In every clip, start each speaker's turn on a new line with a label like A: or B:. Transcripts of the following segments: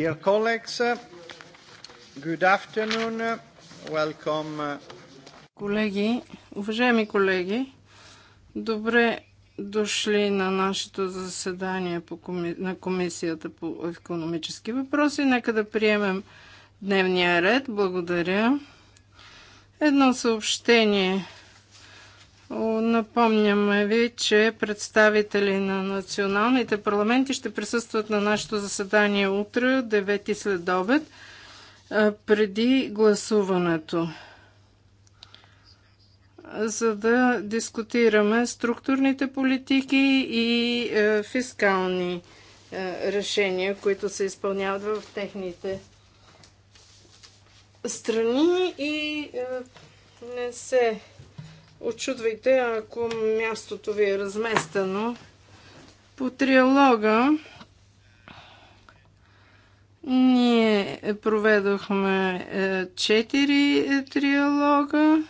A: Dear colleagues, good afternoon. Welcome.
B: Колеги, уважаеми колеги, добре дошли на нашето заседание по коми... на Комисията по економически въпроси. Нека да приемем дневния ред. Благодаря. Едно съобщение Напомняме ви, че представители на националните парламенти ще присъстват на нашето заседание утре, 9 след обед, преди гласуването за да дискутираме структурните политики и е, фискални е, решения, които се изпълняват в техните страни и е, не се Очудвайте, ако мястото ви е разместено. По триалога ние проведохме 4 е, е, триалога.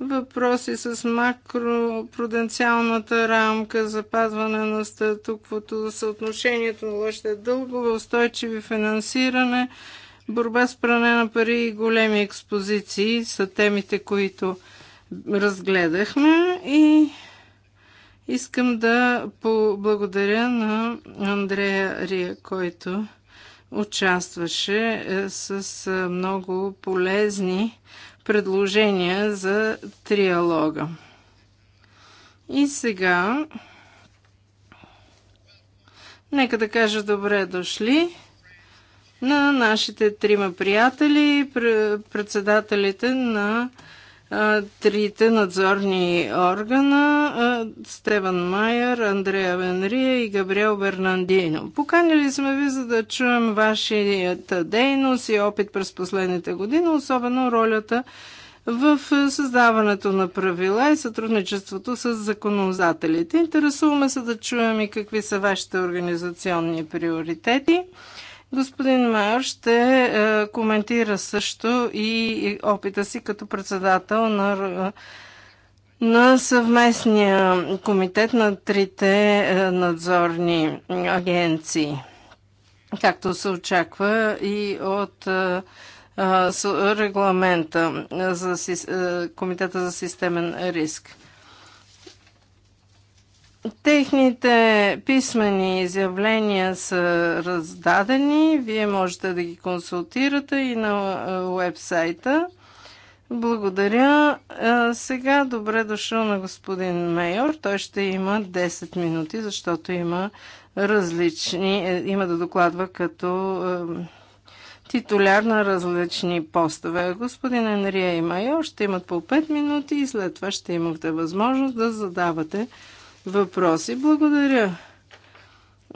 B: Въпроси с макропруденциалната рамка, запазване на статуквото, съотношението на лъжите дългове, устойчиви финансиране, борба с пране на пари и големи експозиции са темите, които разгледахме и искам да поблагодаря на Андрея Рия, който участваше е, с е, много полезни предложения за триалога. И сега нека да кажа добре дошли на нашите трима приятели, председателите на трите надзорни органа Стеван Майер, Андрея Венрия и Габриел Бернандино. Поканили сме ви, за да чуем вашата дейност и опит през последните години, особено ролята в създаването на правила и сътрудничеството с законодателите. Интересуваме се да чуем и какви са вашите организационни приоритети Господин Майор ще е, коментира също и опита си като председател на е, на съвместния комитет на трите е, надзорни агенции, както се очаква и от регламента за комитета за системен риск. Техните писмени изявления са раздадени. Вие можете да ги консултирате и на е, уебсайта. Благодаря. Е, сега добре дошъл на господин Мейор. Той ще има 10 минути, защото има различни, е, има да докладва като титуляр на различни постове. Господин Енрия и Майор ще имат по 5 минути и след това ще имате възможност да задавате въпроси. Благодаря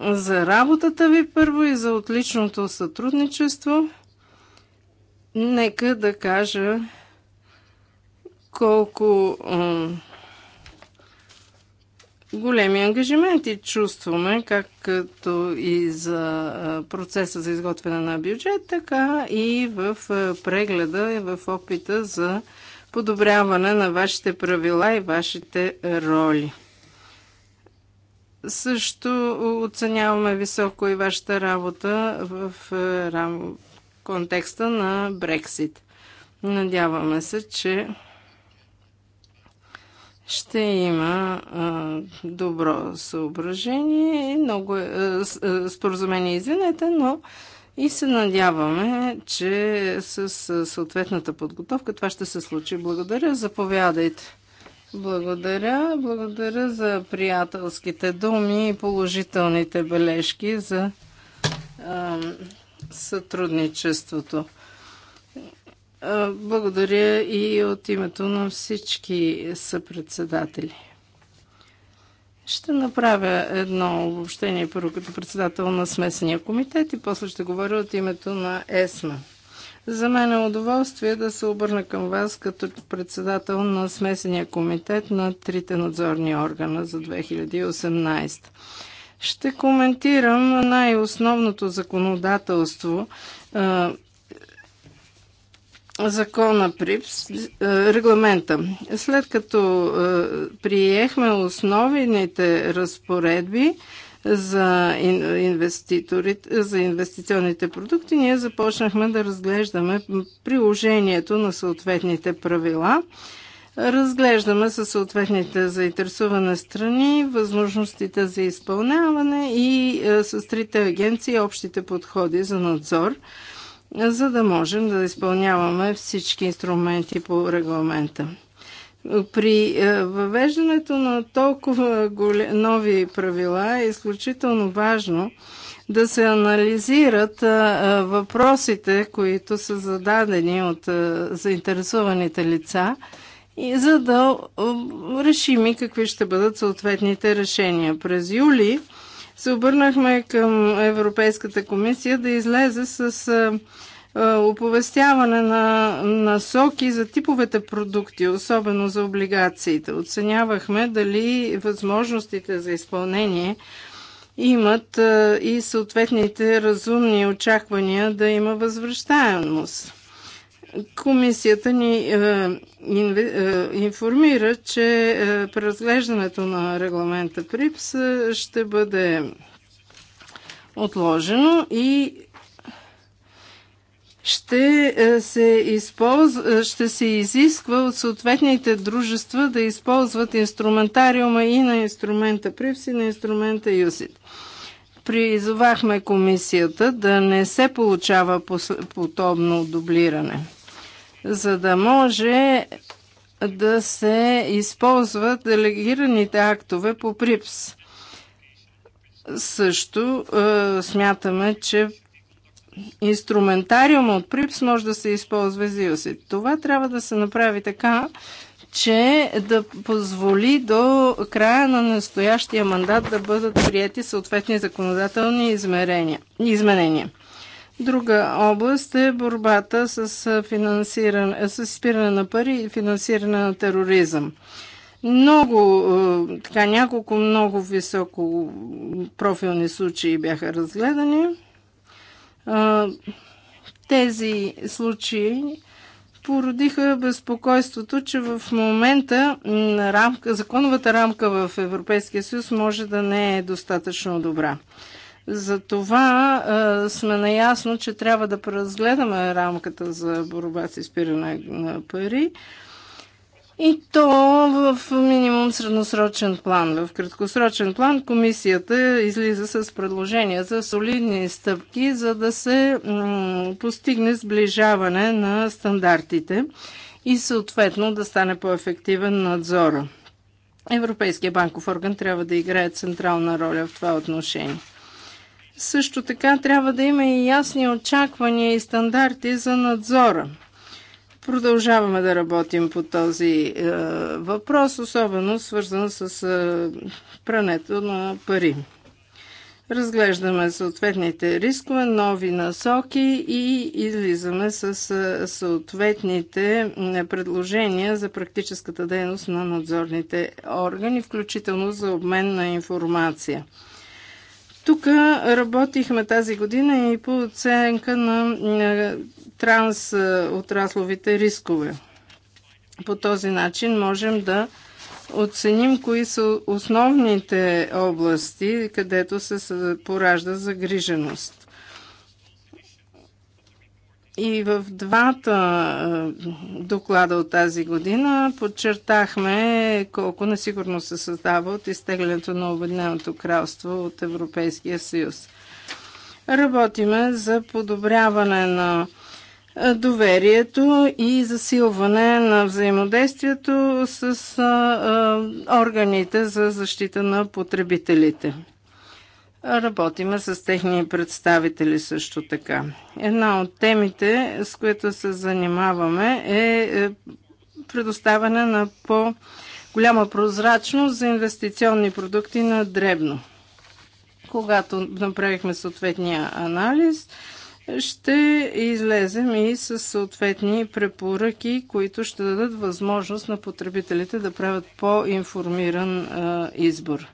B: за работата ви първо и за отличното сътрудничество. Нека да кажа колко големи ангажименти чувстваме, както и за процеса за изготвяне на бюджет, така и в прегледа и в опита за подобряване на вашите правила и вашите роли. Също оценяваме високо и вашата работа в е, контекста на Брексит. Надяваме се, че ще има а, добро съображение и много а, е, е, споразумение, извинете, но и се надяваме, че с съответната подготовка това ще се случи. Благодаря. Заповядайте. Благодаря. Благодаря за приятелските думи и положителните бележки за а, сътрудничеството. А, благодаря и от името на всички съпредседатели. Ще направя едно обобщение първо като председател на смесения комитет и после ще говоря от името на ЕСМА. За мен е удоволствие да се обърна към вас като председател на смесения комитет на трите надзорни органа за 2018. Ще коментирам най-основното законодателство, закона ПРИПС, регламента. След като приехме основните разпоредби, за, за инвестиционните продукти, ние започнахме да разглеждаме приложението на съответните правила. Разглеждаме със съответните заинтересувани страни възможностите за изпълняване и е, с трите агенции общите подходи за надзор, за да можем да изпълняваме всички инструменти по регламента. При е, въвеждането на толкова нови правила е изключително важно да се анализират е, е, въпросите, които са зададени от заинтересованите лица и за да решим и какви ще бъдат съответните решения. През юли се обърнахме към Европейската комисия да излезе с е, оповестяване на насоки за типовете продукти, особено за облигациите. Оценявахме дали възможностите за изпълнение имат е, и съответните разумни очаквания да има възвръщаемост. Комисията ни е, е информира, че е, преразглеждането на регламента ПРИПС ще бъде отложено и ще е, се, използ... Е, ще се изисква от съответните дружества да използват инструментариума и на инструмента ПРИВС и на инструмента ЮСИД. Призовахме комисията да не се получава подобно дублиране, за да може да се използват делегираните актове по ПРИПС също е, смятаме, че инструментариума от ПРИПС може да се използва за. ЗИОСИТ. Това трябва да се направи така, че да позволи до края на настоящия мандат да бъдат прияти съответни законодателни изменения. Друга област е борбата с, финансиране, с спиране на пари и финансиране на тероризъм. Много, така няколко много високо профилни случаи бяха разгледани тези случаи породиха безпокойството, че в момента рамка, законовата рамка в Европейския съюз може да не е достатъчно добра. Затова а, сме наясно, че трябва да преразгледаме рамката за борба с изпиране на пари и то в минимум средносрочен план. В краткосрочен план комисията излиза с предложения за солидни стъпки, за да се постигне сближаване на стандартите и съответно да стане по-ефективен надзора. Европейския банков орган трябва да играе централна роля в това отношение. Също така трябва да има и ясни очаквания и стандарти за надзора – Продължаваме да работим по този е, въпрос, особено свързан с е, прането на пари. Разглеждаме съответните рискове, нови насоки и излизаме с е, съответните е, предложения за практическата дейност на надзорните органи, включително за обмен на информация. Тук работихме тази година и по оценка на трансотрасловите рискове. По този начин можем да оценим кои са основните области, където се поражда загриженост. И в двата е, доклада от тази година подчертахме колко насигурно се създава от изтеглянето на Обединеното кралство от Европейския съюз. Работиме за подобряване на е, доверието и засилване на взаимодействието с е, органите за защита на потребителите. Работиме с техни представители също така. Една от темите, с които се занимаваме е, е предоставяне на по-голяма прозрачност за инвестиционни продукти на дребно. Когато направихме съответния анализ, ще излезем и с съответни препоръки, които ще дадат възможност на потребителите да правят по-информиран избор.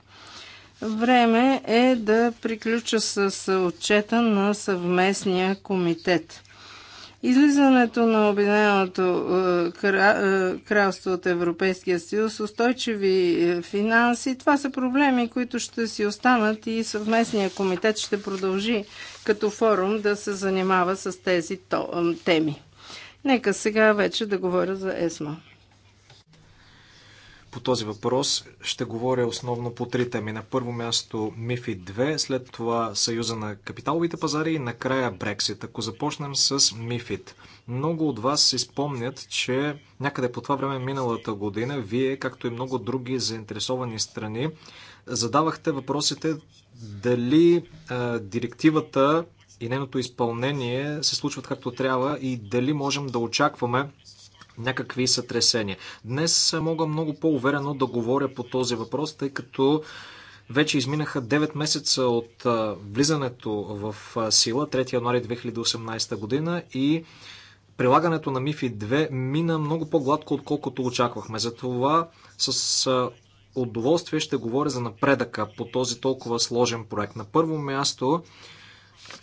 B: Време е да приключа с отчета на съвместния комитет. Излизането на Обединеното е, е, кралство от Европейския съюз, устойчиви е, финанси, това са проблеми, които ще си останат и съвместния комитет ще продължи като форум да се занимава с тези теми. Нека сега вече да говоря за ЕСМА
A: по този въпрос ще говоря основно по три теми. На първо място МИФИ 2, след това Съюза на капиталовите пазари и накрая Брексит. Ако започнем с Мифит, Много от вас си спомнят, че някъде по това време миналата година вие, както и много други заинтересовани страни, задавахте въпросите дали а, директивата и нейното изпълнение се случват както трябва и дали можем да очакваме някакви сътресения. Днес мога много по-уверено да говоря по този въпрос, тъй като вече изминаха 9 месеца от влизането в сила 3 януари 2018 година и прилагането на МИФИ 2 мина много по-гладко, отколкото очаквахме. Затова с удоволствие ще говоря за напредъка по този толкова сложен проект. На първо място,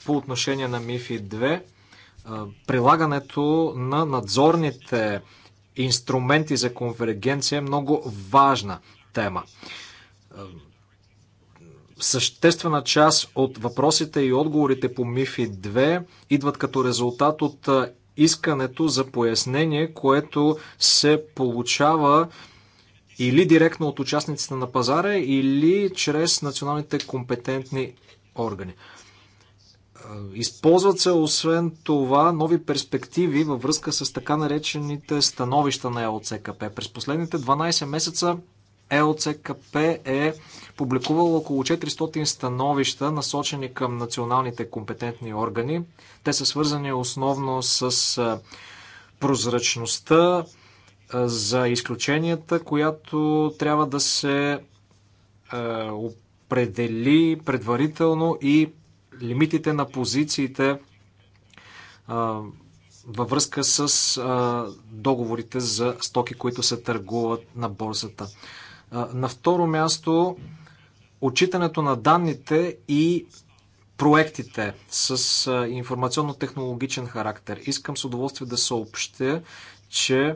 A: по отношение на МИФИ 2, прилагането на надзорните инструменти за конвергенция е много важна тема. Съществена част от въпросите и отговорите по МИФИ 2 идват като резултат от искането за пояснение, което се получава или директно от участниците на пазара, или чрез националните компетентни органи. Използват се освен това нови перспективи във връзка с така наречените становища на ЕОЦКП. През последните 12 месеца ЕОЦКП е публикувало около 400 становища, насочени към националните компетентни органи. Те са свързани основно с прозрачността, за изключенията, която трябва да се определи предварително и лимитите на позициите във връзка с договорите за стоки, които се търгуват на борсата. На второ място, отчитането на данните и проектите с информационно-технологичен характер. Искам с удоволствие да съобщя, че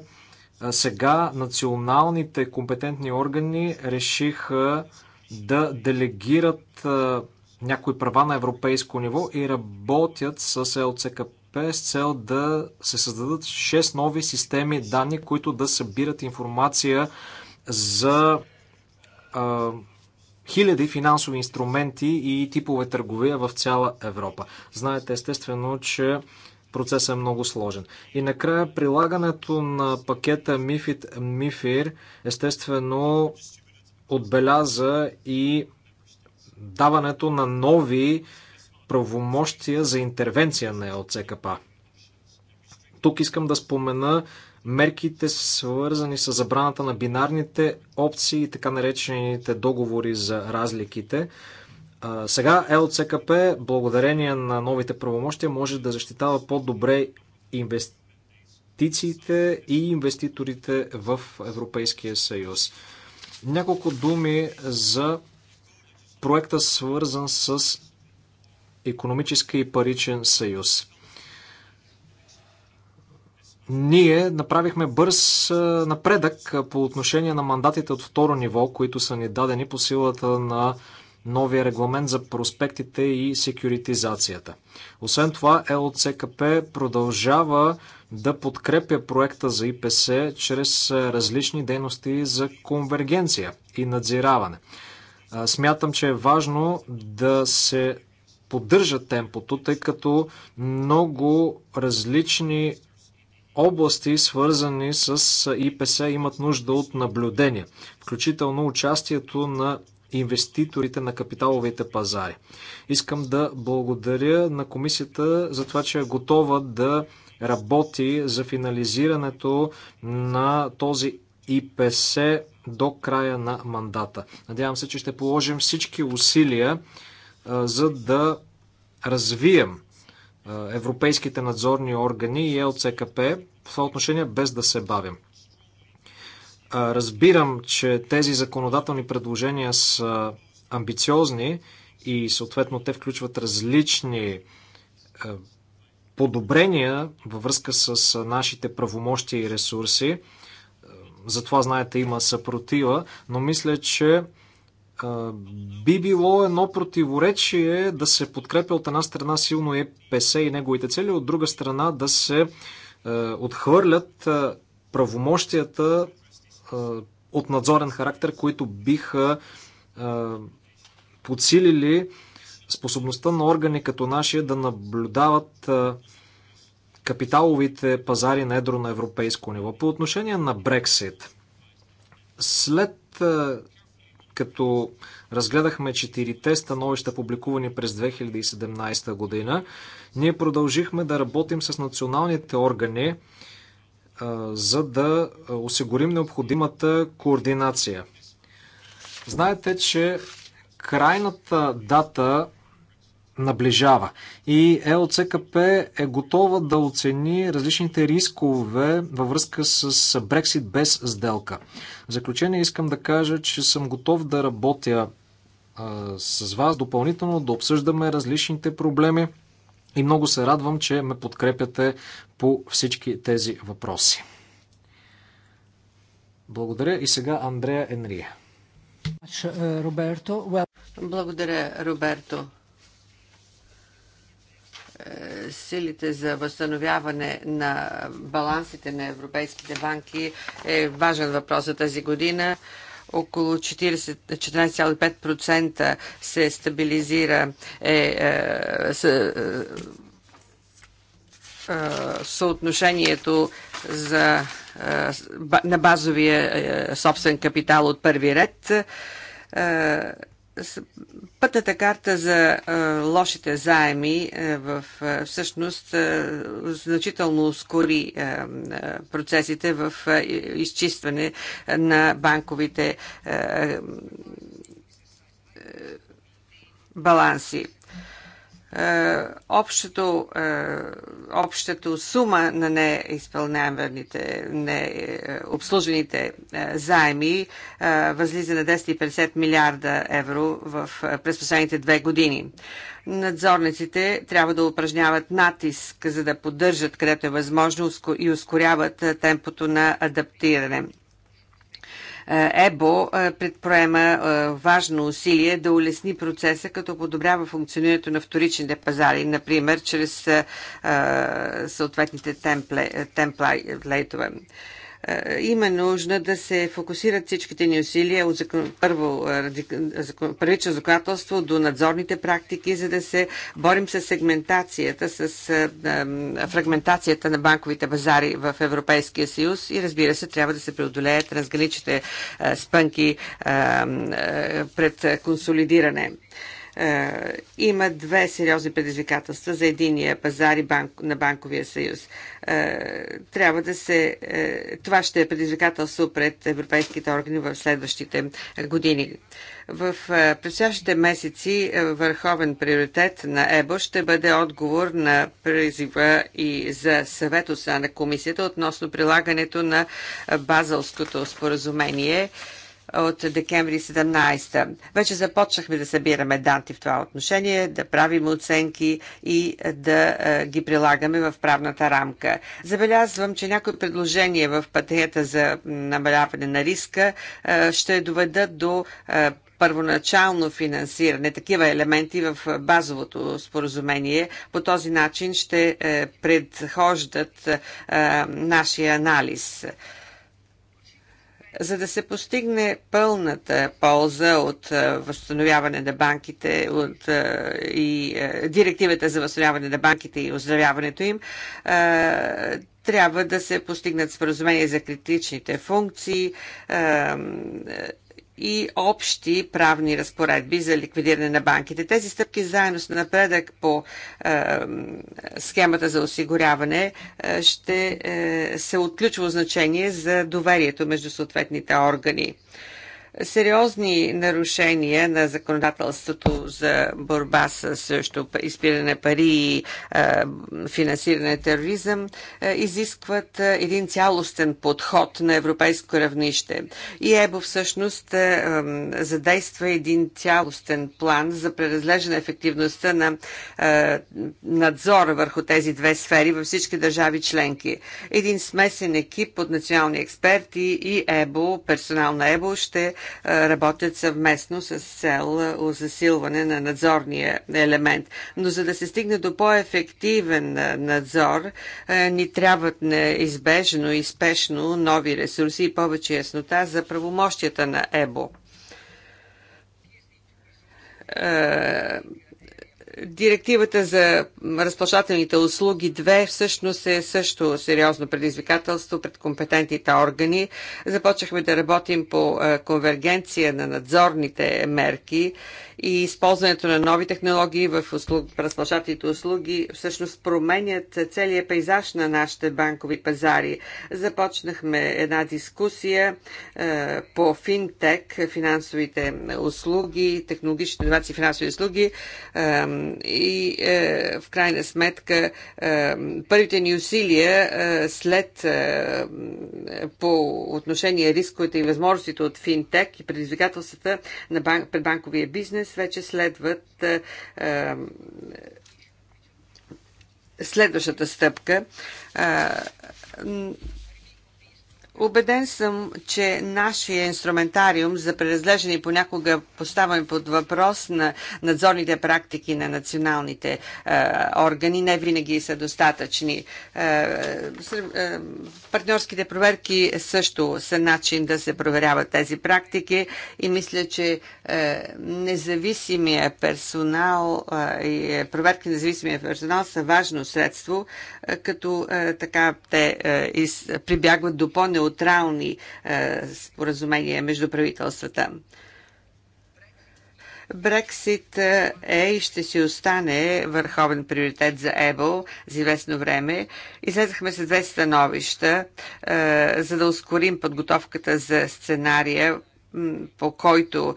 A: сега националните компетентни органи решиха да делегират някои права на европейско ниво и работят с ЛЦКП с цел да се създадат 6 нови системи данни, които да събират информация за а, хиляди финансови инструменти и типове търговия в цяла Европа. Знаете естествено, че процесът е много сложен. И накрая прилагането на пакета MIFID MIFIR естествено отбеляза и даването на нови правомощия за интервенция на ЛЦКП. Тук искам да спомена мерките свързани с забраната на бинарните опции и така наречените договори за разликите. Сега ЛЦКП, благодарение на новите правомощия, може да защитава по-добре инвестициите и инвеститорите в Европейския съюз. Няколко думи за проекта свързан с економическа и паричен съюз. Ние направихме бърз напредък по отношение на мандатите от второ ниво, които са ни дадени по силата на новия регламент за проспектите и секюритизацията. Освен това, ЛЦКП продължава да подкрепя проекта за ИПС чрез различни дейности за конвергенция и надзираване. Смятам, че е важно да се поддържа темпото, тъй като много различни области, свързани с ИПС, имат нужда от наблюдения, включително участието на инвеститорите на капиталовите пазари. Искам да благодаря на комисията за това, че е готова да работи за финализирането на този ИПС до края на мандата. Надявам се, че ще положим всички усилия, за да развием европейските надзорни органи и ЛЦКП в това отношение без да се бавим. Разбирам, че тези законодателни предложения са амбициозни и съответно те включват различни подобрения във връзка с нашите правомощи и ресурси. Затова, знаете, има съпротива, но мисля, че би било едно противоречие да се подкрепя от една страна силно ЕПС и неговите цели, от друга страна да се отхвърлят правомощията от надзорен характер, които биха подсилили способността на органи като нашия да наблюдават капиталовите пазари на едро на европейско ниво. По отношение на Брексит, след е, като разгледахме четирите становища, публикувани през 2017 година, ние продължихме да работим с националните органи, е, за да осигурим необходимата координация. Знаете, че крайната дата наближава. И ЕОЦКП е готова да оцени различните рискове във връзка с Брексит без сделка. В заключение искам да кажа, че съм готов да работя а, с вас допълнително, да обсъждаме различните проблеми и много се радвам, че ме подкрепяте по всички тези въпроси. Благодаря и сега Андрея
C: Енрия. Uh, Благодаря, Роберто силите за възстановяване на балансите на европейските банки е важен въпрос за тази година. Около 14,5% се стабилизира е, е, с, е, е, съотношението за, е, на базовия е, собствен капитал от първи ред. Е, Пътната карта за лошите заеми в, всъщност значително ускори процесите в изчистване на банковите баланси. Е, общото, е, общата сума на неизпълняваните, е, обслужените заеми възлиза на 250 милиарда евро в, през последните две години. Надзорниците трябва да упражняват натиск, за да поддържат където е възможно и ускоряват темпото на адаптиране. Е, ЕБО е, предприема е, важно усилие да улесни процеса, като подобрява функционирането на вторичните пазари, например, чрез съответните темплейтове. Темплей, е, има нужда да се фокусират всичките ни усилия от закон, първо, е, закон, първично законодателство до надзорните практики, за да се борим с сегментацията, с е, фрагментацията на банковите базари в Европейския съюз и разбира се, трябва да се преодолеят разграничите спънки пред консолидиране. Е, има две сериозни предизвикателства за единия пазар и банк, на банковия съюз. Е, трябва да се... Е, това ще е предизвикателство пред европейските органи в следващите години. В предстоящите месеци върховен приоритет на ЕБО ще бъде отговор на призива и за съвет от страна на комисията относно прилагането на базалското споразумение от декември 17. Вече започнахме да събираме данти в това отношение, да правим оценки и да е, ги прилагаме в правната рамка. Забелязвам, че някои предложения в пътеята за намаляване на риска е, ще доведат до е, първоначално финансиране, такива елементи в базовото споразумение. По този начин ще предхождат нашия анализ за да се постигне пълната полза от е, възстановяване на банките от, е, и е, директивата за възстановяване на банките и оздравяването им, трябва да се постигнат споразумения за критичните функции, и общи правни разпоредби за ликвидиране на банките. Тези стъпки заедно с напредък по е, схемата за осигуряване е, ще е, се отключва значение за доверието между съответните органи сериозни нарушения на законодателството за борба с също изпиране пари и финансиране на тероризъм изискват един цялостен подход на европейско равнище. И ЕБО всъщност задейства един цялостен план за преразлежена ефективността на надзора върху тези две сфери във всички държави членки. Един смесен екип от национални експерти и ЕБО, персонал на ЕБО ще работят съвместно с цел засилване на надзорния елемент. Но за да се стигне до по-ефективен надзор, ни трябват неизбежно и спешно нови ресурси и повече яснота за правомощията на ЕБО Директивата за разплащателните услуги 2 всъщност е също сериозно предизвикателство пред компетентните органи. Започнахме да работим по е, конвергенция на надзорните мерки и използването на нови технологии в услуг, разплащателните услуги всъщност променят целият пейзаж на нашите банкови пазари. Започнахме една дискусия е, по финтек, финансовите услуги, технологични инновации, финансови услуги. Е, и е, в крайна сметка е, първите ни усилия е, след по отношение рисковете и възможностите от финтек и предизвикателствата на банк, предбанковия бизнес вече следват следващата стъпка Обеден съм, че нашия инструментариум за преразглеждане и понякога поставяме под въпрос на надзорните практики на националните е, органи не винаги са достатъчни. Е, е, партньорските проверки също са начин да се проверяват тези практики и мисля, че е, независимия персонал е, и е, проверки на независимия персонал са важно средство, е, като е, така те е, из, прибягват до по-неудобно неутрални е, споразумения между правителствата. Брексит е, е и ще си остане върховен приоритет за ЕБО за известно време. Излезахме с две становища, е, за да ускорим подготовката за сценария, по който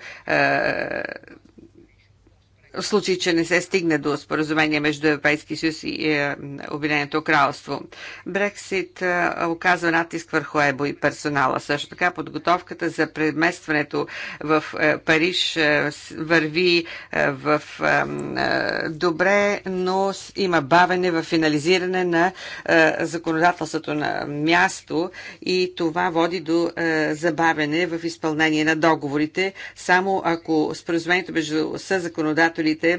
C: в случай, че не се стигне до споразумение между Европейски съюз и е, Обединеното кралство. Брексит е, оказва натиск върху ЕБО и персонала. Също така подготовката за преместването в е, Париж е, върви е, в е, е добре, но има бавене в финализиране на е, законодателството на място и това води до е, забавене в изпълнение на договорите, само ако споразумението между съзаконодателите координаторите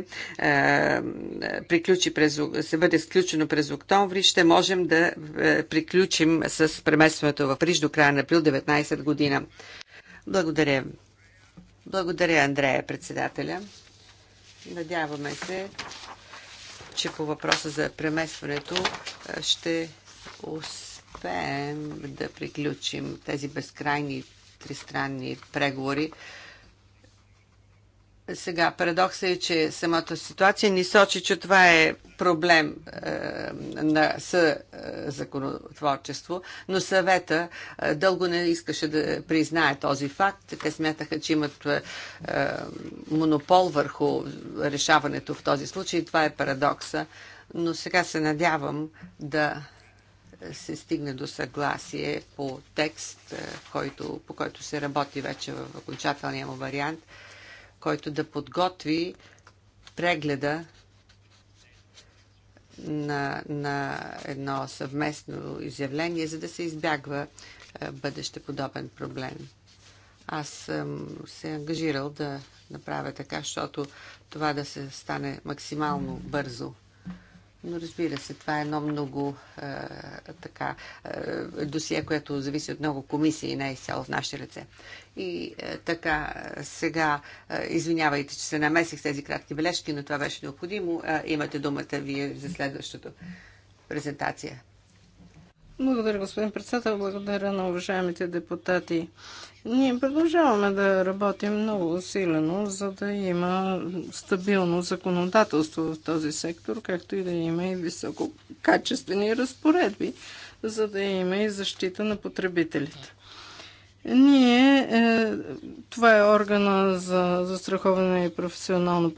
C: е, приключи през, се бъде сключено през октомври, ще можем да е, приключим с преместването в Париж до края на април 19 година. Благодаря. Благодаря, Андрея, председателя. Надяваме се, че по въпроса за преместването е, ще успеем да приключим тези безкрайни тристранни преговори сега, парадокса е, че самата ситуация ни сочи, че това е проблем е, на с, е, законотворчество, но съвета е, дълго не искаше да признае този факт. Те смятаха, че имат е, е монопол върху решаването в този случай. Това е парадокса. Но сега се надявам да се стигне до съгласие по текст, е, който, по който се работи вече в окончателния му вариант който да подготви прегледа на, на едно съвместно изявление, за да се избягва е, бъдеще подобен проблем. Аз съм се ангажирал да направя така, защото това да се стане максимално бързо. Но разбира се, това е едно много е, така е, досие, което зависи от много комисии, не е изцяло в наше лице. И е, така, сега, е, извинявайте, че се намесих с тези кратки бележки, но това беше необходимо. Е, имате думата вие за следващото презентация.
B: Благодаря, господин председател. Благодаря на уважаемите депутати ние продължаваме да работим много усилено, за да има стабилно законодателство в този сектор, както и да има и висококачествени разпоредби, за да има и защита на потребителите. Ние, е, това е органа за застраховане и професионално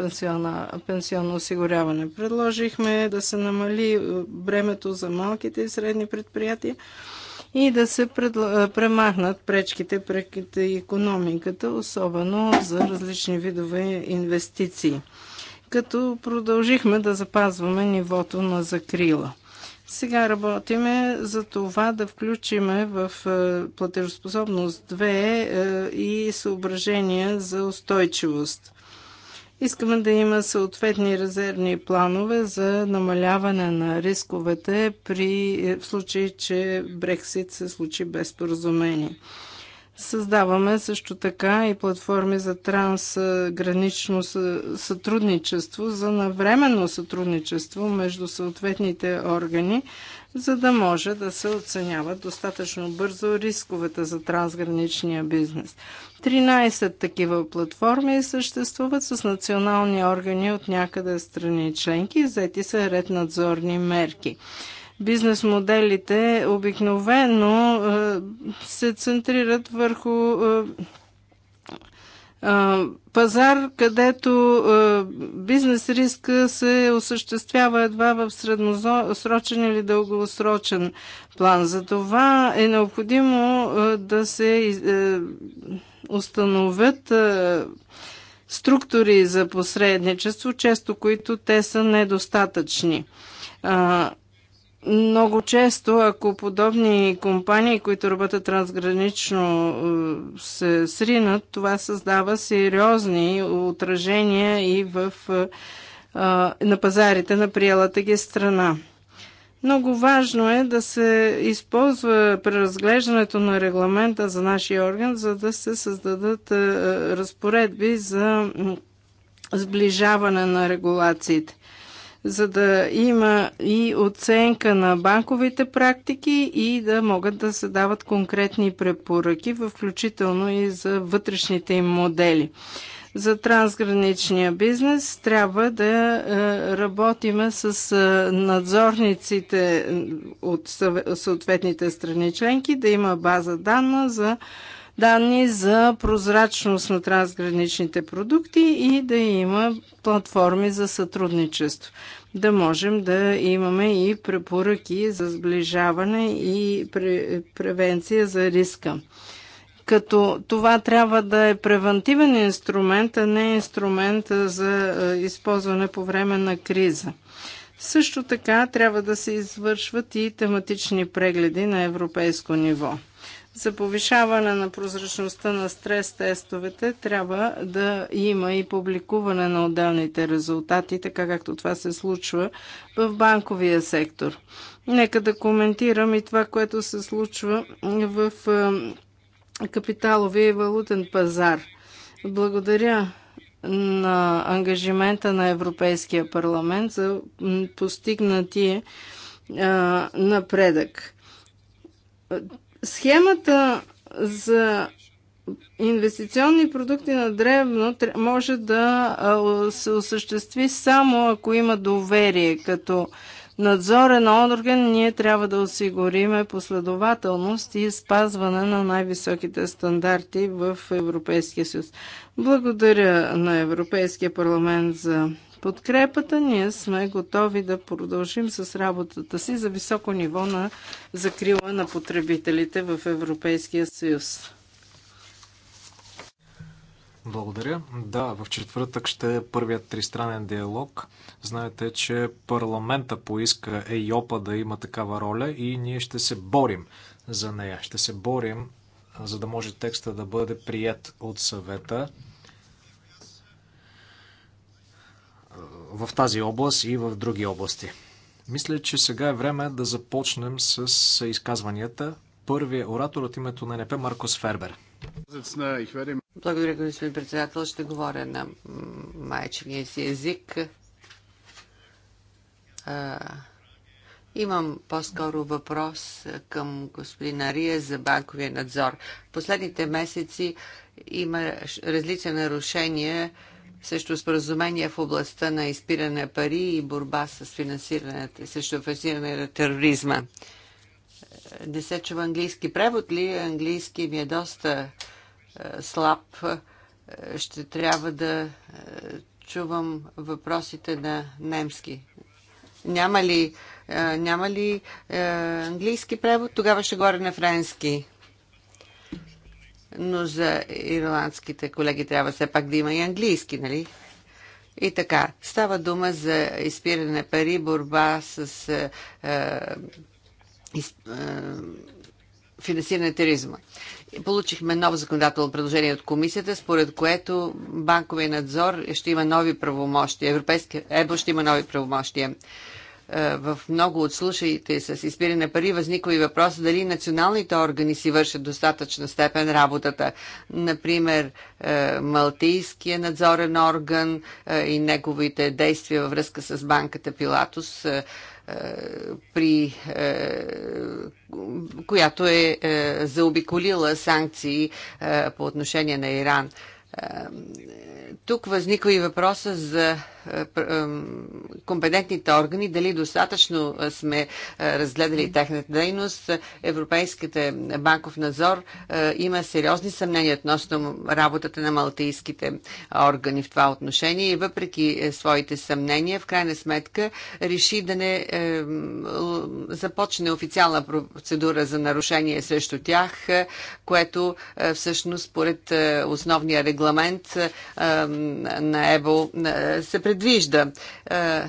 B: пенсионно осигуряване. Предложихме да се намали е, бремето за малките и средни предприятия, и да се премахнат пречките пред економиката, особено за различни видове инвестиции. Като продължихме да запазваме нивото на закрила. Сега работиме за това да включиме в платежоспособност 2 и съображения за устойчивост. Искаме да има съответни резервни планове за намаляване на рисковете при, в случай, че Брексит се случи без споразумение. Създаваме също така и платформи за трансгранично сътрудничество, за навременно сътрудничество между съответните органи, за да може да се оценяват достатъчно бързо рисковете за трансграничния бизнес. 13 такива платформи съществуват с национални органи от някъде страни членки, взети са ред надзорни мерки бизнес моделите обикновено е, се центрират върху е, е, пазар, където бизнес риска се осъществява едва в средносрочен или дългосрочен план. За това е необходимо да се установят структури за посредничество, често които те са недостатъчни. Много често, ако подобни компании, които работят трансгранично, е, се сринат, това създава сериозни отражения и в, е, на пазарите на приелата ги страна. Много важно е да се използва преразглеждането на регламента за нашия орган, за да се създадат е, разпоредби за сближаване на регулациите за да има и оценка на банковите практики и да могат да се дават конкретни препоръки, включително и за вътрешните им модели. За трансграничния бизнес трябва да е, работиме с е, надзорниците от съответните страни членки, да има база данна за данни за прозрачност на трансграничните продукти и да има платформи за сътрудничество. Да можем да имаме и препоръки за сближаване и превенция за риска като това трябва да е превентивен инструмент, а не инструмент за използване по време на криза. Също така трябва да се извършват и тематични прегледи на европейско ниво за повишаване на прозрачността на стрес тестовете трябва да има и публикуване на отделните резултати, така както това се случва в банковия сектор. Нека да коментирам и това, което се случва в е, капиталовия и валутен пазар. Благодаря на ангажимента на Европейския парламент за постигнатие напредък Схемата за инвестиционни продукти на древно може да се осъществи само ако има доверие. Като надзорен орган ние трябва да осигуриме последователност и спазване на най-високите стандарти в Европейския съюз. Благодаря на Европейския парламент за подкрепата. Ние сме готови да продължим с работата си за високо ниво на закрила на потребителите в Европейския съюз.
A: Благодаря. Да, в четвъртък ще е първият тристранен диалог. Знаете, че парламента поиска ЕЙОПА да има такава роля и ние ще се борим за нея. Ще се борим, за да може текста да бъде прият от съвета. в тази област и в други области. Мисля, че сега е време да започнем с изказванията. Първият оратор от името на НП Маркос Фербер.
C: Благодаря, господин председател. Ще говоря на майчиния си език. А, имам по-скоро въпрос към господин Ария за банковия надзор. Последните месеци има различни нарушения срещу споразумения в областта на изпиране на пари и борба с финансирането, срещу финансиране на тероризма. Не се чува английски превод ли? Английски ми е доста е, слаб. Е, ще трябва да е, чувам въпросите на немски. Няма ли, е, няма ли е, английски превод? Тогава ще горе на френски но за ирландските колеги трябва все пак да има и английски, нали? И така, става дума за изпиране на пари, борба с е, е, е финансиране на тероризма. Получихме ново законодателно предложение от комисията, според което банковия надзор ще има нови правомощия, Европейския ЕБО ще има нови правомощия. Е, в много от случаите с изпиране на пари възниква и въпроса дали националните органи си вършат достатъчна степен работата. Например, е, Малтийския надзорен орган е, и неговите действия във връзка с банката Пилатус при, която е заобиколила санкции по отношение на Иран. Е, тук възниква и въпроса за е, е, компетентните органи, дали достатъчно сме разгледали техната дейност. Европейската банков надзор има сериозни съмнения относно работата на малтийските органи в това отношение и въпреки своите съмнения, в крайна сметка реши да не започне официална процедура за нарушение срещу тях, което всъщност според основния регламент регламент на ЕБО е, се предвижда. Е,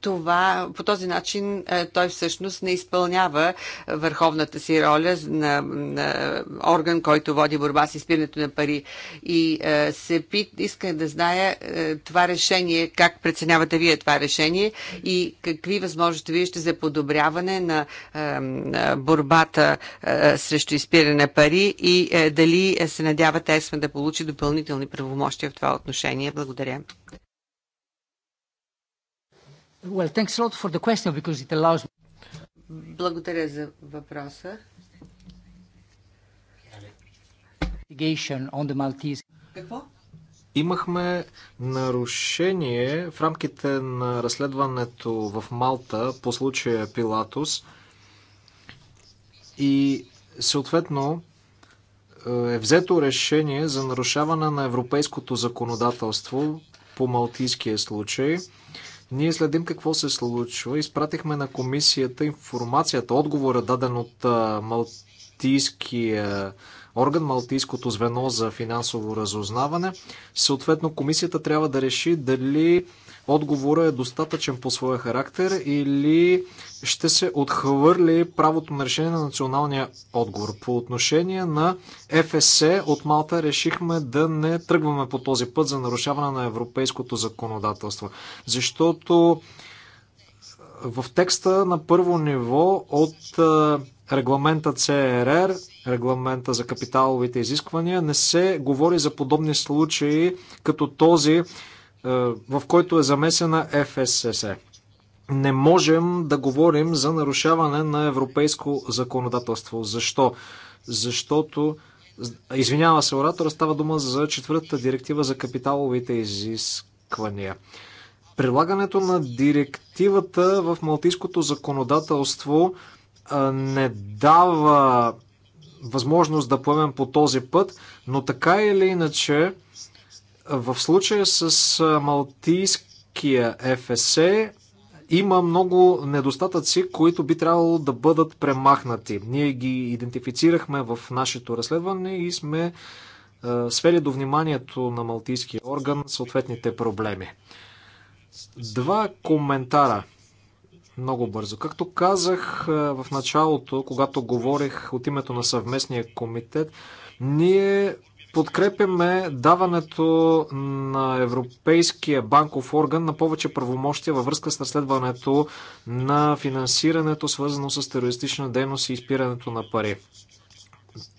C: това, по този начин е, той всъщност не изпълнява върховната си роля на, на орган, който води борба с изпирането на пари. И е, се пит, иска да зная е, това решение, как преценявате вие това решение и какви възможности вие ще за подобряване на, е, на борбата е, срещу изпиране на пари и е, дали се надявате ЕСМА да получи допълнителни правомощия в това отношение. Благодаря. Well, thanks a lot for the question because it allows Благодаря за въпроса. On the Maltese. Какво?
A: Имахме нарушение в рамките на разследването в Малта по случая Пилатус и съответно е взето решение за нарушаване на европейското законодателство по малтийския случай. Ние следим какво се случва. Изпратихме на комисията информацията, отговора даден от малтийския орган, малтийското звено за финансово разузнаване. Съответно, комисията трябва да реши дали отговора е достатъчен по своя характер или ще се отхвърли правото на решение на националния отговор. По отношение на ФСС от Малта решихме да не тръгваме по този път за нарушаване на европейското законодателство, защото в текста на първо ниво от регламента ЦРР, регламента за капиталовите изисквания, не се говори за подобни случаи като този, е, в който е замесена ФСС. Не можем да говорим за нарушаване на европейско законодателство. Защо? Защото Извинява се оратора, става дума за четвъртата директива за капиталовите изисквания. Прилагането на директивата в малтийското законодателство е, не дава възможност да поемем по този път, но така или иначе в случая с Малтийския ФС има много недостатъци, които би трябвало да бъдат премахнати. Ние ги идентифицирахме в нашето разследване и сме свели до вниманието на малтийския орган съответните проблеми. Два коментара много бързо. Както казах в началото, когато говорих от името на съвместния комитет, ние Подкрепяме даването на Европейския банков орган на повече правомощия във връзка с разследването на финансирането, свързано с терористична дейност и изпирането на пари.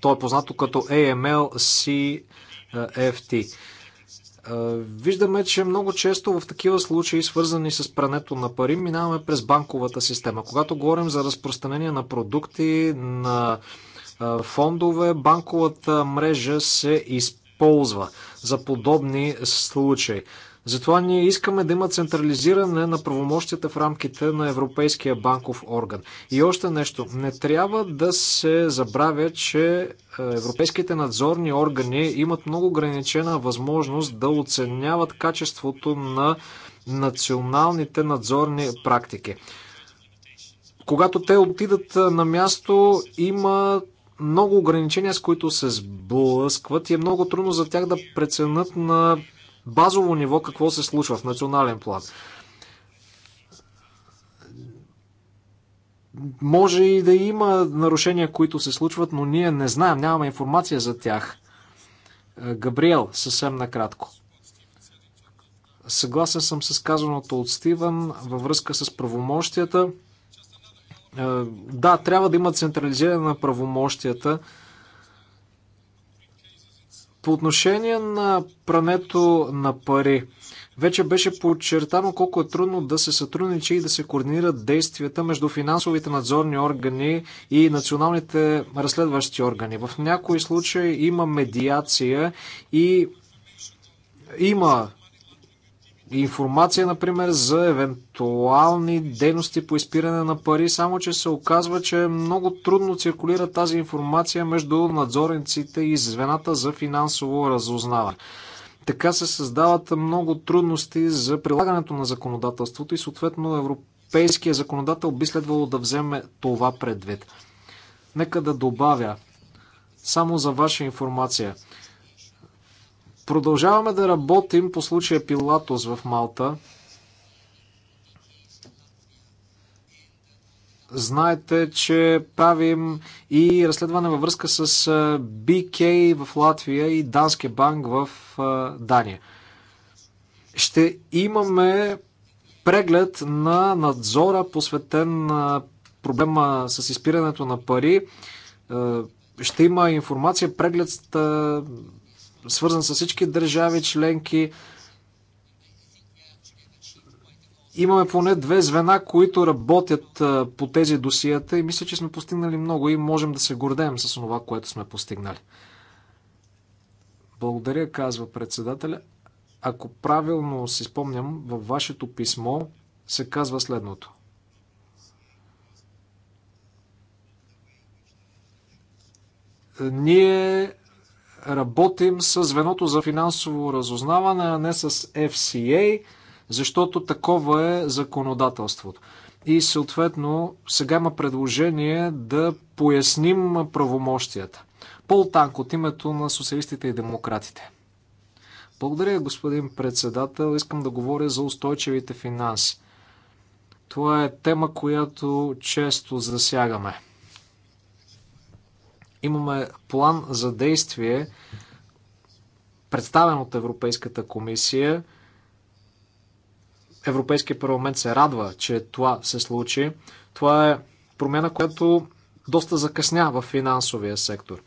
A: То е познато като AML CFT. Виждаме, че много често в такива случаи, свързани с прането на пари, минаваме през банковата система. Когато говорим за разпространение на продукти, на фондове, банковата мрежа се използва за подобни случаи. Затова ние искаме да има централизиране на правомощията в рамките на Европейския банков орган. И още нещо. Не трябва да се забравя, че европейските надзорни органи имат много ограничена възможност да оценяват качеството на националните надзорни практики. Когато те отидат на място, имат много ограничения, с които се сблъскват и е много трудно за тях да преценят на базово ниво какво се случва в национален план. Може и да има нарушения, които се случват, но ние не знаем, нямаме информация за тях. Е, Габриел, съвсем накратко. Съгласен съм с казаното от Стивън във връзка с правомощията. Е, да, трябва да има централизиране на правомощията. По отношение на прането на пари, вече беше подчертано колко е трудно да се сътрудничи и да се координират действията между финансовите надзорни органи и националните разследващи органи. В някои случаи има медиация и има информация, например, за евентуални дейности по изпиране на пари, само че се оказва, че много трудно циркулира тази информация между надзорниците и звената за финансово разузнаване. Така се създават много трудности за прилагането на законодателството и съответно европейския законодател би следвало да вземе това предвид. Нека да добавя, само за ваша информация – Продължаваме да работим по случая Пилатос в Малта. Знаете, че правим и разследване във връзка с BK в Латвия и Данския банк в Дания. Ще имаме преглед на надзора, посветен на проблема с изпирането на пари. Ще има информация, преглед свързан с всички държави членки. Имаме поне две звена, които работят по тези досията и мисля, че сме постигнали много и можем да се гордеем с това, което сме постигнали. Благодаря, казва председателя. Ако правилно си спомням, във вашето писмо се казва следното. Ние работим с звеното за финансово разузнаване, а не с FCA, защото такова е законодателството. И съответно, сега има предложение да поясним правомощията. Пол Танк от името на социалистите и демократите. Благодаря, господин председател. Искам да говоря за устойчивите финанси. Това е тема, която често засягаме. Имаме план за действие, представен от Европейската комисия. Европейския парламент се радва, че това се случи. Това е промяна, която доста закъсня в финансовия сектор.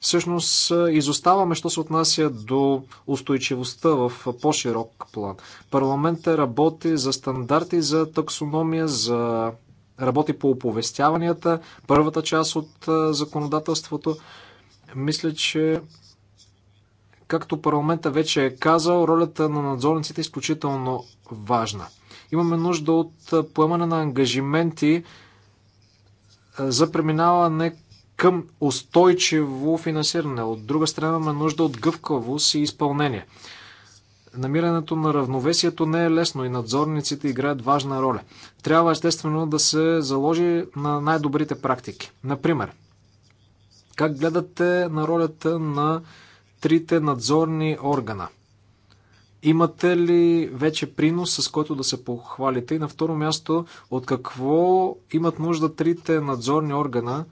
A: Всъщност изоставаме, що се отнася до устойчивостта в по-широк план. Парламентът работи за стандарти, за таксономия, за работи по оповестяванията, първата част от законодателството. Мисля, че както парламента вече е казал, ролята на надзорниците е изключително важна. Имаме нужда от поемане на ангажименти за преминаване към устойчиво финансиране. От друга страна имаме нужда от гъвкавост и изпълнение. Намирането на равновесието не е лесно и надзорниците играят важна роля. Трябва естествено да се заложи на най-добрите практики. Например, как гледате на ролята на трите надзорни органа? Имате ли вече принос, с който да се похвалите? И на второ място, от какво имат нужда трите надзорни органа,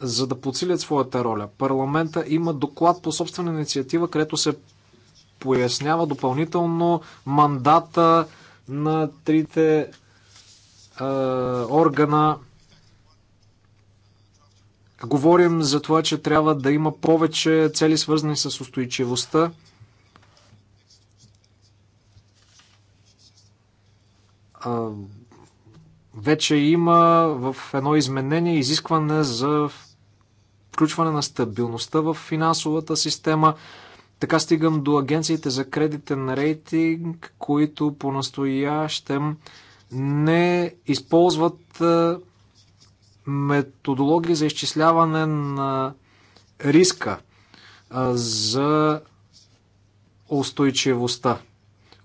A: за да подсилят своята роля? Парламента има доклад по собствена инициатива, където се пояснява допълнително мандата на трите е, органа. Говорим за това, че трябва да има повече цели свързани с устойчивостта. вече има в едно изменение изискване за включване на стабилността в финансовата система. Така стигам до агенциите за кредитен рейтинг, които по-настоящем не използват е, методологии за изчисляване на риска е, за устойчивостта,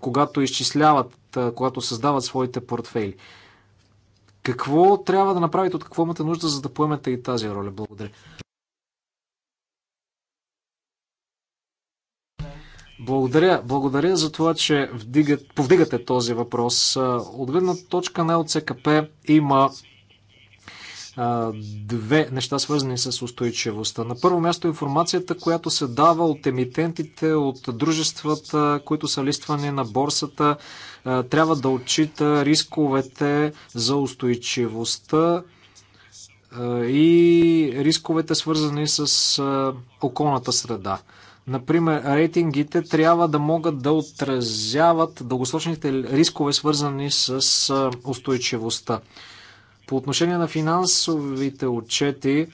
A: когато изчисляват, е, когато създават своите портфели. Какво трябва да направите, от какво имате нужда, за да поемете и тази роля? Благодаря. Благодаря, благодаря за това, че вдигат, повдигате този въпрос. От гледна точка на ЛЦКП има а, две неща, свързани с устойчивостта. На първо място информацията, която се дава от емитентите, от дружествата, които са листвани на борсата, а, трябва да отчита рисковете за устойчивостта а, и рисковете, свързани с околната среда. Например, рейтингите трябва да могат да отразяват дългосрочните рискове, свързани с устойчивостта. По отношение на финансовите отчети,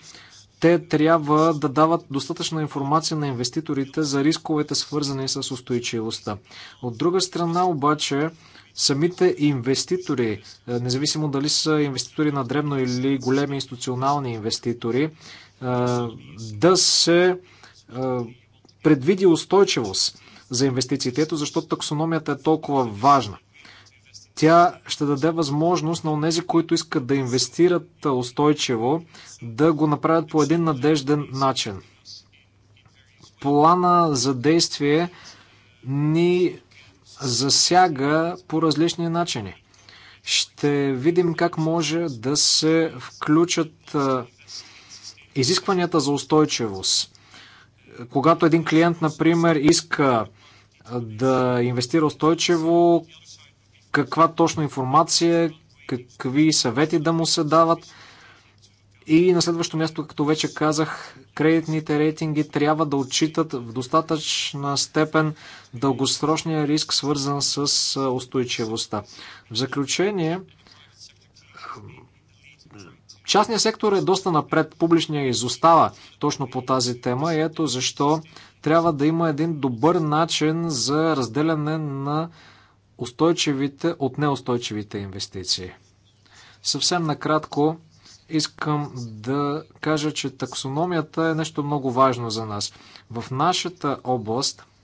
A: те трябва да дават достатъчна информация на инвеститорите за рисковете, свързани с устойчивостта. От друга страна, обаче, самите инвеститори, независимо дали са инвеститори на дребно или големи институционални инвеститори, да се предвиди устойчивост за инвестициите, ето защо таксономията е толкова важна. Тя ще даде възможност на тези, които искат да инвестират устойчиво, да го направят по един надежден начин. Плана за действие ни засяга по различни начини. Ще видим как може да се включат изискванията за устойчивост когато един клиент, например, иска да инвестира устойчиво, каква точно информация, какви съвети да му се дават. И на следващо място, като вече казах, кредитните рейтинги трябва да отчитат в достатъчна степен дългосрочния риск, свързан с устойчивостта. В заключение, Частният сектор е доста напред, публичния изостава точно по тази тема и ето защо трябва да има един добър начин за разделяне на устойчивите от неустойчивите инвестиции. Съвсем накратко искам да кажа, че таксономията е нещо много важно за нас. В нашата област –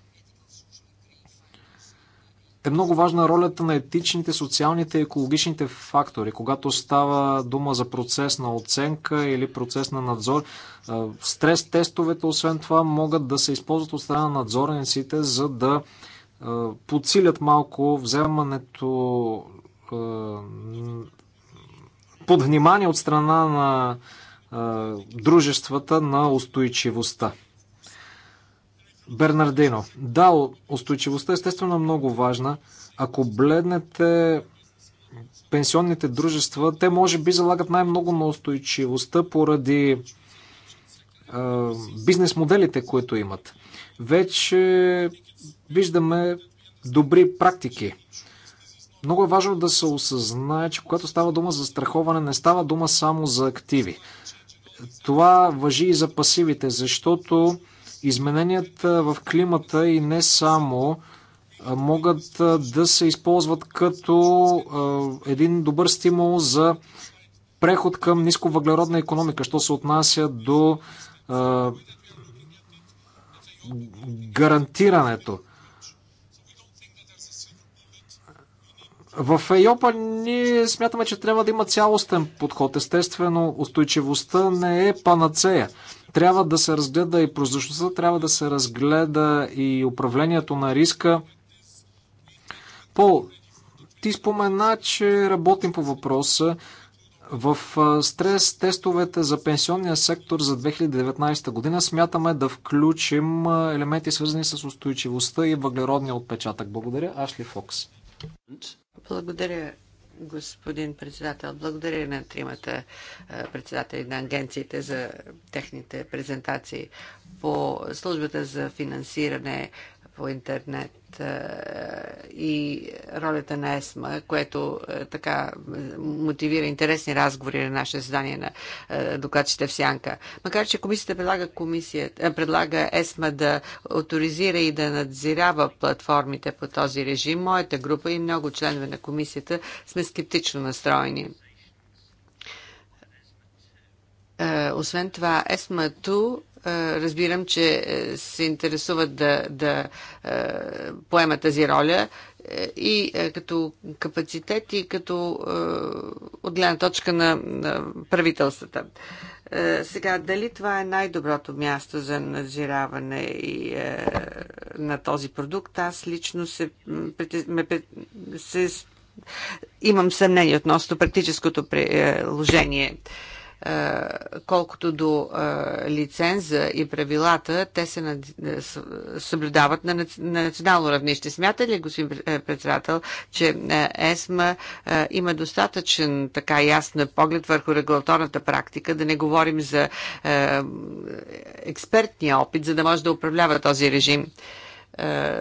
A: е много важна ролята на етичните, социалните и екологичните фактори. Когато става дума за процес на оценка или процес на надзор, е, стрес тестовете, освен това, могат да се използват от страна на надзорниците, за да е, подсилят малко вземането е, под внимание от страна на дружествата на устойчивостта. Бернардино. Да, устойчивостта е естествено много важна. Ако бледнете пенсионните дружества, те може би залагат най-много на устойчивостта поради е, бизнес моделите, които имат. Вече виждаме добри практики. Много е важно да се осъзнае, че когато става дума за страховане, не става дума само за активи. Това въжи и за пасивите, защото Измененията в климата и не само могат да се използват като един добър стимул за преход към нисковъглеродна економика, що се отнася до гарантирането. В Еопа ние смятаме, че трябва да има цялостен подход. Естествено, устойчивостта не е панацея. Трябва да се разгледа и прозрачността, трябва да се разгледа и управлението на риска. Пол, ти спомена, че работим по въпроса. В стрес тестовете за пенсионния сектор за 2019 година смятаме да включим елементи свързани с устойчивостта и въглеродния отпечатък. Благодаря, Ашли Фокс.
C: Благодаря, господин председател. Благодаря на тримата е, председатели на агенциите за техните презентации. По службата за финансиране по интернет е, и ролята на ЕСМА, което е, така мотивира интересни разговори на наше задание на е, докладчите в Сянка. Макар, че комисията предлага, комисията, предлага ЕСМА да авторизира и да надзирава платформите по този режим, моята група и много членове на комисията сме скептично настроени. Освен това, ЕСМА-ту е, разбирам, че е, се интересуват да, да е, поемат тази роля и като капацитет и като от гледна точка на правителствата. Сега, дали това е най-доброто място за надзираване и, е, на този продукт, аз лично се, ме, се имам съмнение относно практическото приложение. Е, Колкото до лиценза и правилата, те се съблюдават на национално равнище. Смята ли, господин председател, че ЕСМА има достатъчен така ясен поглед върху регулаторната практика, да не говорим за експертния опит, за да може да управлява този режим? Е,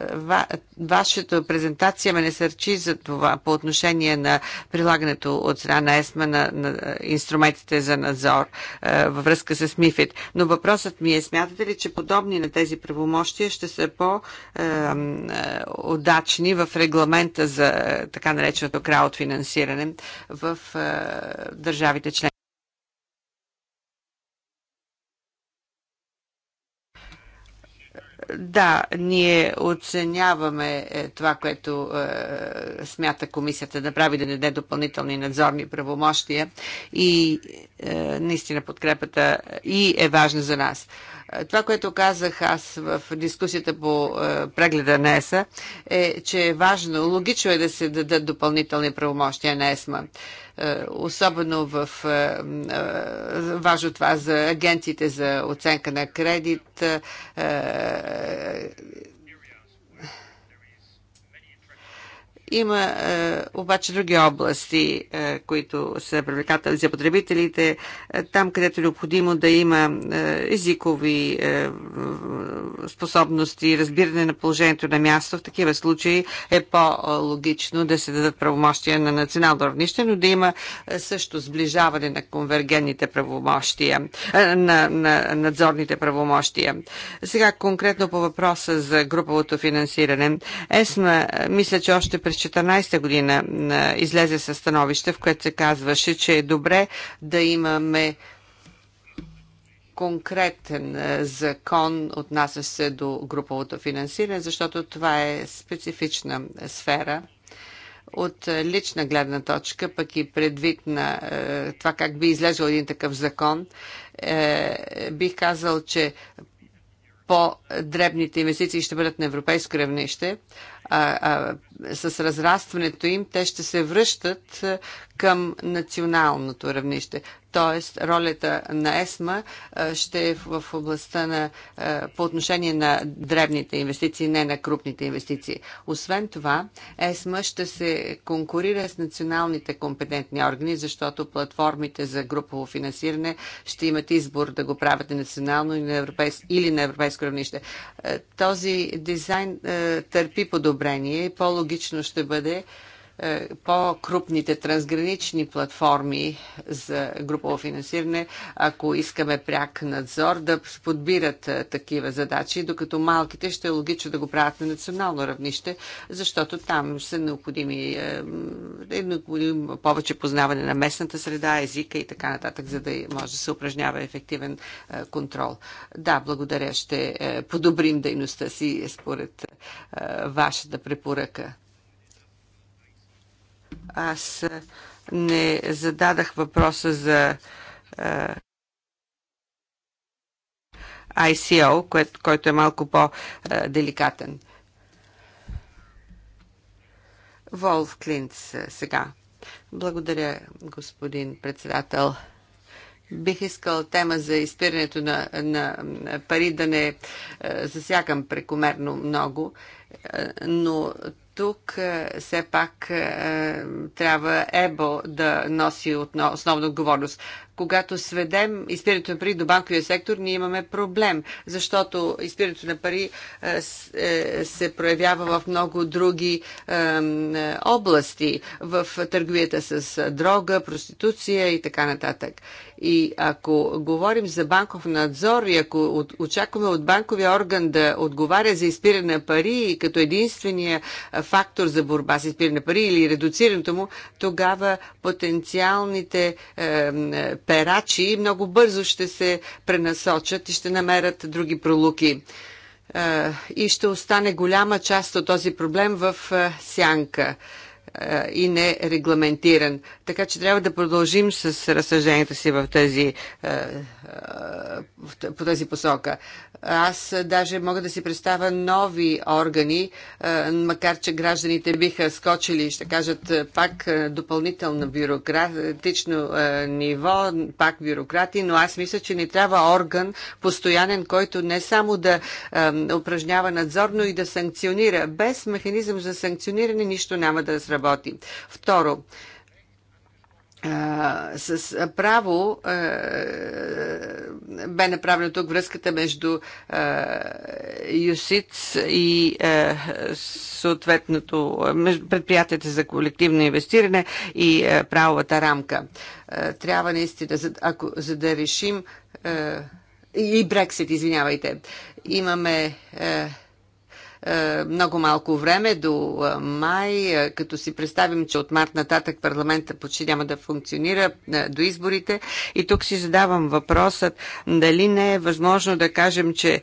C: вашата презентация ме насърчи за това по отношение на прилагането от страна на ЕСМА на, на инструментите за надзор е, във връзка с МИФИД. Но въпросът ми е, смятате ли, че подобни на тези правомощия ще са по-удачни е, в регламента за така нареченото краудфинансиране в държавите членки? Да, ние оценяваме е, това, което е, смята комисията да прави, да не даде допълнителни надзорни правомощия и е, наистина подкрепата и е важна за нас. Това, което казах аз в дискусията по е, прегледа на ЕСА, е, че е важно, логично е да се дадат допълнителни правомощия на ЕСМА. Е, особено в е, важно това за агенциите за оценка на кредит, Има е, обаче други области, е, които са привлекателни за потребителите. Е, там, където е необходимо да има е, езикови е, способности, разбиране на положението на място, в такива случаи е по-логично да се дадат правомощия на национално равнище, но да има е, също сближаване на конвергентните правомощия, е, на, на надзорните правомощия. Сега конкретно по въпроса за груповото финансиране. ЕСМА, мисля, че още през през 2014 година излезе със становище, в което се казваше, че е добре да имаме конкретен закон, отнася се до груповото финансиране, защото това е специфична сфера от лична гледна точка, пък и предвид на е, това как би излежал един такъв закон, е, бих казал, че по-дребните инвестиции ще бъдат на европейско равнище, а, с разрастването им, те ще се връщат към националното равнище т.е. ролята на ЕСМА е, ще е в областта на, е, по отношение на древните инвестиции, не на крупните инвестиции. Освен това, ЕСМА ще се конкурира с националните компетентни органи, защото платформите за групово финансиране ще имат избор да го правят национално или на, европейско, или на европейско равнище. Е, този дизайн търпи подобрение и по-логично ще бъде е, по-крупните трансгранични платформи за групово финансиране, ако искаме пряк надзор, да подбират е, такива задачи, докато малките ще е логично да го правят на национално равнище, защото там са необходими е, е повече познаване на местната среда, езика и така нататък, за да може да се упражнява ефективен контрол. Да, благодаря. Ще подобрим дейността си според вашата препоръка. Аз не зададах въпроса за ICO, което, който е малко по-деликатен. Волф Клинц сега. Благодаря, господин председател. Бих искал тема за изпирането на, на пари да не засягам прекомерно много но тук е, все пак е, трябва ЕБО да носи основна отговорност. Когато сведем изпирането на пари до банковия сектор, ние имаме проблем, защото изпирането на пари е, се проявява в много други области, в търговията с дрога, проституция и така нататък. И ако говорим за банков надзор и ако очакваме от банковия орган да отговаря за изпиране на пари и като единствения фактор за борба с изпиране на пари или редуцирането му, тогава потенциалните е, е перачи много бързо ще се пренасочат и ще намерят други пролуки е, и ще остане голяма част от този проблем в е, сянка и не регламентиран. Така че трябва да продължим с разсъжденията си в тази, тази посока. Аз даже мога да си представя нови органи, макар че гражданите биха скочили, ще кажат, пак допълнително бюрократично ниво, пак бюрократи, но аз мисля, че не трябва орган постоянен, който не само да упражнява надзор, но и да санкционира. Без механизъм за санкциониране нищо няма да сработи. Второ, с право бе направена тук връзката между е, ЮСИЦ и съответното предприятията за колективно инвестиране и правовата рамка. трябва наистина, за, ако, за да решим и Брексит, извинявайте, имаме е, много малко време до е, май, е, като си представим, че от март нататък парламента почти няма да функционира до изборите. И тук си задавам въпросът дали не е възможно да кажем, че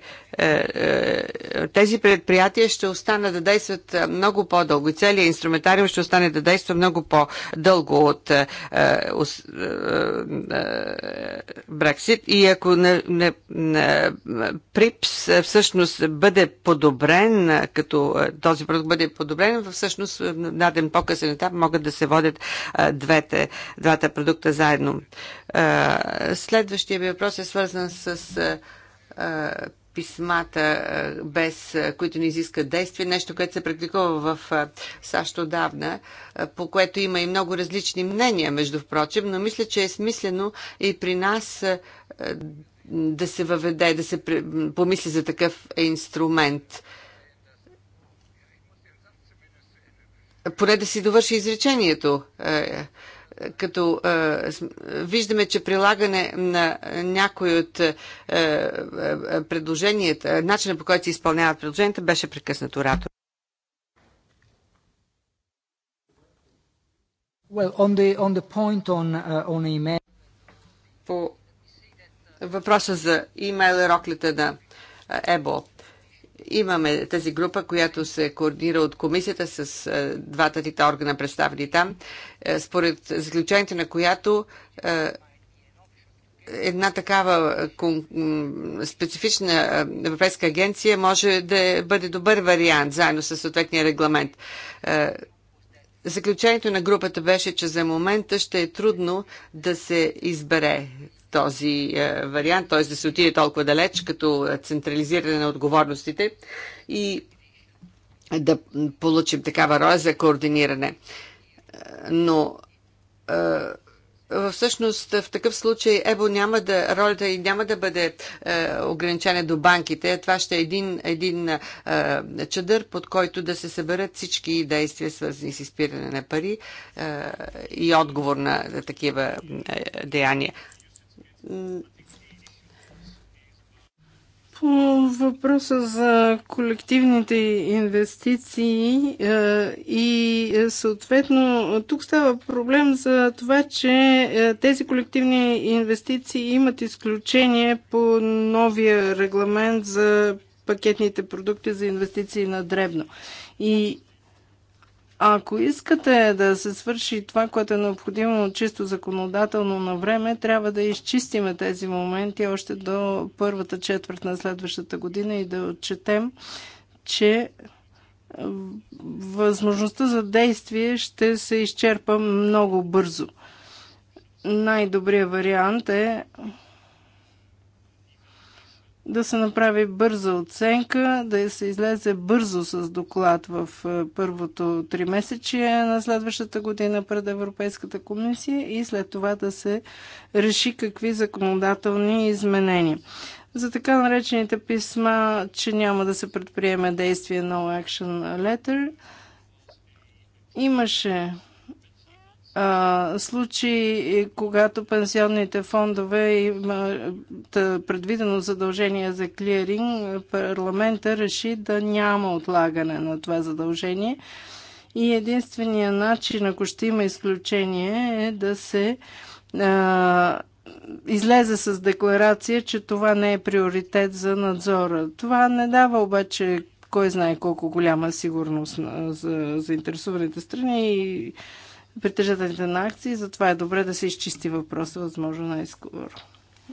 C: тези предприятия ще останат да действат много по-дълго и целият инструментариум ще остане да действа много по-дълго от Брексит и ако на, на, на ПРИПС всъщност бъде подобрен на, като този продукт бъде подобрен, всъщност на даден по-късен етап могат да се водят двете, двата продукта заедно. Следващия ми въпрос е свързан с писмата, без, които не изискат действие, нещо, което се практикува в САЩ отдавна, по което има и много различни мнения, между впрочем, но мисля, че е смислено и при нас да се въведе, да се помисли за такъв инструмент – Поне да си довърши изречението. Е, е, като е, виждаме, че прилагане на някои от предложенията, начина по който се изпълняват предложенията, беше прекъснат оратор. Well, on the, on the point on, uh, on email... По въпроса за имейл и роклите на ЕБО имаме тази група, която се координира от комисията с е, двата тита органа представени там, е, според заключението на която е, една такава специфична европейска агенция може да бъде добър вариант, заедно с съответния регламент. Заключението на групата беше, че за момента ще е трудно да се избере този е, вариант, т.е. да се отиде толкова далеч като централизиране на отговорностите и да получим такава роля за координиране. Е, но е, всъщност в такъв случай ЕБО няма да, ролята и няма да бъде е, ограничена до банките. Това ще е един, един е, чадър, под който да се съберат всички действия, свързани с изпиране на пари е, и отговор на такива е, деяния. По въпроса за колективните
B: инвестиции е, и е, съответно тук става проблем за това, че е, тези колективни инвестиции имат изключение по новия регламент за пакетните продукти за инвестиции на дребно. И ако искате да се свърши това, което е необходимо чисто законодателно на време, трябва да изчистиме тези моменти още до първата четвърт на следващата година и да отчетем, че възможността за действие ще се изчерпа много бързо. Най-добрият вариант е да се направи бърза оценка, да се излезе бързо с доклад в е, първото три тримесечие на следващата година пред Европейската комисия и след това да се реши какви законодателни изменения. За така наречените писма, че няма да се предприеме действие No Action Letter, имаше а, случаи, когато пенсионните фондове имат предвидено задължение за клиринг, парламента реши да няма отлагане на това задължение. И единствения начин, ако ще има изключение, е да се а, излезе с декларация, че това не е приоритет за надзора. Това не дава обаче кой знае колко голяма сигурност за заинтересованите страни и притежателите на акции, затова е добре да се изчисти въпроса възможно най-скоро.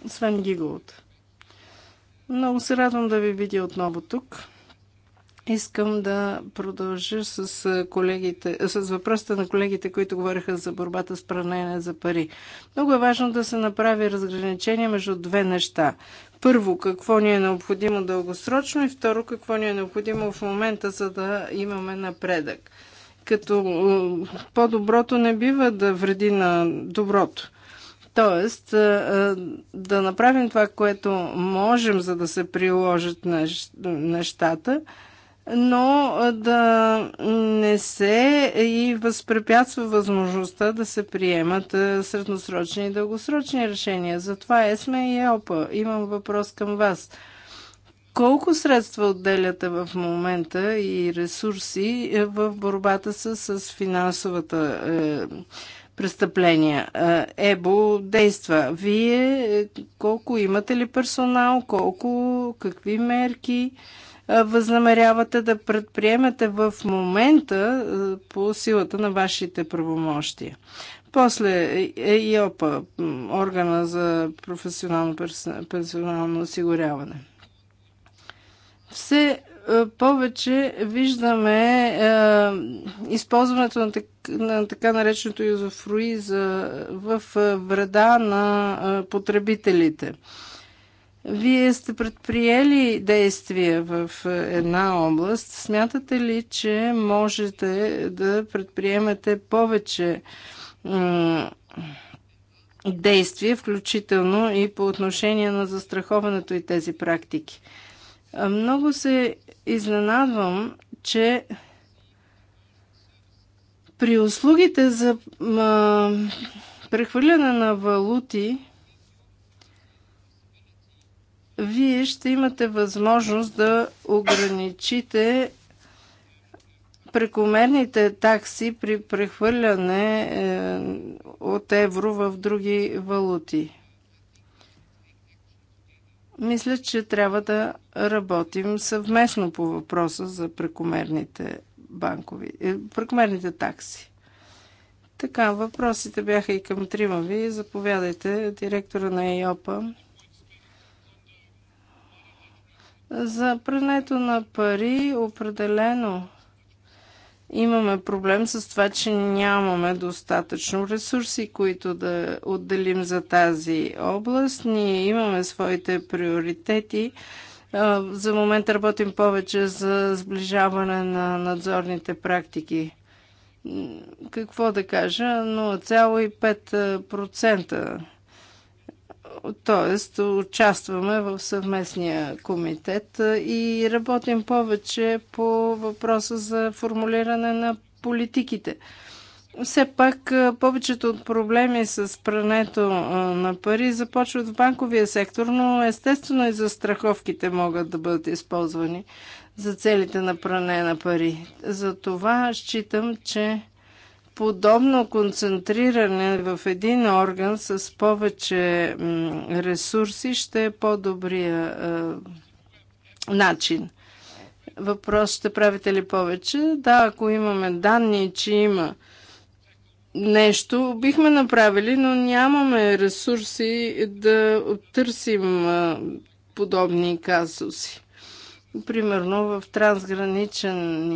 B: Свен гиговото. Много се радвам да ви видя отново тук. Искам да продължа с, колегите, с въпросите на колегите, които говориха за борбата с пранение за пари. Много е важно да се направи разграничение между две неща. Първо, какво ни е необходимо дългосрочно и второ, какво ни е необходимо в момента, за да имаме напредък като е, по-доброто не бива да вреди на доброто. Тоест, е, е, да направим това, което можем, за да се приложат нещата, но да не се и възпрепятства възможността да се приемат средносрочни и дългосрочни решения. Затова ЕСМЕ и ЕОПА. Имам въпрос към вас. Колко средства отделяте в момента и ресурси е, в борбата с, с финансовата е, престъпления? Е, ЕБО действа. Вие е, колко имате ли персонал, колко, какви мерки възнамерявате да предприемете в момента по силата на вашите правомощия? После ЕИОПА, органа за професионално, персонално осигуряване все е, повече виждаме е, използването на, так, на така нареченото юзофруи за, в е, вреда на е, потребителите. Вие сте предприели действия в е, една област. Смятате ли, че можете да предприемете повече е, действия, включително и по отношение на застраховането и тези практики? Много се изненадвам, че при услугите за прехвърляне на валути, вие ще имате възможност да ограничите прекомерните такси при прехвърляне е, от евро в други валути. Мисля, че трябва да работим съвместно по въпроса за прекомерните банкови, е, прекомерните такси. Така, въпросите бяха и към трима ви. Заповядайте, директора на ЕОПА. За прането на пари определено имаме проблем с това, че нямаме достатъчно ресурси, които да отделим за тази област. Ние имаме своите приоритети. За момент работим повече за сближаване на надзорните практики. Какво да кажа? 0,5% т.е. участваме в съвместния комитет и работим повече по въпроса за формулиране на политиките. Все пак повечето от проблеми с прането на пари започват в банковия сектор, но естествено и за страховките могат да бъдат използвани за целите на пране на пари. За това считам, че подобно концентриране в един орган с повече ресурси ще е по-добрия начин. Въпрос ще правите ли повече? Да, ако имаме данни, че има нещо, бихме направили, но нямаме ресурси да търсим подобни казуси. Примерно в трансграничен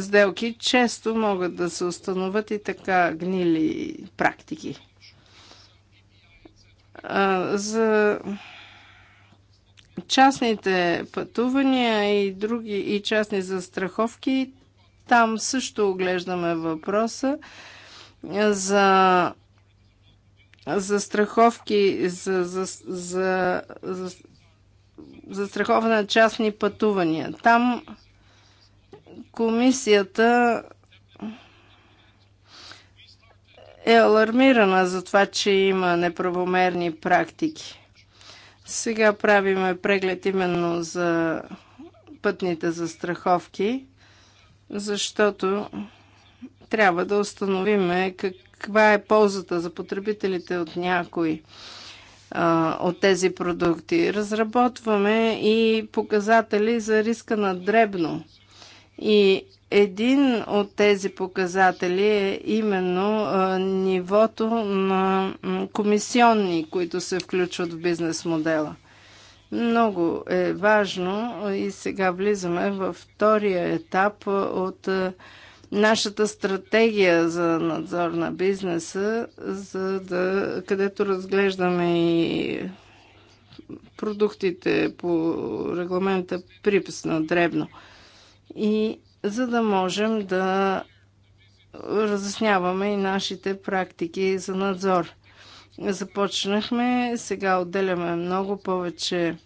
B: сделки често могат да се установят и така гнили практики. За частните пътувания и други и частни застраховки, там също оглеждаме въпроса за застраховки за, за, за, за застраховане на частни пътувания. Там Комисията е алармирана за това, че има неправомерни практики. Сега правиме преглед именно за пътните застраховки, защото трябва да установим каква е ползата за потребителите от някои от тези продукти. Разработваме и показатели за риска на дребно и един от тези показатели е именно нивото на комисионни, които се включват в бизнес модела. Много е важно и сега влизаме във втория етап от нашата стратегия за надзор на бизнеса, за да, където разглеждаме и продуктите по регламента припис на дребно и за да можем да разясняваме и нашите практики за надзор. Започнахме, сега отделяме много повече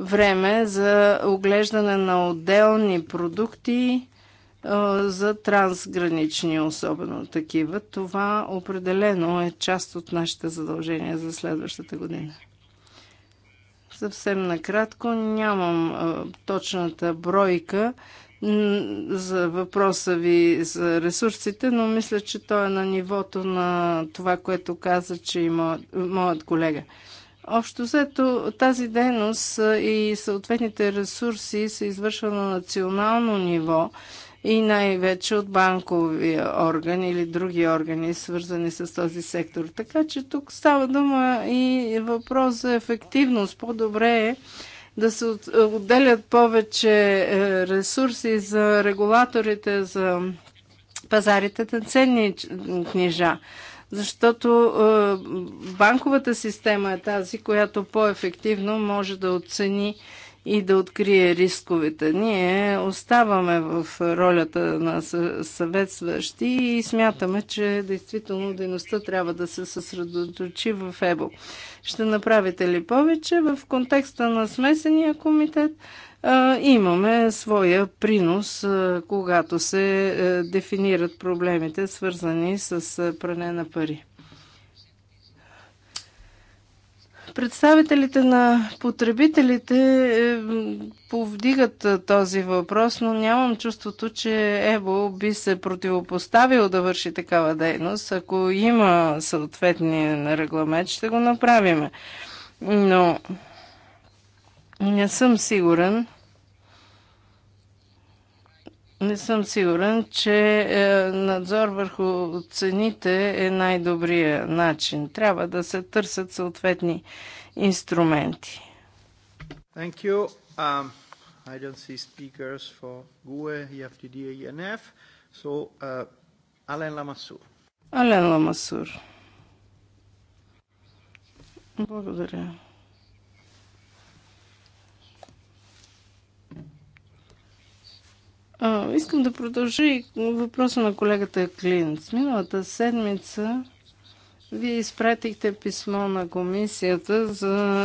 B: време за оглеждане на отделни продукти за трансгранични, особено такива. Това определено е част от нашите задължения за следващата година. Съвсем накратко, нямам точната бройка, за въпроса ви за ресурсите, но мисля, че той е на нивото на това, което каза, че и моят, моят колега. Общо взето тази дейност и съответните ресурси се извършва на национално ниво и най-вече от банкови орган или други органи, свързани с този сектор. Така че тук става дума и въпрос за ефективност. По-добре е да се е, отделят повече е, ресурси за регулаторите, за пазарите на ценни книжа. Защото е, банковата система е тази, която по-ефективно може да оцени и да открие рисковете. Ние оставаме в ролята на съветстващи и смятаме, че действително дейността трябва да се съсредоточи в ЕБО. Ще направите ли повече в контекста на смесения комитет? Имаме своя принос, когато се е, дефинират проблемите, свързани с пране на пари. Представителите на потребителите е, повдигат е, този въпрос, но нямам чувството, че ЕБО би се противопоставил да върши такава дейност. Ако има съответния регламент, ще го направим. Но не съм сигурен не съм сигурен, че е, надзор върху цените е най-добрия начин. Трябва да се търсят съответни инструменти. Thank you. Um, I don't see speakers for GUE, EFTD, ENF. So,
C: uh,
B: Ален Ламасур. Благодаря. Искам да продължи въпроса на колегата Клинц. Миналата седмица вие изпратихте писмо на комисията за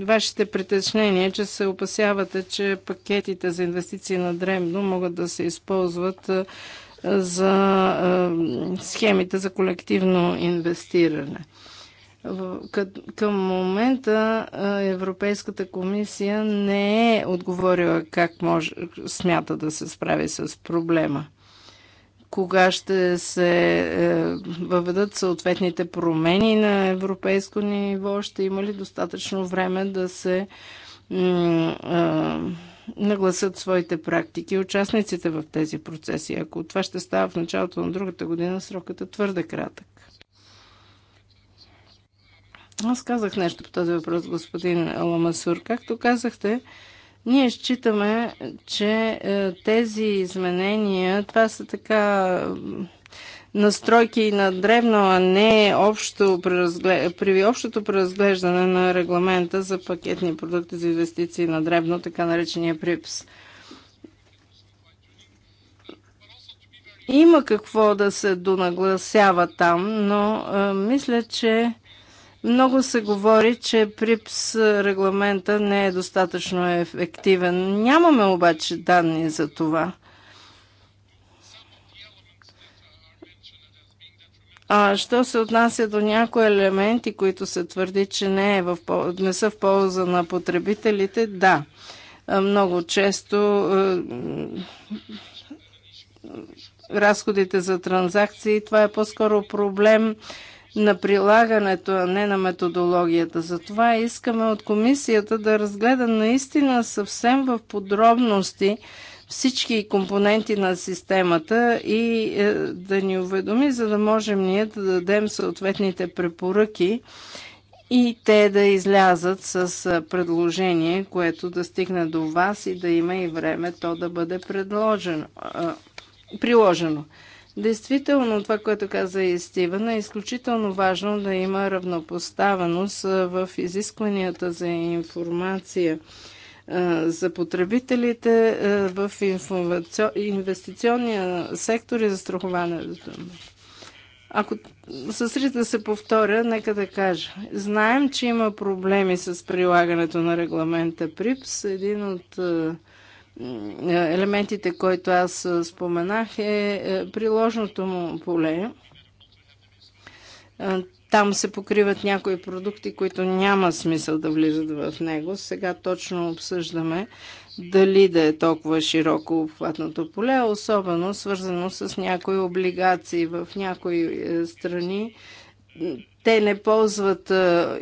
B: е, вашите притеснения, че се опасявате, че пакетите за инвестиции на Дремно могат да се използват е, за е, схемите за колективно инвестиране. Е, към момента Европейската комисия не е отговорила как може, смята да се справи с проблема. Кога ще се е, въведат съответните промени на европейско ниво? Ще има ли достатъчно време да се нагласят своите практики участниците в тези процеси. Ако това ще става в началото на другата година, срокът е твърде кратък. Аз казах нещо по този въпрос, господин Ламасур. Както казахте, ние считаме, че е, тези изменения, това са така настройки на древно, а не общо при общото преразглеждане на регламента за пакетни продукти за инвестиции на древно, така наречения ПРИПС. Има какво да се донагласява там, но а, е, мисля, че много се говори, че ПРИПС регламента не е достатъчно ефективен. Нямаме обаче данни за това. А що се отнася до някои елементи, които се твърди, че не, е в, не са в полза на потребителите, да. Много често е, разходите за транзакции, това е по-скоро проблем на прилагането, а не на методологията. Затова искаме от комисията да разгледа наистина съвсем в подробности всички компоненти на системата и е, да ни уведоми, за да можем ние да дадем съответните препоръки и те да излязат с е, предложение, което да стигне до вас и да има и време то да бъде предложено, е, приложено. Действително, това, което каза и Стивен, е изключително важно да има равнопоставеност в изискванията за информация за потребителите в инвестиционния сектор и за страхованието. Ако със риск да се повторя, нека да кажа. Знаем, че има проблеми с прилагането на регламента ПРИПС. Един от е, елементите, които аз е, споменах, е, е приложното му поле. Там се покриват някои продукти, които няма смисъл да влизат в него. Сега точно обсъждаме дали да е толкова широко обхватното поле, особено свързано с някои облигации в някои страни те не ползват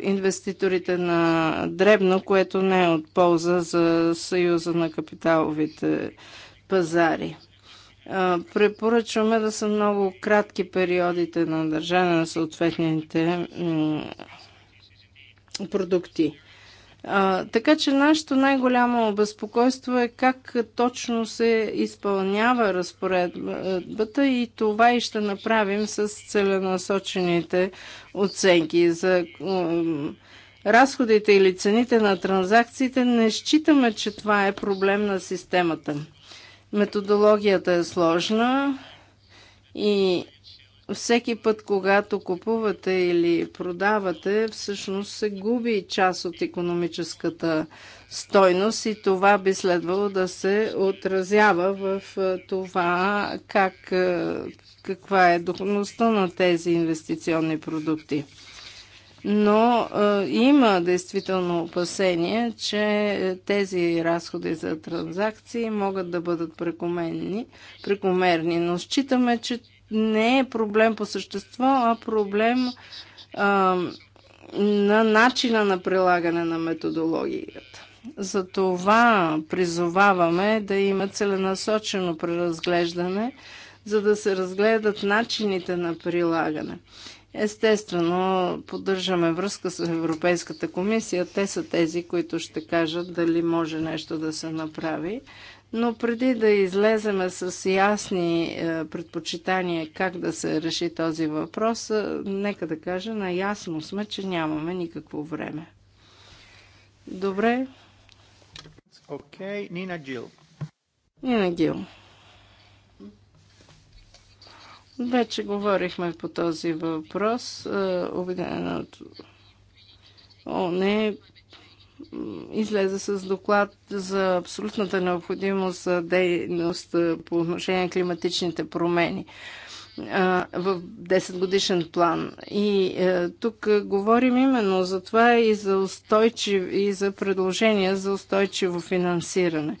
B: инвеститорите на дребно, което не е от полза за Съюза на капиталовите пазари. Препоръчваме да са много кратки периодите на държане на съответните продукти. А, така че нашето най-голямо безпокойство е как точно се изпълнява разпоредбата и това и ще направим с целенасочените оценки. За разходите или цените на транзакциите не считаме, че това е проблем на системата. Методологията е сложна и всеки път, когато купувате или продавате, всъщност се губи част от економическата стойност и това би следвало да се отразява в това как, каква е доходността на тези инвестиционни продукти. Но е, има действително опасение, че тези разходи за транзакции могат да бъдат прекомерни, прекомерни но считаме, че не е проблем по същество, а проблем а, на начина на прилагане на методологията. Затова призоваваме да има целенасочено преразглеждане, за да се разгледат начините на прилагане. Естествено, поддържаме връзка с Европейската комисия. Те са тези, които ще кажат дали може нещо да се направи. Но преди да излеземе с ясни е, предпочитания как да се реши този въпрос, е, нека да кажа, наясно сме, че нямаме никакво време. Добре. Окей, Нина Гил. Нина Гил. Вече говорихме по този въпрос. Е, Обединеното не излезе с доклад за абсолютната необходимост за дейност по отношение на климатичните промени в 10 годишен план. И е, тук говорим именно за това и за, устойчив, и за предложения за устойчиво финансиране.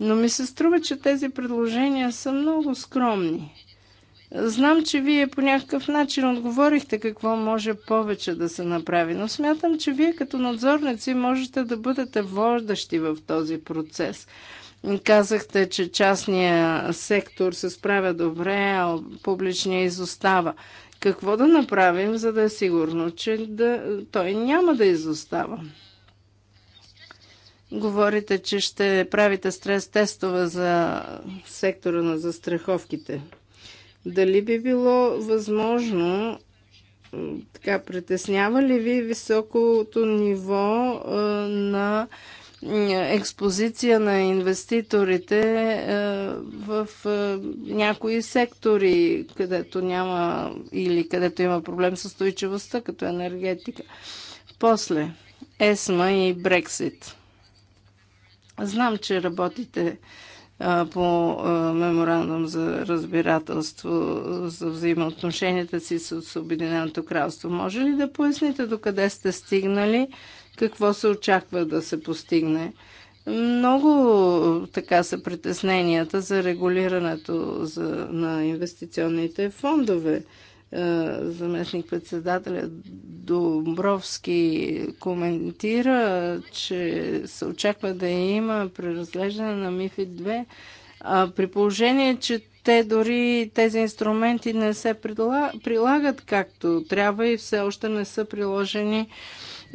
B: Но ми се струва, че тези предложения са много скромни. Знам, че вие по някакъв начин отговорихте какво може повече да се направи, но смятам, че вие като надзорници можете да бъдете вождащи в този процес. Казахте, че частния сектор се справя добре, а публичния изостава. Какво да направим, за да е сигурно, че да, той няма да изостава? Говорите, че ще правите стрес тестове за сектора на застраховките. Дали би било възможно, така, притеснява ли ви високото ниво а, на експозиция на инвеститорите в някои сектори, където няма или където има проблем с устойчивостта, като енергетика. После ЕСМА и Брексит. Знам, че работите по меморандум за разбирателство за взаимоотношенията си с Обединеното кралство. Може ли да поясните до къде сте стигнали, какво се очаква да се постигне? Много така са притесненията за регулирането за, на инвестиционните фондове. Е, заместник председателя Добровски коментира, че се очаква да има преразглеждане на МИФИ 2, а при положение, че те дори тези инструменти не се прилагат както трябва и все още не са приложени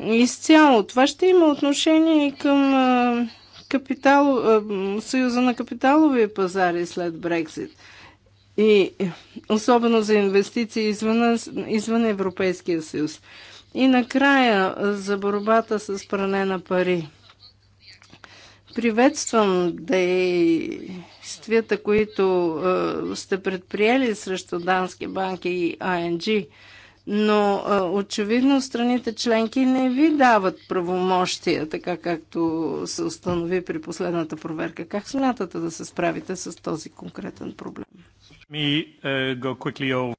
B: изцяло. Това ще има отношение и към е, капитал, е, Съюза на капиталови пазари след Брексит и особено за инвестиции извън, извън Европейския съюз. И накрая за борбата с пране на пари. Приветствам действията, които е, сте предприели срещу дански банки и АНГ, но е, очевидно страните членки не ви дават правомощия, така както се установи при последната проверка. Как смятате да се справите с този конкретен проблем?
A: Me, uh, go quickly over.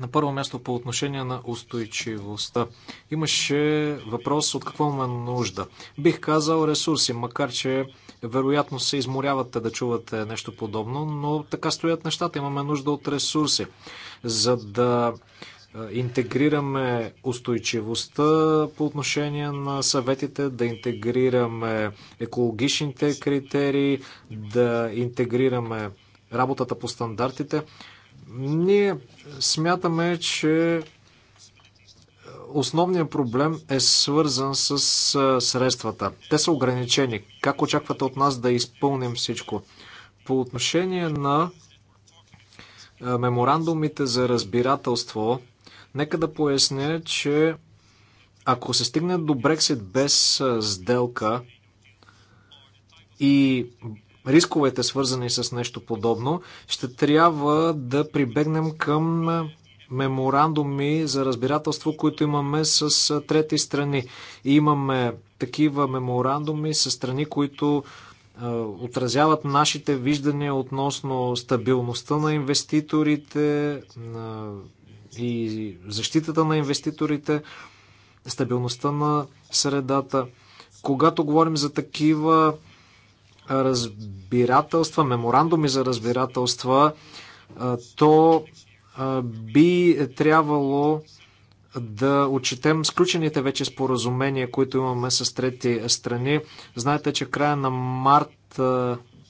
A: на първо място по отношение на устойчивостта. Имаше въпрос от какво има нужда. Бих казал ресурси, макар че вероятно се изморявате да чувате нещо подобно, но така стоят нещата. Имаме нужда от ресурси, за да е, интегрираме устойчивостта по отношение на съветите, да интегрираме екологичните критерии, да интегрираме работата по стандартите. Ние смятаме, че основният проблем е свързан с е, средствата. Те са ограничени. Как очаквате от нас да изпълним всичко? По отношение на е, меморандумите за разбирателство, Нека да поясня, че ако се стигне до Брексит без сделка и рисковете свързани с нещо подобно, ще трябва да прибегнем към меморандуми за разбирателство, които имаме с трети страни. И имаме такива меморандуми с страни, които отразяват нашите виждания относно стабилността на инвеститорите, на и защитата на инвеститорите, стабилността на средата. Когато говорим за такива разбирателства, меморандуми за разбирателства, то би трябвало да отчетем сключените вече споразумения, които имаме с трети страни. Знаете, че края на март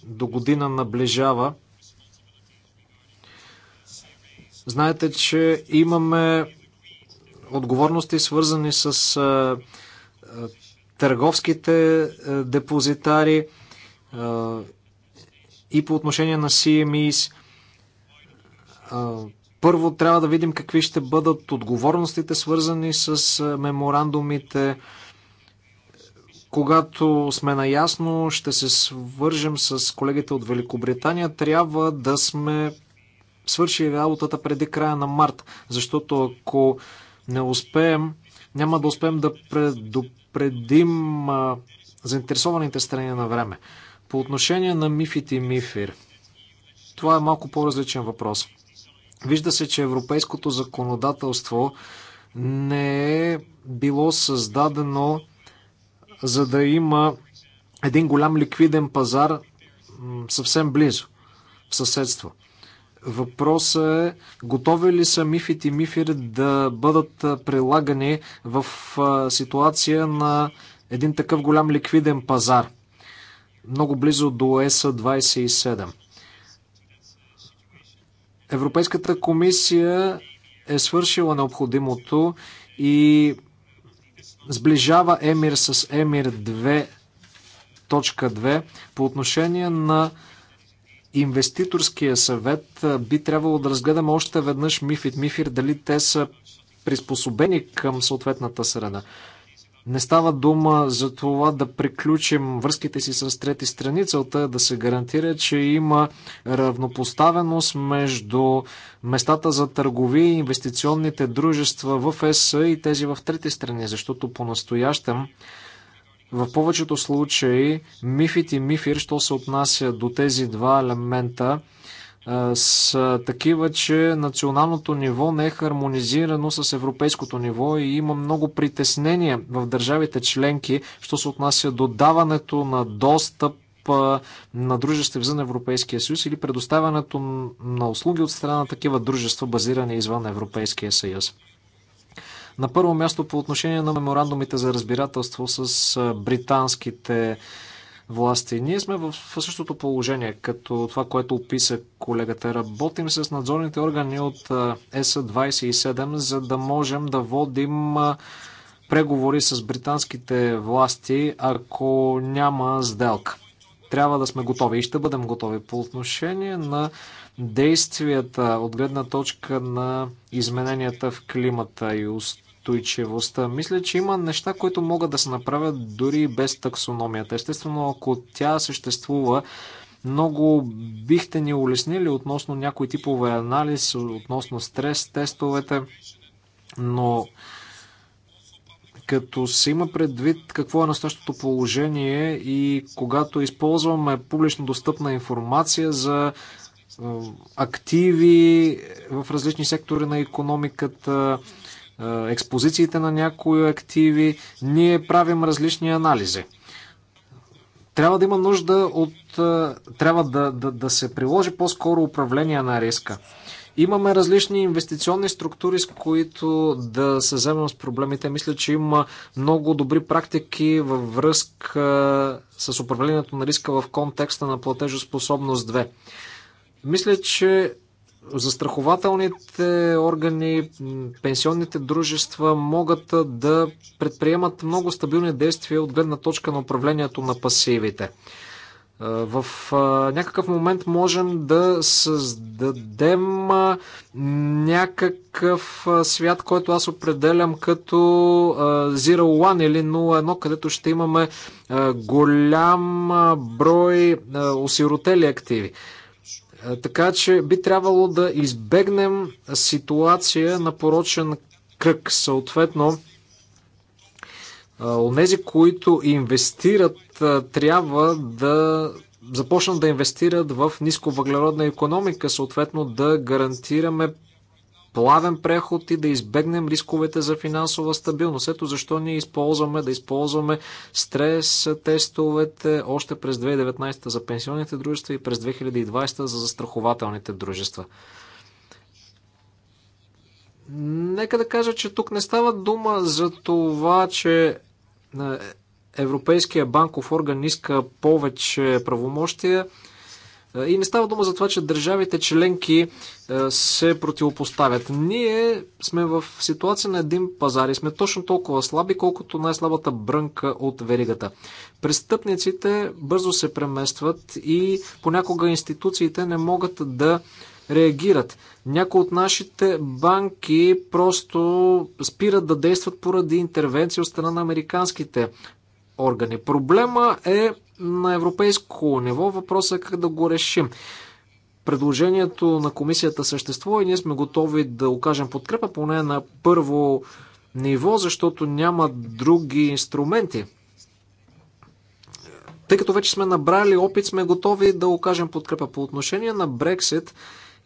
A: до година наближава. Знаете, че имаме отговорности свързани с търговските депозитари и по отношение на CMEs. Първо трябва да видим какви ще бъдат отговорностите, свързани с меморандумите. Когато сме наясно, ще се свържем с колегите от Великобритания. Трябва да сме свърши работата преди края на март, защото ако не успеем, няма да успеем да предупредим заинтересованите страни на време. По отношение на МИФИТ и МИФИР, това е малко по-различен въпрос. Вижда се, че европейското законодателство не е било създадено за да има един голям ликвиден пазар съвсем близо, в съседство. Въпросът е, готови ли са МИФИТ и МИФИР да бъдат прилагани в ситуация на един такъв голям ликвиден пазар, много близо до ес 27. Европейската комисия е свършила необходимото и сближава Емир с Емир 2.2 по отношение на инвеститорския съвет би трябвало да разгледаме още веднъж Мифит Мифир, дали те са приспособени към съответната среда. Не става дума за това да приключим връзките си с трети страни. Целта е да се гарантира, че има равнопоставеност между местата за търговия и инвестиционните дружества в ЕС и тези в трети страни, защото по-настоящем в повечето случаи мифит и мифир, що се отнася до тези два елемента, с такива, че националното ниво не е хармонизирано с европейското ниво и има много притеснения в държавите членки, що се отнася до даването на достъп на дружества извън Европейския съюз или предоставянето на услуги от страна на такива дружества, базирани извън Европейския съюз. На първо място по отношение на меморандумите за разбирателство с британските власти. Ние сме в същото положение, като това, което описа колегата. Работим с надзорните органи от ЕС-27, за да можем да водим преговори с британските власти, ако няма сделка. Трябва да сме готови и ще бъдем готови по отношение на действията от гледна точка на измененията в климата и устойчивостта. Мисля, че има неща, които могат да се направят дори без таксономията. Естествено, ако тя съществува, много бихте ни улеснили относно някои типове анализ, относно стрес тестовете, но като се има предвид какво е настоящото положение и когато използваме публично достъпна информация за активи в различни сектори на економиката, експозициите на някои активи. Ние правим различни анализи. Трябва да има нужда от. Трябва да, да, да се приложи по-скоро управление на риска. Имаме различни инвестиционни структури, с които да се вземем с проблемите. Мисля, че има много добри практики във връзка с управлението на риска в контекста на платежоспособност 2. Мисля, че застрахователните органи, пенсионните дружества могат да предприемат много стабилни действия от гледна точка на управлението на пасивите. Е, в някакъв момент можем да създадем някакъв свят, който аз определям като Zero One или 01, където ще имаме голям брой осиротели активи. Така че би трябвало да избегнем ситуация на порочен кръг. Съответно, онези, които инвестират, трябва да започнат да инвестират в нисковъглеродна економика, съответно да гарантираме плавен преход и да избегнем рисковете за финансова стабилност. Ето защо ние използваме да използваме стрес тестовете още през 2019 за пенсионните дружества и през 2020 за застрахователните дружества. Нека да кажа, че тук не става дума за това, че е, Европейския банков орган иска повече правомощия. И не става дума за това, че държавите членки се противопоставят. Ние сме в ситуация на един пазар и сме точно толкова слаби, колкото най-слабата брънка от веригата. Престъпниците бързо се преместват и понякога институциите не могат да реагират. Някои от нашите банки просто спират да действат поради интервенция от страна на американските органи. Проблема е на европейско ниво. Въпросът е как да го решим. Предложението на комисията съществува и ние сме готови да окажем подкрепа поне на първо ниво, защото няма други инструменти. Тъй като вече сме набрали опит, сме готови да окажем подкрепа. По отношение на Брексит,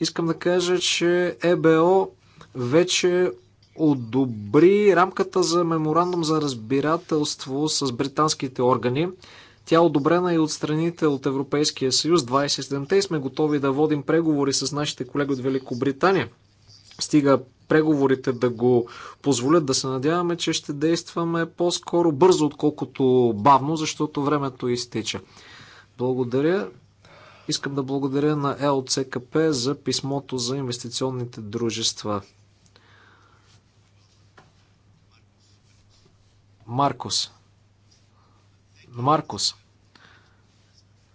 A: искам да кажа, че ЕБО вече одобри рамката за меморандум за разбирателство с британските органи. Тя е одобрена и от страните от Европейския съюз, 27-те, и сме готови да водим преговори с нашите колеги от Великобритания. Стига преговорите да го позволят, да се надяваме, че ще действаме по-скоро бързо, отколкото бавно, защото времето изтича. Благодаря. Искам да благодаря на ЛЦКП за писмото за инвестиционните дружества. Маркос. Маркус.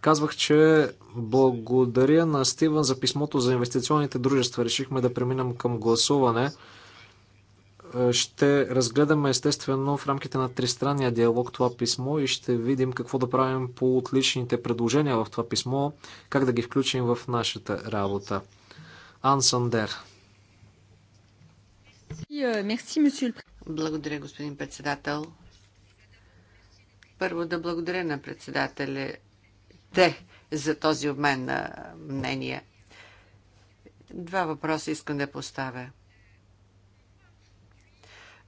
A: Казвах, че благодаря на Стивен за писмото за инвестиционните дружества. Решихме да преминем към гласуване. Е, ще разгледаме естествено в рамките на тристранния диалог това писмо и ще видим какво да правим по отличните предложения в това писмо, как да ги включим в нашата работа. Ан Сандер.
C: Е, благодаря, господин председател. Първо да благодаря на председателя те за този обмен на мнения. Два въпроса искам да поставя.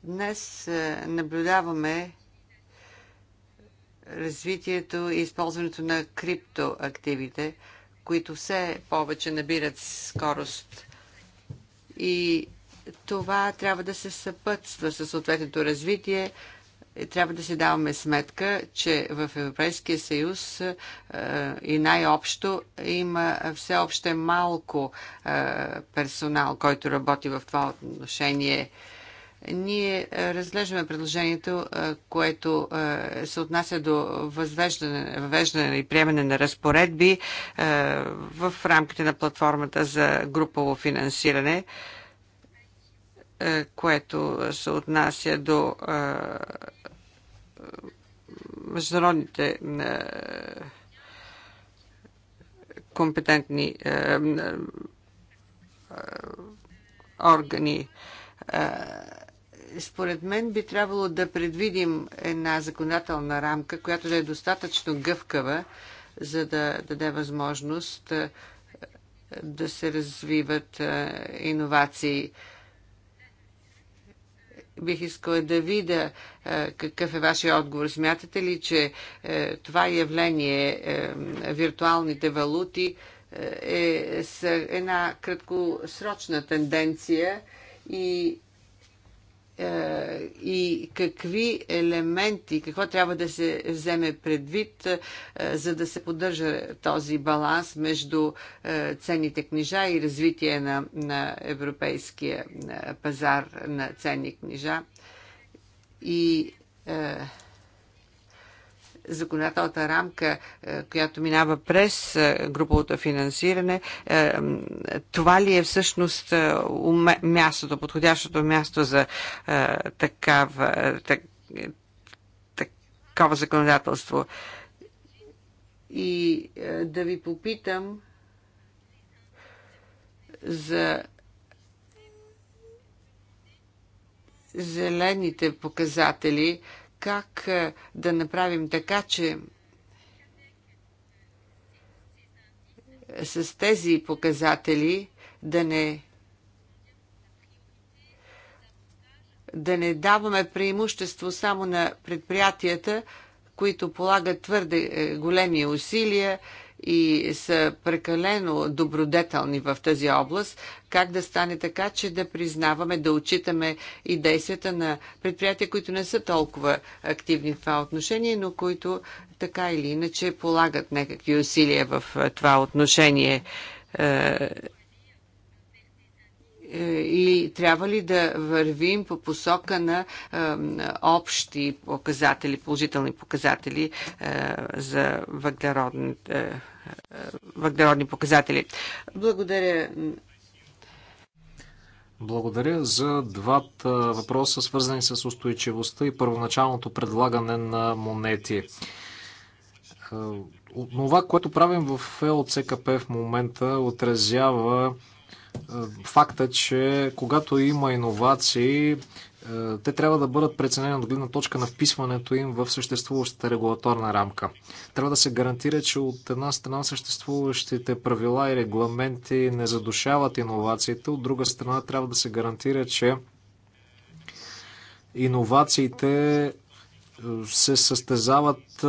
C: Днес е, наблюдаваме развитието и използването на криптоактивите, които все повече набират скорост. И това трябва да се съпътства със съответното развитие, е, трябва да си даваме сметка, че в Европейския съюз е, и най-общо има все още малко е, персонал, който работи в това отношение. Ние разглеждаме предложението, което се отнася до въвеждане и приемане на разпоредби в рамките на платформата за групово финансиране. Е, което се отнася до е, международните е, компетентни органи. Според мен би трябвало да предвидим една законодателна рамка, която да е достатъчно гъвкава, за да даде възможност да се развиват иновации бих искала да видя е, какъв е вашия отговор. Смятате ли, че е, това явление, е, виртуалните валути, е, една краткосрочна тенденция и е, и какви елементи, какво трябва да се вземе предвид, е, за да се поддържа този баланс между е, ценните книжа и развитие на, на европейския пазар на ценни книжа. И законодателната рамка, е, която минава през е, груповото финансиране, е, това ли е всъщност мястото, подходящото място за такава, так, такова законодателство? И да ви попитам за зелените показатели, как е, да направим така, че с тези показатели да не да не даваме преимущество само на предприятията, които полагат твърде е, големи усилия и са прекалено добродетелни в тази област, как да стане така, че да признаваме, да отчитаме и действията на предприятия, които не са толкова активни в това отношение, но които така или иначе полагат някакви усилия в това отношение е, е, И трябва ли да вървим по посока на е, общи показатели, положителни показатели е, за въглеродните? е, въглеродни показатели. Благодаря. Благодаря
A: за двата въпроса, свързани с устойчивостта и първоначалното предлагане на монети. Това, което правим в ЛЦКП в момента, отразява факта, че когато има иновации, е, те трябва да бъдат преценени от гледна точка на вписването им в съществуващата регулаторна рамка. Трябва да се гарантира, че от една страна съществуващите правила и регламенти не задушават иновациите, от друга страна трябва да се гарантира, че иновациите е, се състезават е,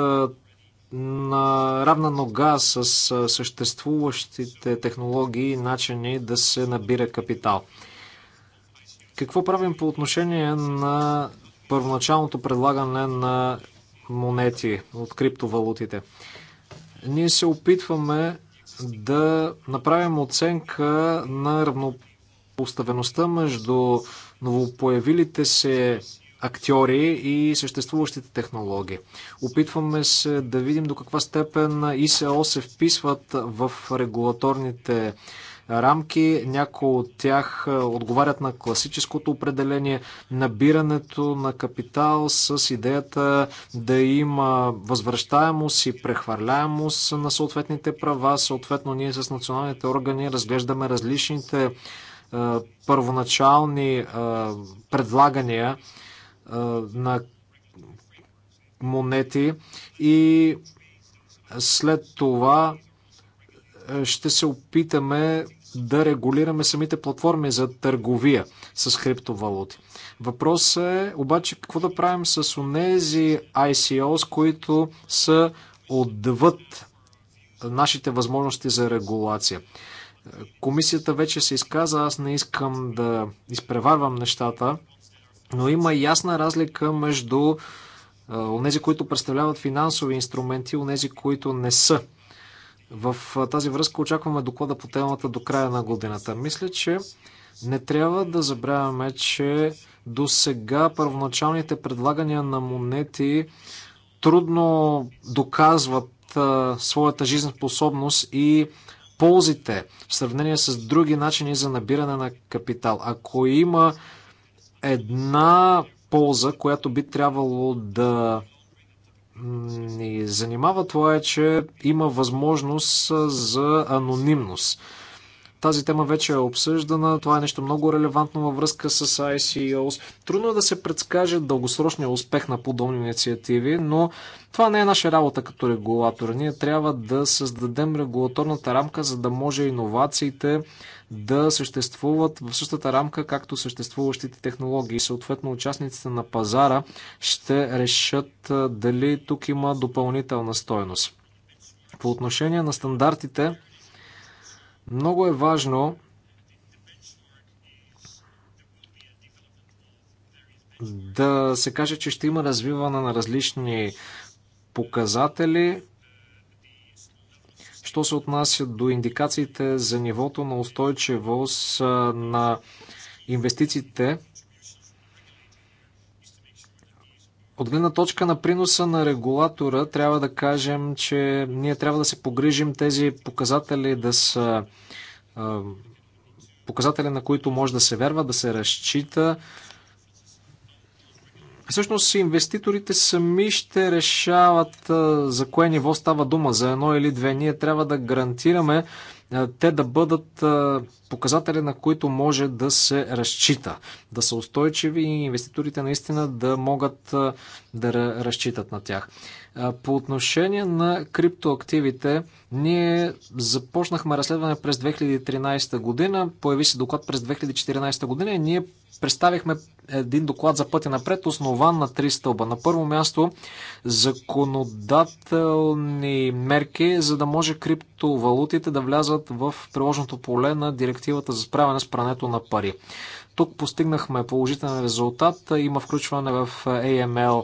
A: на равна нога с съществуващите технологии и начини да се набира капитал. Какво правим по отношение на първоначалното предлагане на монети от криптовалутите? Ние се опитваме да направим оценка на равнопоставеността между новопоявилите се актьори и съществуващите технологии. Опитваме се да видим до каква степен ИСО се вписват в регулаторните рамки. Някои от тях е, отговарят на класическото определение. Набирането на капитал с идеята да има възвръщаемост и прехвърляемост на съответните права. Съответно, ние с националните органи разглеждаме различните е, първоначални е, предлагания на монети и след това ще се опитаме да регулираме самите платформи за търговия с криптовалути. Въпросът е обаче какво да правим с онези ICOs, които са отвъд нашите възможности за регулация. Комисията вече се изказа, аз не искам да изпреварвам нещата, но има ясна разлика между онези, които представляват финансови инструменти, онези, които не са в тази връзка очакваме доклада по темата до края на годината. Мисля, че не трябва да забравяме, че до сега първоначалните предлагания на монети трудно доказват а, своята жизнеспособност и ползите в сравнение с други начини за набиране на капитал. Ако има една полза, която би трябвало да ни занимава, това е, че има възможност за анонимност. Тази тема вече е обсъждана. Това е нещо много релевантно във връзка с ICOs. Трудно е да се предскаже дългосрочния успех на подобни инициативи, но това не е наша работа като регулатор. Ние трябва да създадем регулаторната рамка, за да може иновациите да съществуват в същата рамка, както съществуващите технологии. Съответно, участниците на пазара ще решат дали тук има допълнителна стойност. По отношение на стандартите, много е важно да се каже, че ще има развиване на различни показатели, Що се отнася до индикациите за нивото на устойчивост на инвестициите, от гледна точка на приноса на регулатора, трябва да кажем, че ние трябва да се погрижим тези показатели да са показатели, на които може да се верва, да се разчита. Всъщност инвеститорите сами ще решават за кое ниво става дума, за едно или две. Ние трябва да гарантираме те да бъдат показатели, на които може да се разчита, да са устойчиви и инвеститорите наистина да могат да разчитат на тях. По отношение на криптоактивите, ние започнахме разследване през 2013 година, появи се доклад през 2014 година и ние представихме един доклад за пътя напред, основан на три стълба. На първо място законодателни мерки, за да може криптовалутите да влязат в приложното поле на директивата за справяне с прането на пари. Тук постигнахме положителен резултат. Има включване в AML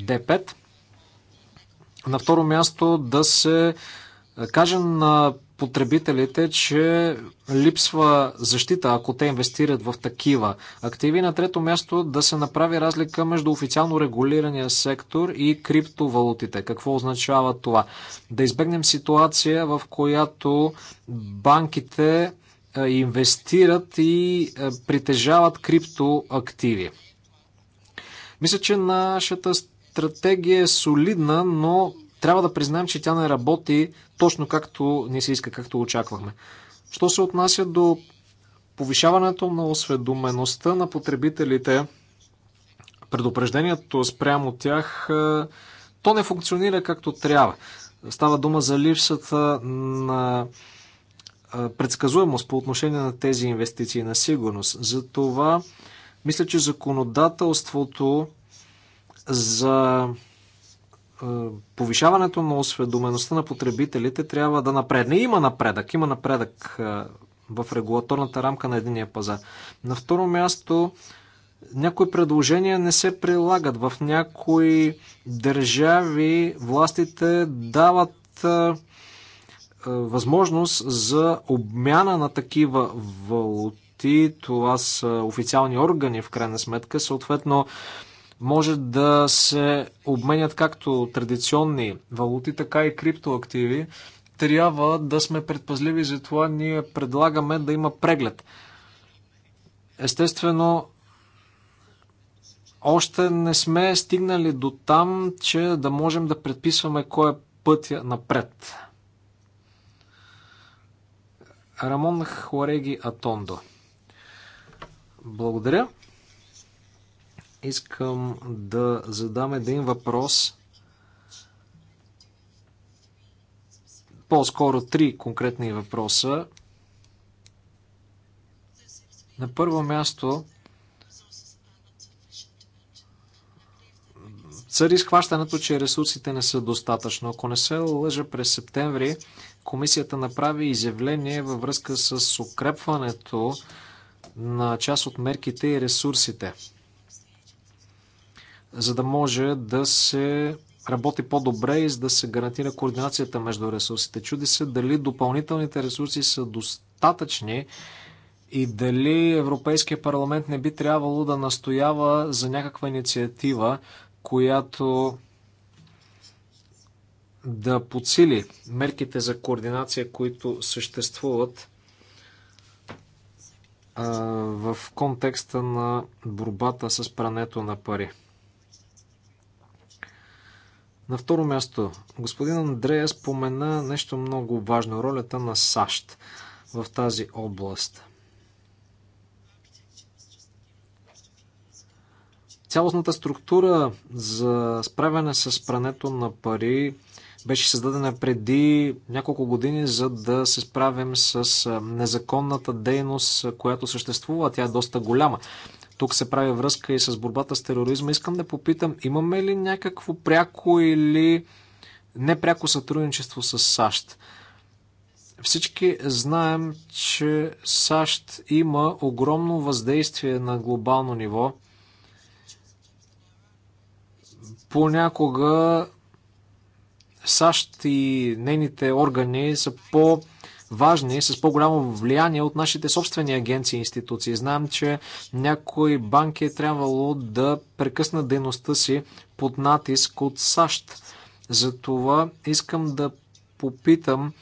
A: D5. На второ място да се е, каже на потребителите, че липсва защита, ако те инвестират в такива активи. На трето място да се направи разлика между официално регулирания сектор и криптовалутите. Какво означава това? Да избегнем ситуация, в която банките е, инвестират и е, притежават криптоактиви. Мисля, че нашата стратегия е солидна, но трябва да признаем, че тя не работи точно както ни се иска, както очаквахме. Що се отнася до повишаването на осведомеността на потребителите, предупреждението спрямо тях, е, то не функционира както трябва. Става дума за липсата на е, предсказуемост по отношение на тези инвестиции на сигурност. Затова мисля, че законодателството за е, повишаването на осведомеността на потребителите трябва да напредне. Има напредък, има напредък е, в регулаторната рамка на единия пазар. На второ място, някои предложения не се прилагат. В някои държави властите дават е, възможност за обмяна на такива валути. Това са официални органи, в крайна сметка. Съответно, може да се обменят както традиционни валути, така и криптоактиви. Трябва да сме предпазливи, затова ние предлагаме да има преглед. Естествено, още не сме стигнали до там, че да можем да предписваме кой е пътя напред. Рамон Хуареги Атондо. Благодаря. Искам да задам един въпрос. По-скоро три конкретни въпроса. На първо място, цари схващането, че ресурсите не са достатъчно. Ако не се лъжа през септември, комисията направи изявление във връзка с укрепването на част от мерките и ресурсите за да може да се работи по-добре и за да се гарантира координацията между ресурсите. Чуди се дали допълнителните ресурси са достатъчни и дали Европейския парламент не би трябвало да настоява за някаква инициатива, която да подсили мерките за координация, които съществуват в контекста на борбата с прането на пари. На второ място, господин Андрея спомена нещо много важно ролята на САЩ в тази област. Цялостната структура за справяне с прането на пари беше създадена преди няколко години, за да се справим с незаконната дейност, която съществува. Тя е доста голяма. Тук се прави връзка и с борбата с тероризма. Искам да попитам, имаме ли някакво пряко или непряко сътрудничество с САЩ? Всички знаем, че САЩ има огромно въздействие на глобално ниво. Понякога САЩ и нейните органи са по- важни, с по-голямо влияние от нашите собствени агенции и институции. Знаем, че някои банки е трябвало да прекъснат дейността си под натиск от САЩ. Затова искам да попитам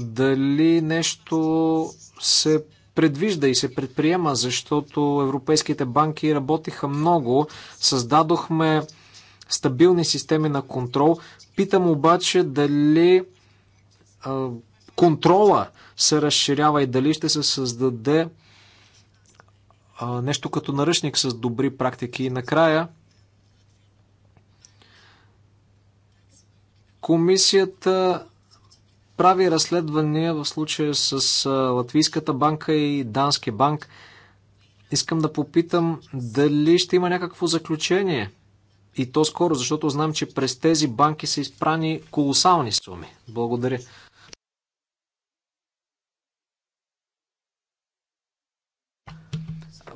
A: дали нещо се предвижда и се предприема, защото европейските банки работиха много, създадохме стабилни системи на контрол. Питам обаче дали контрола се разширява и дали ще се създаде нещо като наръчник с добри практики. И накрая, комисията прави разследвания в случая с Латвийската банка и Дански банк. Искам да попитам дали ще има някакво заключение. И то скоро, защото знам, че през тези банки са изпрани колосални суми. Благодаря.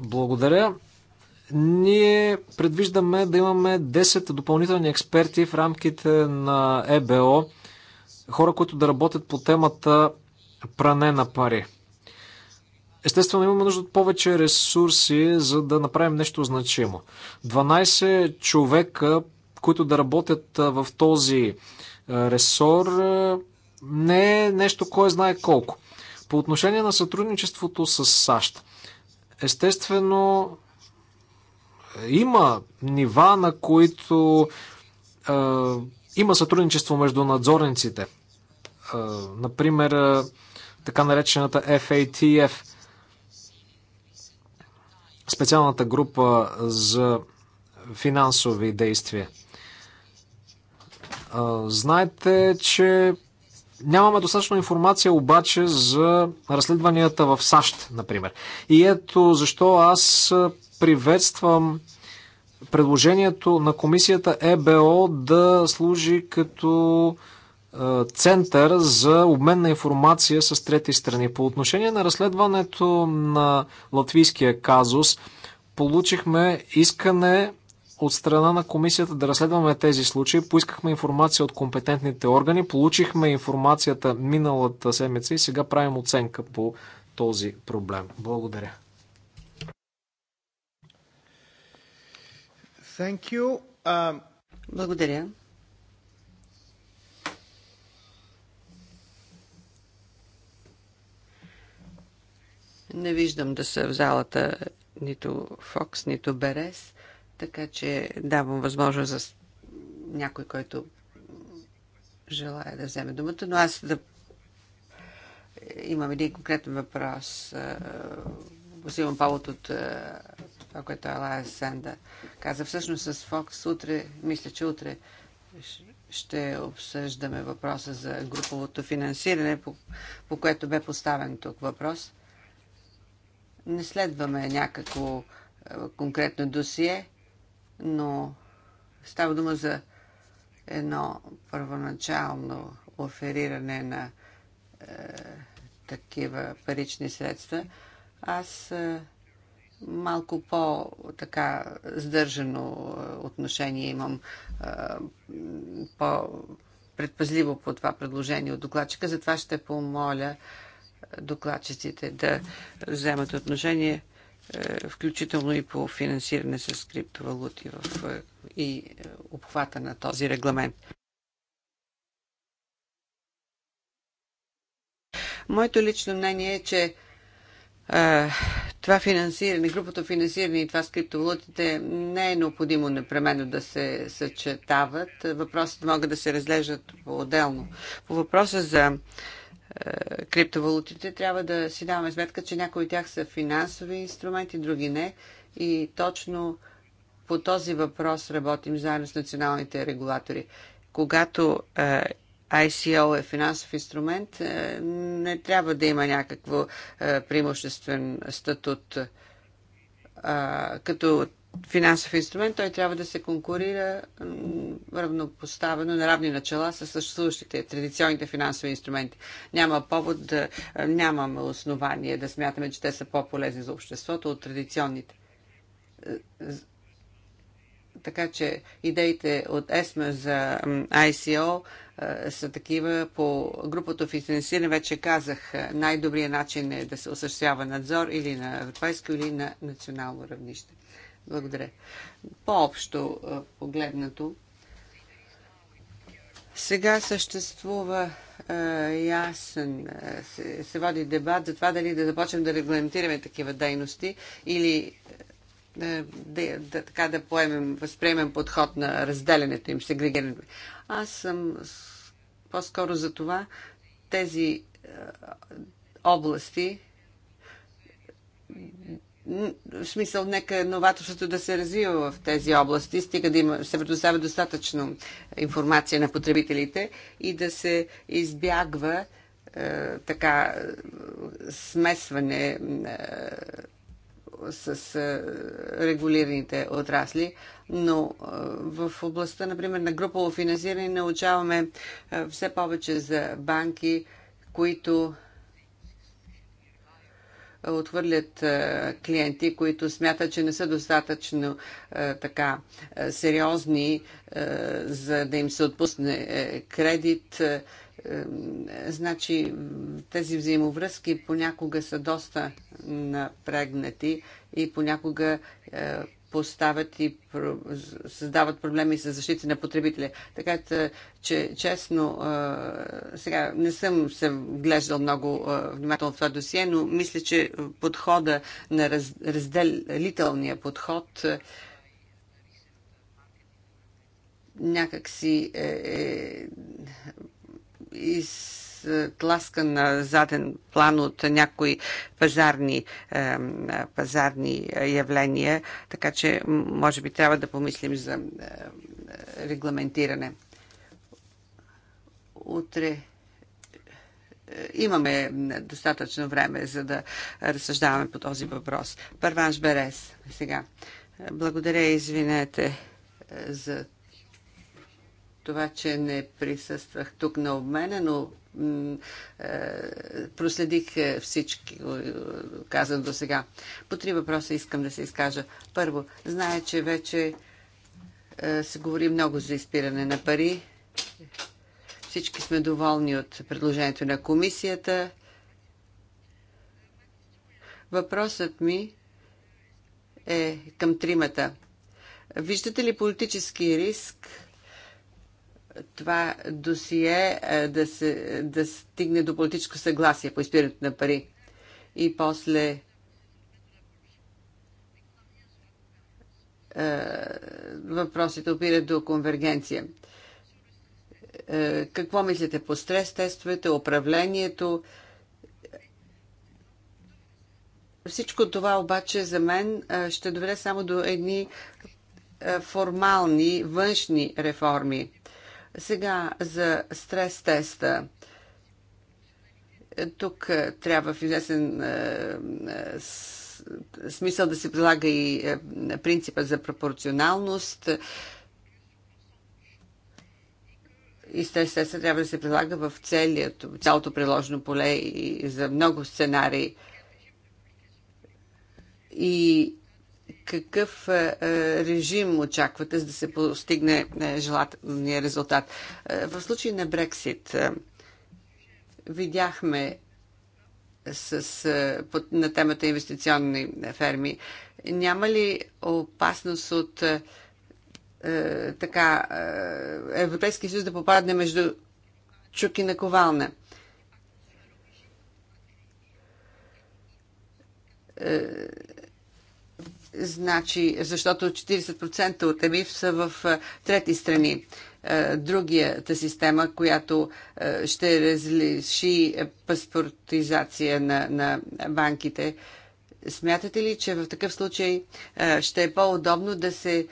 A: Благодаря. Ние предвиждаме да имаме 10 допълнителни експерти в рамките на ЕБО, хора, които да работят по темата пране на пари. Естествено, имаме нужда от повече ресурси, за да направим нещо значимо. 12 човека, които да работят в този ресор, не е нещо кой знае колко. По отношение на сътрудничеството с САЩ, Естествено, има нива, на които е, има сътрудничество между надзорниците. Е, например, е, така наречената FATF, специалната група за финансови действия. Знаете, че Нямаме достатъчно информация обаче за разследванията в САЩ, например. И ето защо аз приветствам предложението на комисията ЕБО да служи като е, център за обмен на информация с трети страни. По отношение на разследването на латвийския казус, получихме искане от страна на комисията да разследваме тези случаи. Поискахме информация от компетентните органи, получихме информацията миналата седмица и сега правим оценка по този проблем. Благодаря.
C: Thank you. Um... Благодаря. Не виждам да са в залата нито Фокс, нито Берес. Така че давам възможност за някой, който желая да вземе думата, но аз да имам един конкретен въпрос. Е, взимам повод от е, това, което Алая Сенда каза. Всъщност с Фокс утре, мисля, че утре ще обсъждаме въпроса за груповото финансиране, по, по което бе поставен тук въпрос. Не следваме някакво е, конкретно досие но става дума за едно първоначално офериране на е, такива парични средства. Аз е, малко по-така сдържано е, отношение имам е, по предпазливо по това предложение от докладчика. Затова ще помоля е, докладчиците да вземат отношение. Е, включително и по финансиране с криптовалути в, е, и е, обхвата на този регламент. Моето лично мнение е, че това финансиране, групата финансиране и това с криптовалутите не е необходимо непременно да се съчетават. Въпросите могат да се разглеждат по-отделно. По въпроса за криптовалутите, трябва да си даваме сметка, че някои от тях са финансови инструменти, други не. И точно по този въпрос работим заедно с националните регулатори. Когато е, ICO е финансов инструмент, е, не трябва да има някакво е, преимуществен статут. Като финансов инструмент, той трябва да се конкурира равнопоставено на равни начала с съществуващите традиционните финансови инструменти. Няма повод да е, нямаме основание да смятаме, че те са по-полезни за обществото от традиционните. Е, така че идеите от ЕСМА за ICO е, са такива. По групата финансиране вече казах, най-добрият начин е да се осъществява надзор или на европейско, или на национално равнище. Благодаря. По-общо погледнато, сега съществува е, ясен, се, се води дебат за това дали да започнем да регламентираме такива дейности или е, да, да, така да поемем, възприемем подход на разделянето им, сегрегирането. Аз съм по-скоро за това тези е, области в смисъл, нека новаторството да се развива в тези области, стига да има, се предоставя достатъчно информация на потребителите и да се избягва е, така смесване е, с е, регулираните отрасли, но е, в областта, например, на групово финансиране научаваме е, все повече за банки, които отхвърлят клиенти, които смятат, че не са достатъчно така сериозни, за да им се отпусне е, кредит. Е, значи тези взаимовръзки понякога са доста напрегнати и понякога е, поставят и създават проблеми с защита на потребителя. Така че, честно, сега не съм се вглеждал много внимателно в това досие, но мисля, че подхода на раз, разделителния подход някакси е, е, из тласкан на заден план от някои пазарни, пазарни явления, така че може би трябва да помислим за регламентиране. Утре е, имаме достатъчно време, за да разсъждаваме по този въпрос. Първанш Берес, сега. Благодаря и извинете е, за това, че не присъствах тук на обмена, но е, проследих е, всички е, казано до сега. По три въпроса искам да се изкажа. Първо, зная, че вече се говори много за изпиране на пари. Всички сме доволни от предложението на комисията. Въпросът ми е към тримата. Виждате ли политически риск това досие е, да, се, да стигне до политическо съгласие по изпирането на пари. И после е, въпросите опират до конвергенция. Е, какво мислите по стрес тестовете, управлението? Всичко това обаче за мен ще доведе само до едни формални външни реформи сега за стрес теста. Тук е, трябва в известен е, е, смисъл да се прилага и принципа за пропорционалност. И стрес теста трябва да се прилага в целият цялото приложено поле и за много сценарии. И какъв е, е, режим очаквате, за да се постигне е, желателния резултат? В случай на Брексит видяхме с, на темата инвестиционни ферми. Няма ли опасност от е, така е, Европейски съюз да попадне между чуки на ковална? Е, Значи, защото 40% от ЕМИФ са в трети страни. Другията система, която ще разреши паспортизация на, на банките. Смятате ли, че в такъв случай ще е по-удобно да се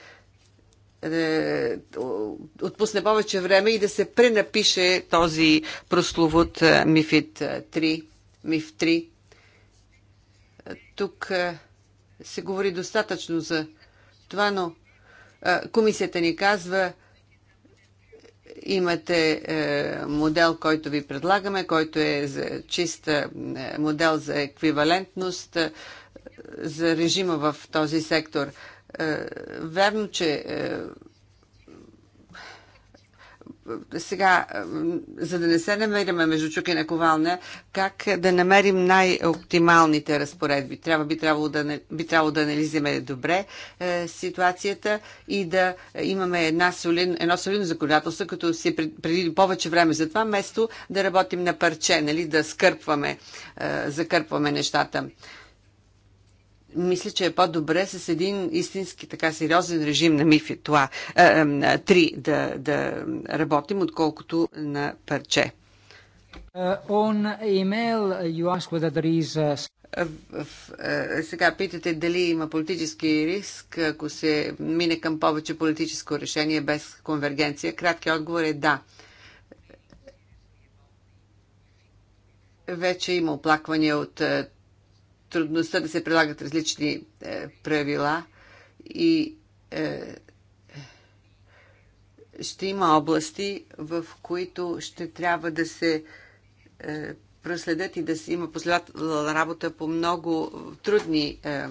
C: отпусне повече време и да се пренапише този прословут МИФИТ 3, МИФ 3? Тук се говори достатъчно за това, но комисията ни казва, имате е, модел, който ви предлагаме, който е за чист е, модел за еквивалентност е, за режима в този сектор. Е, Верно, че е, сега, за да не се намериме между чук и ковална, как да намерим най-оптималните разпоредби? Трябва, би, трябвало да, би трябвало да анализираме добре е, ситуацията и да имаме една солин, едно солидно законодателство, като си преди повече време за това, место да работим на парче, нали, да скърпваме, е, закърпваме нещата мисля, че е по-добре с един истински така сериозен режим на МИФИ това, е, е, е, три а, да, да работим, отколкото на парче. Uh, on email, you ask whether there is a... Сега питате дали има политически риск, ако се мине към повече политическо решение без конвергенция. Краткият отговор е да. Вече има оплаквания от трудността да се прилагат различни е, правила и е, ще има области, в които ще трябва да се е, проследят и да си има последователна работа по много е, трудни е, е,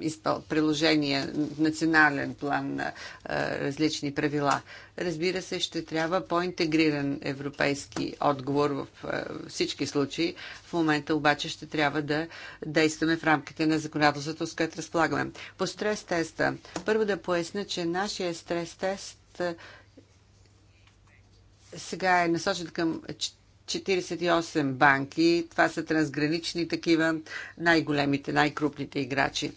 C: изпъл, приложения, национален план на е, различни правила. Разбира се, ще трябва по-интегриран европейски отговор в е, всички случаи. В момента обаче ще трябва да действаме в рамките на законодателството, с което разполагаме. По стрес теста. Първо да поясня, че нашия стрес тест е, сега е насочен към 48 банки. Това са трансгранични такива, най-големите, най-крупните играчи.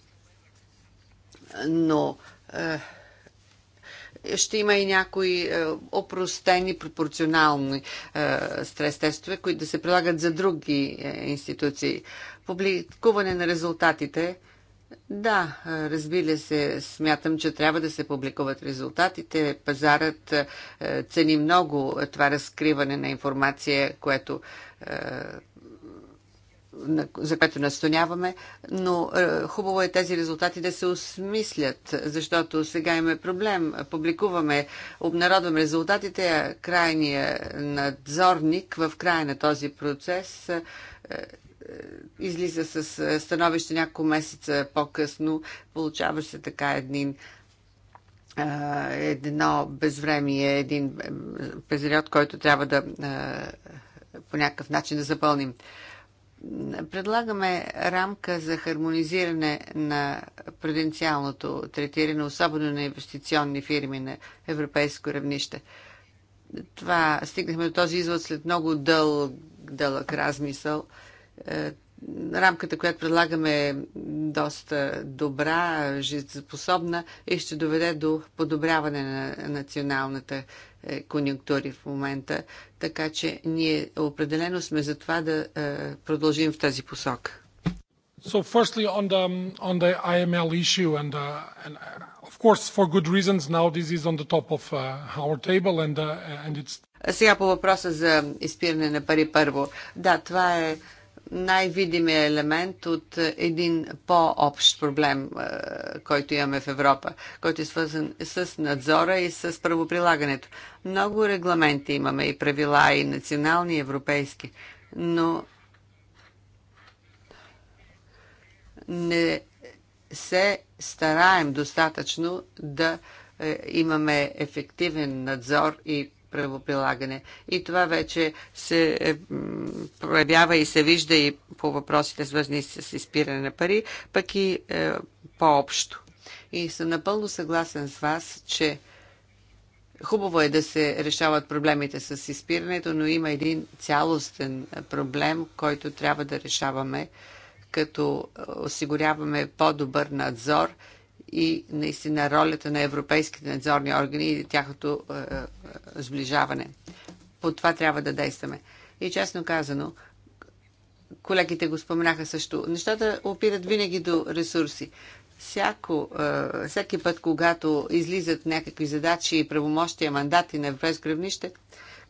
C: Но е, ще има и някои е, опростени, пропорционални е, стрес тестове, които да се прилагат за други институции. Публикуване на резултатите – да, разбира се, смятам, че трябва да се публикуват резултатите. Пазарът цени много това разкриване на информация, което за което настояваме, но хубаво е тези резултати да се осмислят, защото сега имаме проблем. Публикуваме, обнародваме резултатите, а крайният надзорник в края на този процес е, излиза с е, становище няколко месеца по-късно, получава се така един е, едно безвремие, един период, който трябва да по някакъв начин да запълним. Предлагаме рамка за хармонизиране на пруденциалното третиране, особено на инвестиционни фирми на европейско равнище. Това стигнахме до този извод след много дълъг, дълъг размисъл. Е, рамката, която предлагаме е доста добра, жизнеспособна и ще доведе до подобряване на националната е, конъюнктури в момента. Така че ние определено сме за това да е, продължим в тази посока. So firstly on the on the IML issue and uh, and uh, of course for good reasons now this is on the top of uh, our table and uh, and it's Сега по въпроса за изпиране на пари първо. Да, това е uh, най-видимия елемент от един по-общ проблем, е, който имаме в Европа, който е свързан с надзора и с правоприлагането. Много регламенти имаме и правила, и национални, и европейски, но не се стараем достатъчно да е, имаме ефективен надзор и правоприлагане. И това вече се е, проявява и се вижда и по въпросите, свързани с изпиране на пари, пък и е, по-общо. И съм напълно съгласен с вас, че Хубаво е да се решават проблемите с изпирането, но има един цялостен проблем, който трябва да решаваме, като е, осигуряваме по-добър надзор и наистина ролята на европейските надзорни органи и тяхното е, е, сближаване. По това трябва да действаме. И честно казано, колегите го споменаха също, нещата опират винаги до ресурси. Всяко, е, всеки път, когато излизат някакви задачи и правомощия, мандати на европейско равнище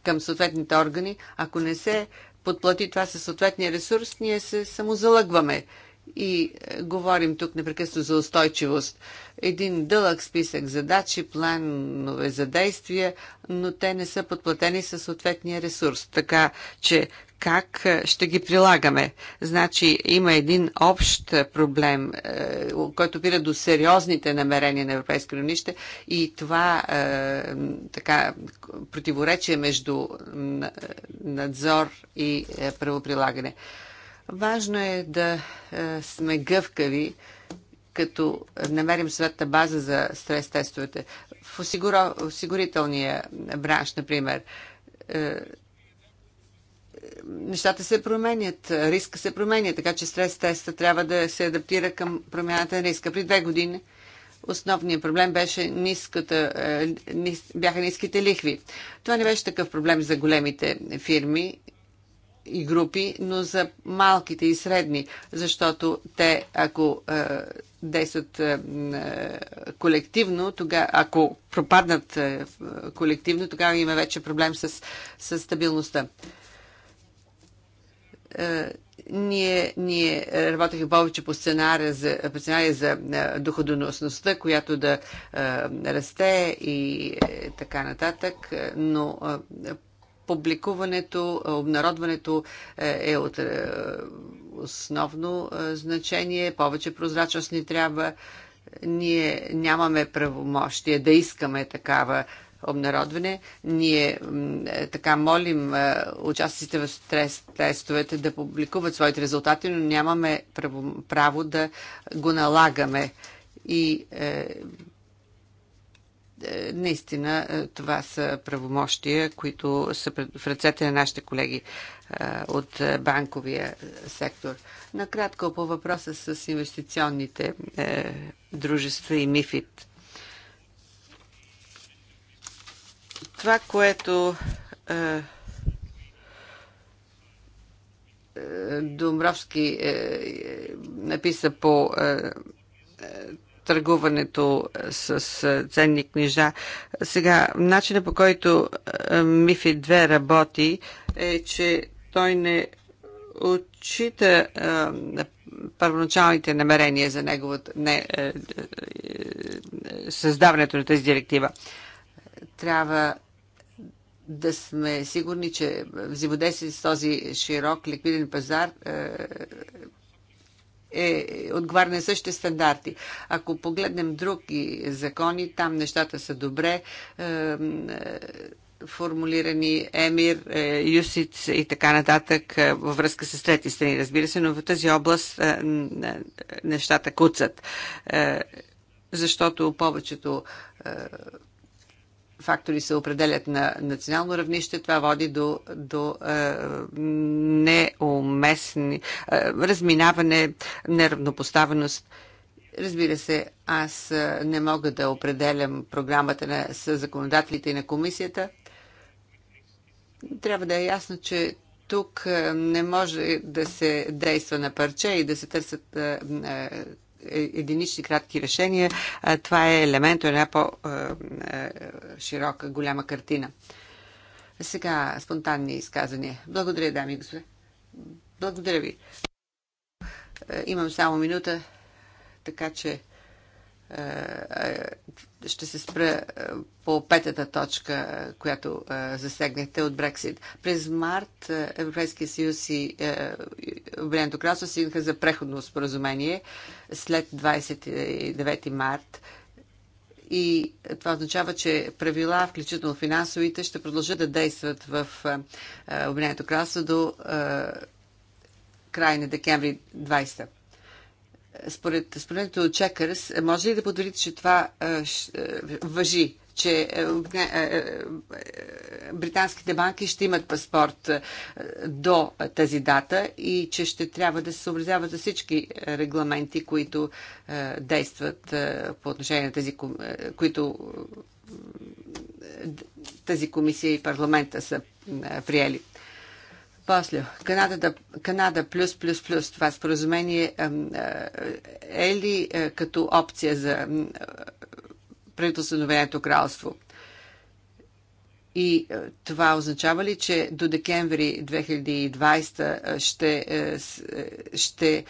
C: към съответните органи, ако не се подплати това със съответния ресурс, ние се самозалъгваме и е, говорим тук непрекъсно за устойчивост. Един дълъг списък задачи, планове за действия, но те не са подплатени със съответния ресурс. Така че как е, ще ги прилагаме? Значи има един общ проблем, е, който пира до сериозните намерения на европейско равнище и това така противоречие между надзор и правоприлагане. Важно е да е, сме гъвкави, като намерим съветна база за стрес тестовете. В осигурителния бранш, например, е, нещата се променят, риска се променя, така че стрес теста трябва да се адаптира към промяната на риска. При две години основният проблем беше ниската, е, бяха ниските лихви. Това не беше такъв проблем за големите фирми и групи, но за малките и средни, защото те, ако е, действат е, колективно, тога, ако пропаднат е, колективно, тогава има вече проблем с, с стабилността. Е, ние, ние работихме повече по сценария за, по сценария за е, доходоносността, която да е, расте и е, така нататък, но е, публикуването, обнародването е, е от е, основно е, значение, повече прозрачност ни трябва. Ние нямаме правомощие да искаме такава обнародване. Ние така молим участниците в стрес тестовете да публикуват своите резултати, но нямаме право, да го налагаме. И е, е, наистина е, това са правомощия, които са в ръцете на нашите колеги е, от банковия сектор. Накратко по въпроса с инвестиционните дружества и МИФИД. Това, което Домбровски написа по търгуването е, с е, ценни книжа. Сега, начинът по който е, МИФИ 2 работи е, че той не отчита първоначалните намерения за неговото не, създаването на тази директива. Трябва да сме сигурни, че взаимодействие с този широк ликвиден пазар е, отговаря на същите стандарти. Ако погледнем други закони, там нещата са добре е, формулирани, Емир, е, Юсиц и така нататък е, във връзка с трети страни, разбира се, но в тази област е, нещата куцат. Е, защото повечето е, фактори се определят на национално равнище, това води до, до е, неуместни е, разминаване, неравнопоставеност. Разбира се, аз е, не мога да определям програмата на законодателите и на комисията. Трябва да е ясно, че тук е, не може да се действа на парче и да се търсят е, е, единични кратки решения. Това е елемент от една по-широка, е, е, голяма картина. Сега спонтанни изказания. Благодаря, дами и господа. Благодаря ви. Имам само минута, така че е, е, ще се спра е, по петата точка, която засегнахте от Брексит. През март Европейския съюз и Обединеното кралство стигнаха за преходно споразумение след 29 март. И това означава, че правила, включително финансовите, ще продължат да действат в Обединеното кралство до края на декември 20 според спомените от Чекърс, може ли да потвърдите, че това е, е, въжи? че е, британските банки ще имат паспорт до тази дата и че ще трябва да се съобразяват за всички регламенти, които действат по отношение на тези, които тази комисия и парламента са приели. После, Канада, Канада плюс, плюс, плюс, това споразумение е ли като опция за предосъновеното кралство? И това означава ли, че до декември 2020 ще, ще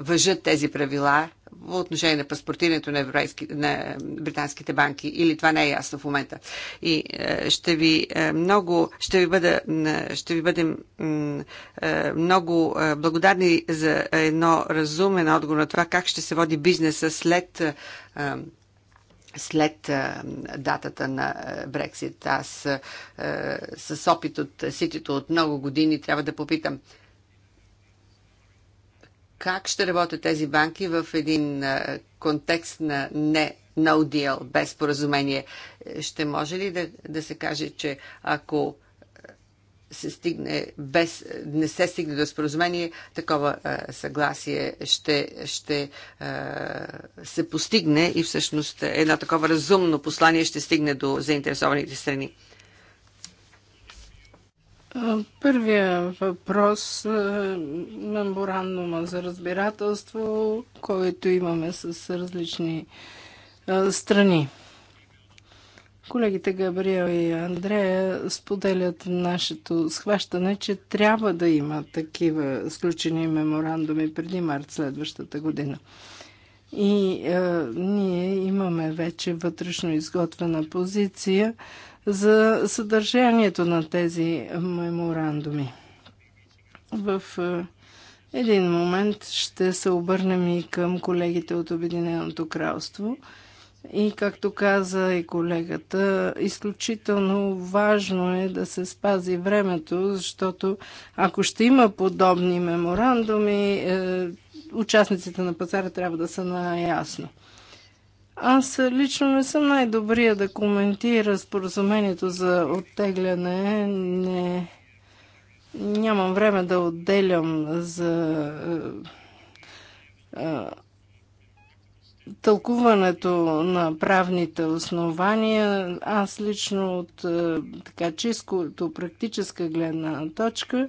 C: въжат тези правила по отношение на паспортирането на, на британските банки или това не е ясно в момента. И е, ще ви е, много, ще ви, бъда, ще ви бъдем е, много е, благодарни за едно разумен отговор на това как ще се води бизнеса след е, след а, е, датата на е, Брексит. Аз а, с опит от ситито от много години трябва да попитам как ще работят тези банки в един контекст на не no deal, без поразумение. Ще може ли да, да се каже, че ако се стигне без, не се стигне до споразумение, такова а, съгласие ще, ще а, се постигне и всъщност едно такова разумно послание ще стигне до заинтересованите страни.
B: Първия въпрос меморандума за разбирателство, който имаме с различни страни. Колегите Габриел и Андрея споделят нашето схващане, че трябва да има такива сключени меморандуми преди март следващата година. И е, ние имаме вече вътрешно изготвена позиция за съдържанието на тези меморандуми. В е, един момент ще се обърнем и към колегите от Обединеното кралство. И както каза и колегата, изключително важно е да се спази времето, защото ако ще има подобни меморандуми, е, участниците на пазара трябва да са наясно. Аз лично не съм най-добрия да коментира споразумението за оттегляне. Не, нямам време да отделям за а, е, е, тълкуването на правните основания. Аз лично от е, така чисто практическа гледна точка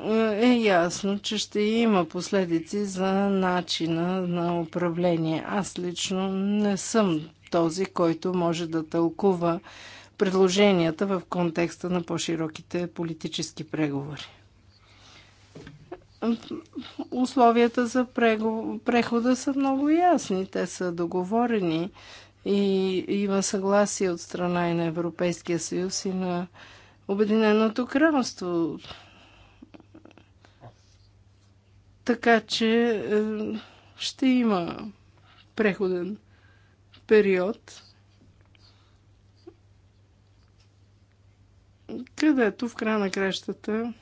B: е, е ясно, че ще има последици за начина на управление. Аз лично не съм този, който може да тълкува предложенията в контекста на по-широките политически преговори. Условията за прехода са много ясни. Те са договорени и има съгласие от страна и на Европейския съюз и на Обединеното кралство. Така че е, ще има преходен период, където в края на кращата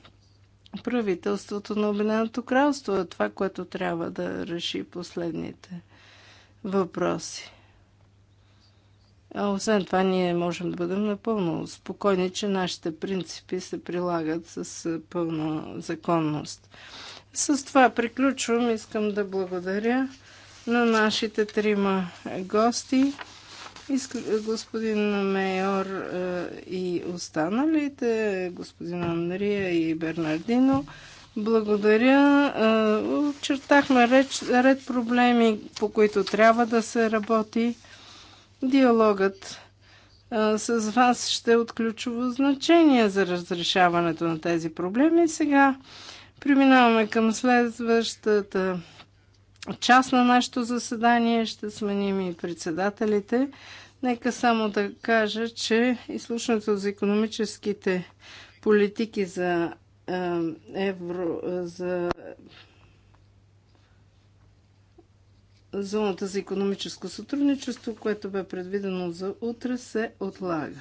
B: правителството на Обединеното кралство е това, което трябва да реши последните въпроси. А освен това, ние можем да бъдем напълно спокойни, че нашите принципи се прилагат с пълна законност. С това приключвам. Искам да благодаря на нашите трима гости. Господин Мейор е, и останалите, господин Андрия и Бернардино, благодаря. Е, очертахме ред, проблеми, по които трябва да се работи. Диалогът е, с вас ще отключва от ключово значение за разрешаването на тези проблеми. Сега Преминаваме към следващата част на нашето заседание. Ще сменим и председателите. Нека само да кажа, че изслушването за економическите политики за евро, за зоната за економическо сътрудничество, което бе предвидено за утре, се отлага.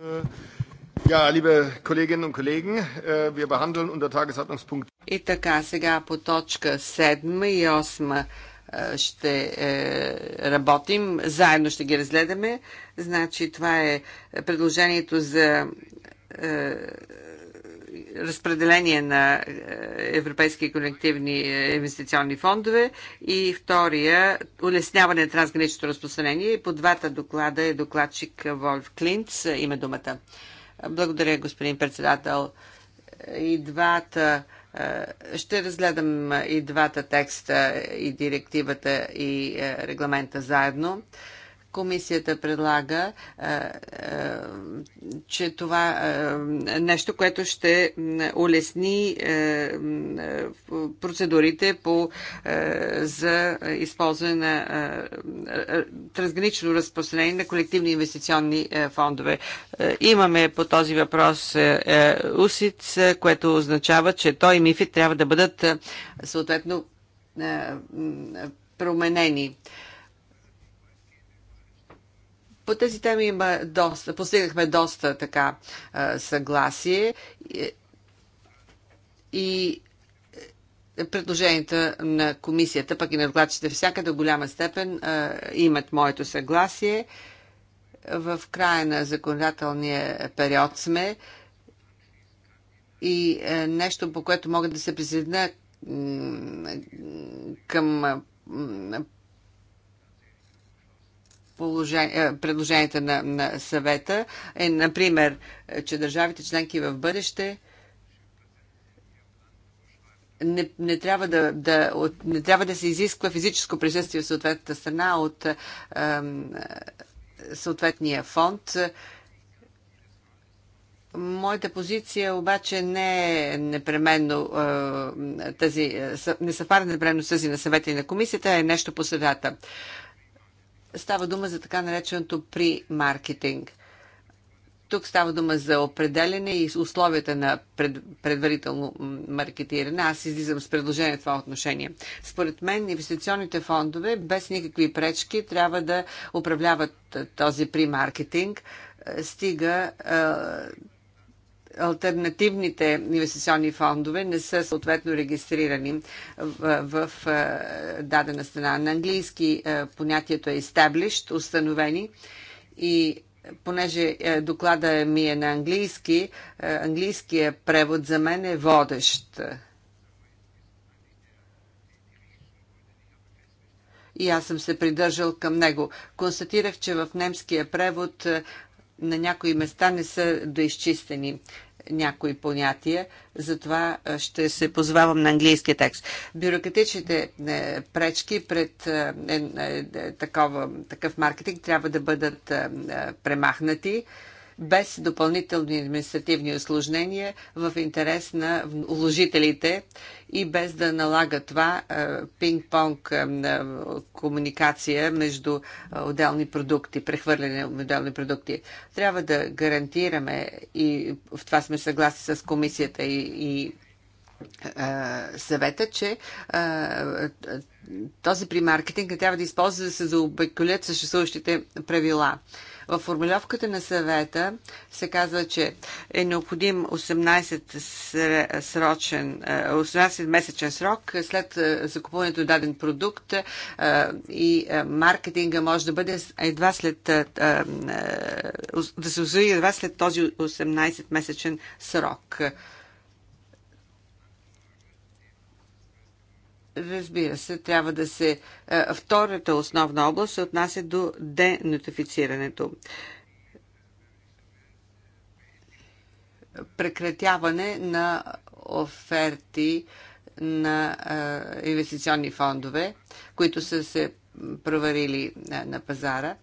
C: Äh, äh, и така, сега по точка 7 и 8 э, ще э, работим, заедно ще ги разгледаме. Значи това е предложението за э, разпределение на е, европейски колективни е, инвестиционни фондове и втория улесняване на трансграничното разпространение. И по двата доклада е докладчик Вольф Клинц. Има думата. Благодаря, господин председател. И двата е, ще разгледам и двата текста, и директивата, и регламента заедно. Комисията предлага, е, е, че това е, нещо, което ще улесни процедурите по, за използване на трансгранично разпространение на колективни инвестиционни фондове. Имаме по този въпрос УСИЦ, което означава, че той и МИФИ трябва да бъдат съответно променени. По тези теми има доста, постигнахме доста така съгласие и е, предложенията на комисията, пък и на докладчите всяка до голяма степен имат моето съгласие. В края на законодателния период сме и е, нещо, по което мога да се присъединя към е, предложенията на, на съвета е, например, че държавите членки в бъдеще не, не, трябва да, да, от, не трябва да се изисква физическо присъствие в съответната страна от е, съответния фонд. Моята позиция обаче не е непременно е, тази, не съвпада непременно с тази на съвета и на комисията, е нещо по средата. Е, Става дума за така нареченото при маркетинг. Тук става дума за определене и условията на пред, предварително маркетиране. Аз излизам с предложение в това отношение. Според мен инвестиционните фондове без никакви пречки трябва да управляват този при маркетинг, стига альтернативните инвестиционни фондове не са съответно регистрирани в, в, дадена страна. На английски понятието е established, установени и понеже доклада ми е на английски, английският превод за мен е водещ. и аз съм се придържал към него. Констатирах, че в немския превод на някои места не са доизчистени някои понятия, затова ще се позвавам на английския текст. Бюрократичните е, пречки пред е, е, такова, такъв маркетинг трябва да бъдат премахнати без допълнителни административни осложнения в интерес на вложителите и без да налага това е, пинг-понг е, е, комуникация между отделни продукти, прехвърляне на отделни продукти. Трябва да гарантираме и в това сме съгласни с комисията и, и съвета, че а, този примаркетинг не трябва да използва да се заобиколят съществуващите правила. В формулировката на съвета се казва, че е необходим 18 е, месечен срок след е, закупуването на даден продукт е, и маркетинга може да бъде едва след да се осъди едва след този 18 месечен срок. Разбира се, трябва да се... Е, втората основна област се отнася до денотифицирането. Прекратяване на оферти на е, инвестиционни фондове, които са се проварили е, на пазара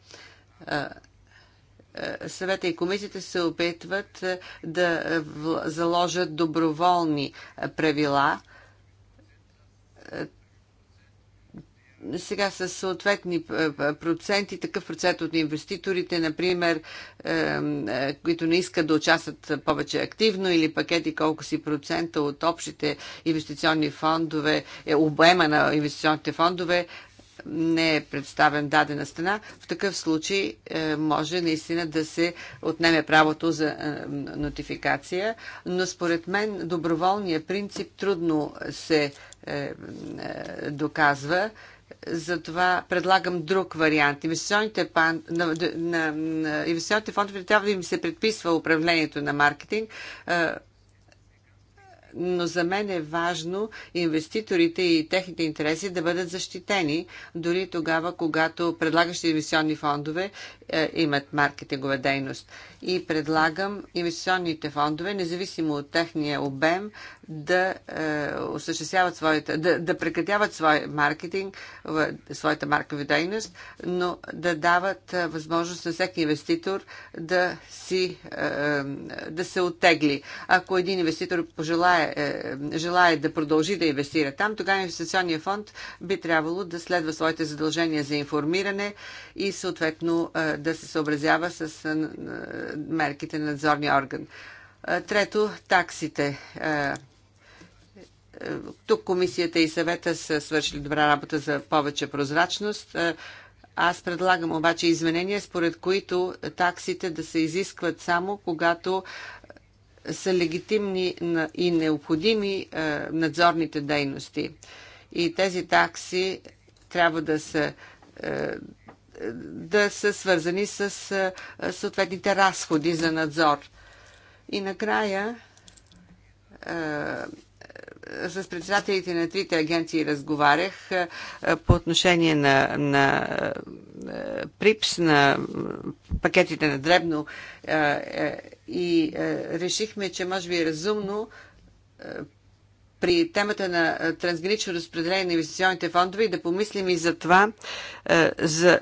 C: съвета и комисията се опитват да заложат доброволни правила сега с съответни е, е, проценти, такъв процент от инвеститорите, например, е, които не искат да участват повече активно или пакети колко си процента от общите инвестиционни фондове, обема на инвестиционните фондове, не е представен дадена страна, в такъв случай може наистина да се отнеме правото за нотификация, но според мен доброволният принцип трудно се доказва затова предлагам друг вариант. Инвестиционните, пан, на, на, на инвестиционните фондове трябва да им се предписва управлението на маркетинг, но за мен е важно инвеститорите и техните интереси да бъдат защитени, дори тогава, когато предлагащи инвестиционни фондове имат маркетингова дейност и предлагам инвестиционните фондове, независимо от техния обем, да е, осъществяват своята, да, да прекратяват своя маркетинг, своята маркови дейност, но да дават е, възможност на всеки инвеститор да, си, е, е, да се оттегли. Ако един инвеститор пожелае, е, е, желае да продължи да инвестира там, тогава инвестиционният фонд би трябвало да следва своите задължения за информиране и съответно е, да се съобразява с мерките на надзорния орган. Трето, таксите. Тук комисията и съвета са свършили добра работа за повече прозрачност. Аз предлагам обаче изменения, според които таксите да се изискват само когато са легитимни и необходими надзорните дейности. И тези такси трябва да са да са свързани с съответните разходи за надзор. И накрая с председателите на трите агенции разговарях по отношение на, на ПРИПС, на пакетите на Дребно е, и решихме, че може би е разумно при темата на трансгранично разпределение на инвестиционните фондове и да помислим и за това, за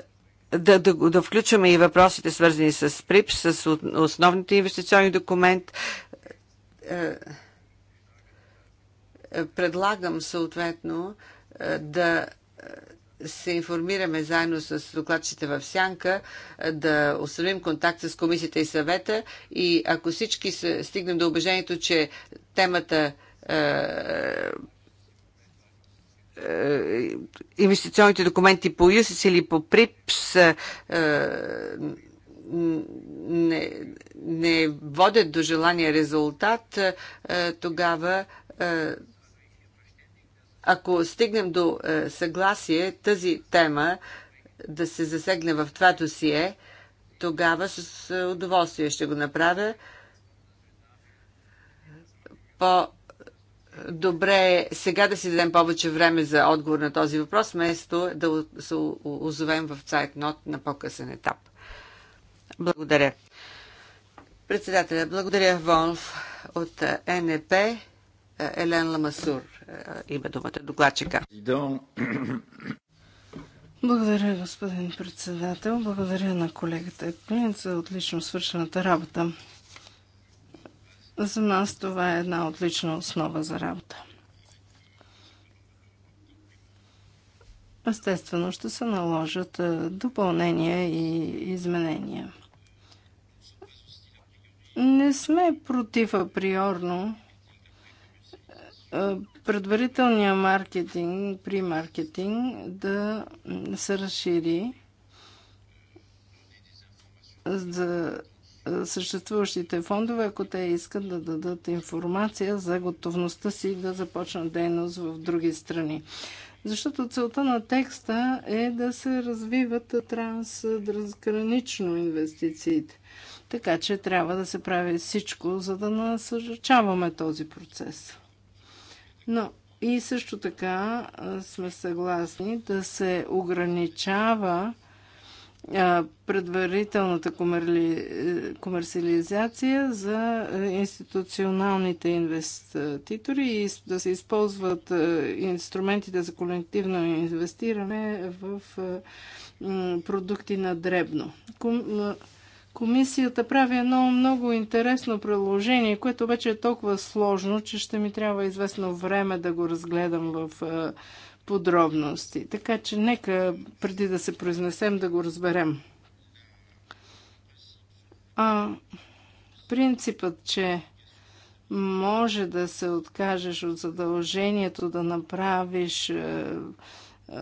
C: да, да, да включваме и въпросите свързани с ПРИП, с основните инвестиционни документ. Е, е, предлагам съответно е, да се информираме заедно с докладчите в Сянка, да установим контакт с комисията и съвета и ако всички стигнем до убеждението, че темата е, инвестиционните документи по ЮСИС или по ПРИПС е, не, не водят до желания резултат, е, тогава ако стигнем до съгласие тази тема да се засегне в това досие, тогава с удоволствие ще го направя. По добре е сега да си дадем повече време за отговор на този въпрос, вместо да се озовем в нот на по-късен етап. Благодаря. Председателя, благодаря Волф от е, НП. Е, Елен Ламасур е, има думата, докладчика.
B: Благодаря, господин председател. Благодаря на колегата Клин за отлично свършената работа. За нас това е една отлична основа за работа. Естествено ще се наложат е, допълнения и изменения. Не сме против априорно е, предварителния маркетинг, при маркетинг да се разшири за съществуващите фондове, ако те искат да дадат информация за готовността си да започнат дейност в други страни. Защото целта на текста е да се развиват трансгранично инвестициите. Така че трябва да се прави всичко, за да насърчаваме този процес. Но и също така сме съгласни да се ограничава предварителната е, комерциализация за институционалните инвеститори и да се използват е, инструментите за колективно инвестиране в е, продукти на дребно. Комисията прави едно много интересно приложение, което вече е толкова сложно, че ще ми трябва известно време да го разгледам в подробности. Така че нека преди да се произнесем да го разберем. А, принципът, че може да се откажеш от задължението да направиш е, е,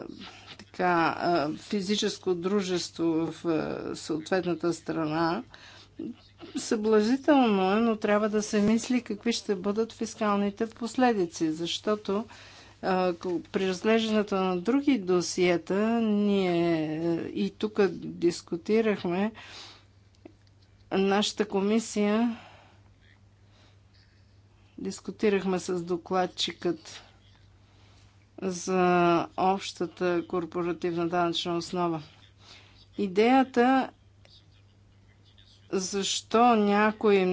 B: така, е, физическо дружество в е, съответната страна, съблазително е, но трябва да се мисли какви ще бъдат фискалните последици, защото е, при разглеждането на други досиета, ние е, и тук дискутирахме, нашата комисия дискутирахме с докладчикът за общата корпоративна данъчна основа. Идеята защо някои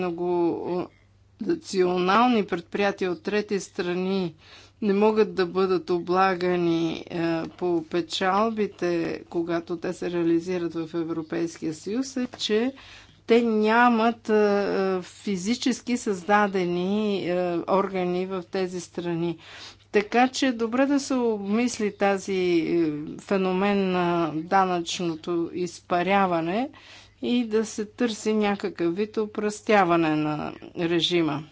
B: национални предприятия от трети страни не могат да бъдат облагани е, по печалбите, когато те се реализират в Европейския съюз, е, че те нямат е, е, физически създадени органи в тези страни. Така че добре да се обмисли тази феномен на данъчното изпаряване и да се търси някакъв вид опростяване на режима.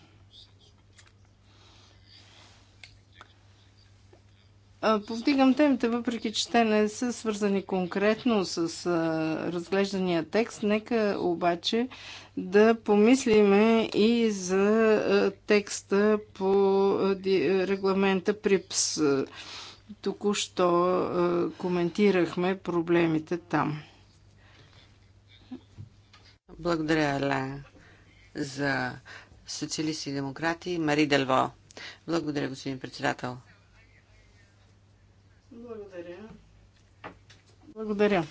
B: Повдигам темите, въпреки че те не са свързани конкретно с разглеждания текст. Нека обаче да помислиме и за текста по регламента ПРИПС. Току-що
C: коментирахме проблемите там. Благодаря, Ле, за социалисти и демократи. Мари Делво. Благодаря, господин председател.
B: Благодаря. Благодаря.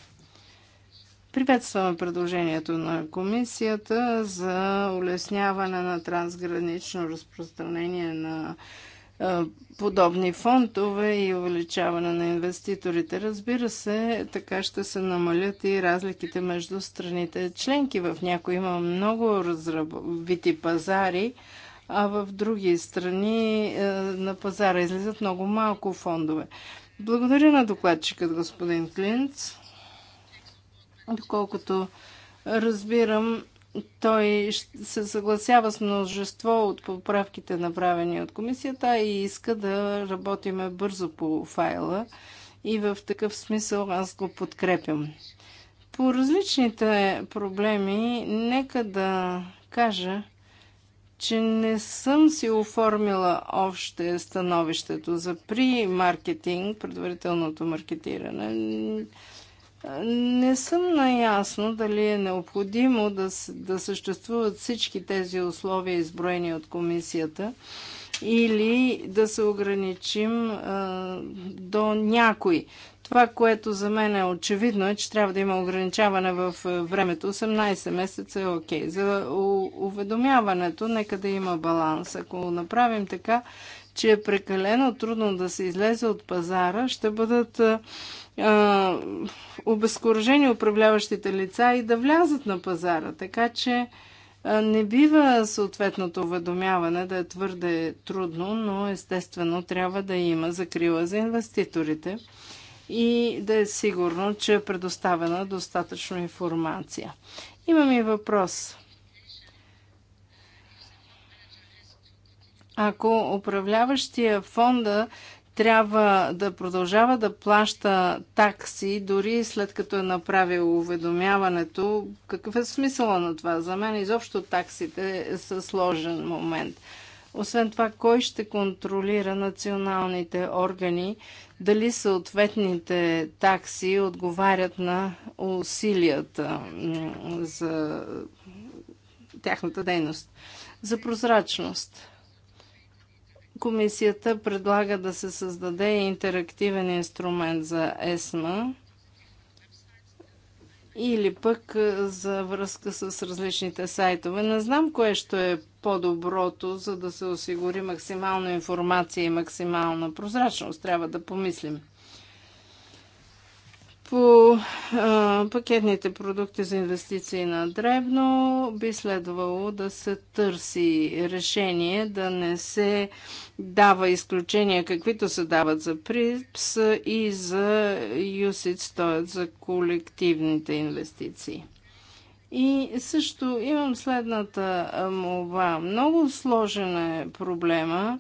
B: Приветстваме предложението на комисията за улесняване на трансгранично разпространение на подобни фондове и увеличаване на инвеститорите. Разбира се, така ще се намалят и разликите между страните членки. В някои има много разработвити пазари, а в други страни на пазара излизат много малко фондове. Благодаря на докладчикът господин Клинц. Доколкото разбирам, той се съгласява с множество от поправките, направени от комисията и иска да работиме бързо по файла и в такъв смисъл аз го подкрепям. По различните проблеми, нека да кажа, че не съм си оформила още становището за при маркетинг, предварителното маркетиране. Не съм наясно дали е необходимо да, да съществуват всички тези условия, изброени от комисията, или да се ограничим а, до някои. Това, което за мен е очевидно е, че трябва да има ограничаване в е, времето. 18 месеца е окей. Okay. За уведомяването нека да има баланс. Ако направим така, че е прекалено трудно да се излезе от пазара, ще бъдат а, е, е, обезкуражени управляващите лица и да влязат на пазара. Така че а, не бива съответното уведомяване да е твърде трудно, но естествено трябва да има закрила за инвеститорите и да е сигурно, че е предоставена достатъчно информация. Имам и въпрос. Ако управляващия фонда трябва да продължава да плаща такси, дори след като е направил уведомяването. Какъв е смисъла на това? За мен изобщо таксите са сложен момент. Освен това, кой ще контролира националните органи, дали съответните такси отговарят на усилията за тяхната дейност. За прозрачност. Комисията предлага да се създаде интерактивен инструмент за ЕСМА или пък за връзка с различните сайтове. Не знам кое ще е по-доброто, за да се осигури максимална информация и максимална прозрачност. Трябва да помислим. По а, пакетните продукти за инвестиции на дребно би следвало да се търси решение, да не се дава изключения, каквито се дават за ПРИПС и за ЮСИЦ, т.е. за колективните инвестиции. И също имам следната молба. Много сложен е проблема.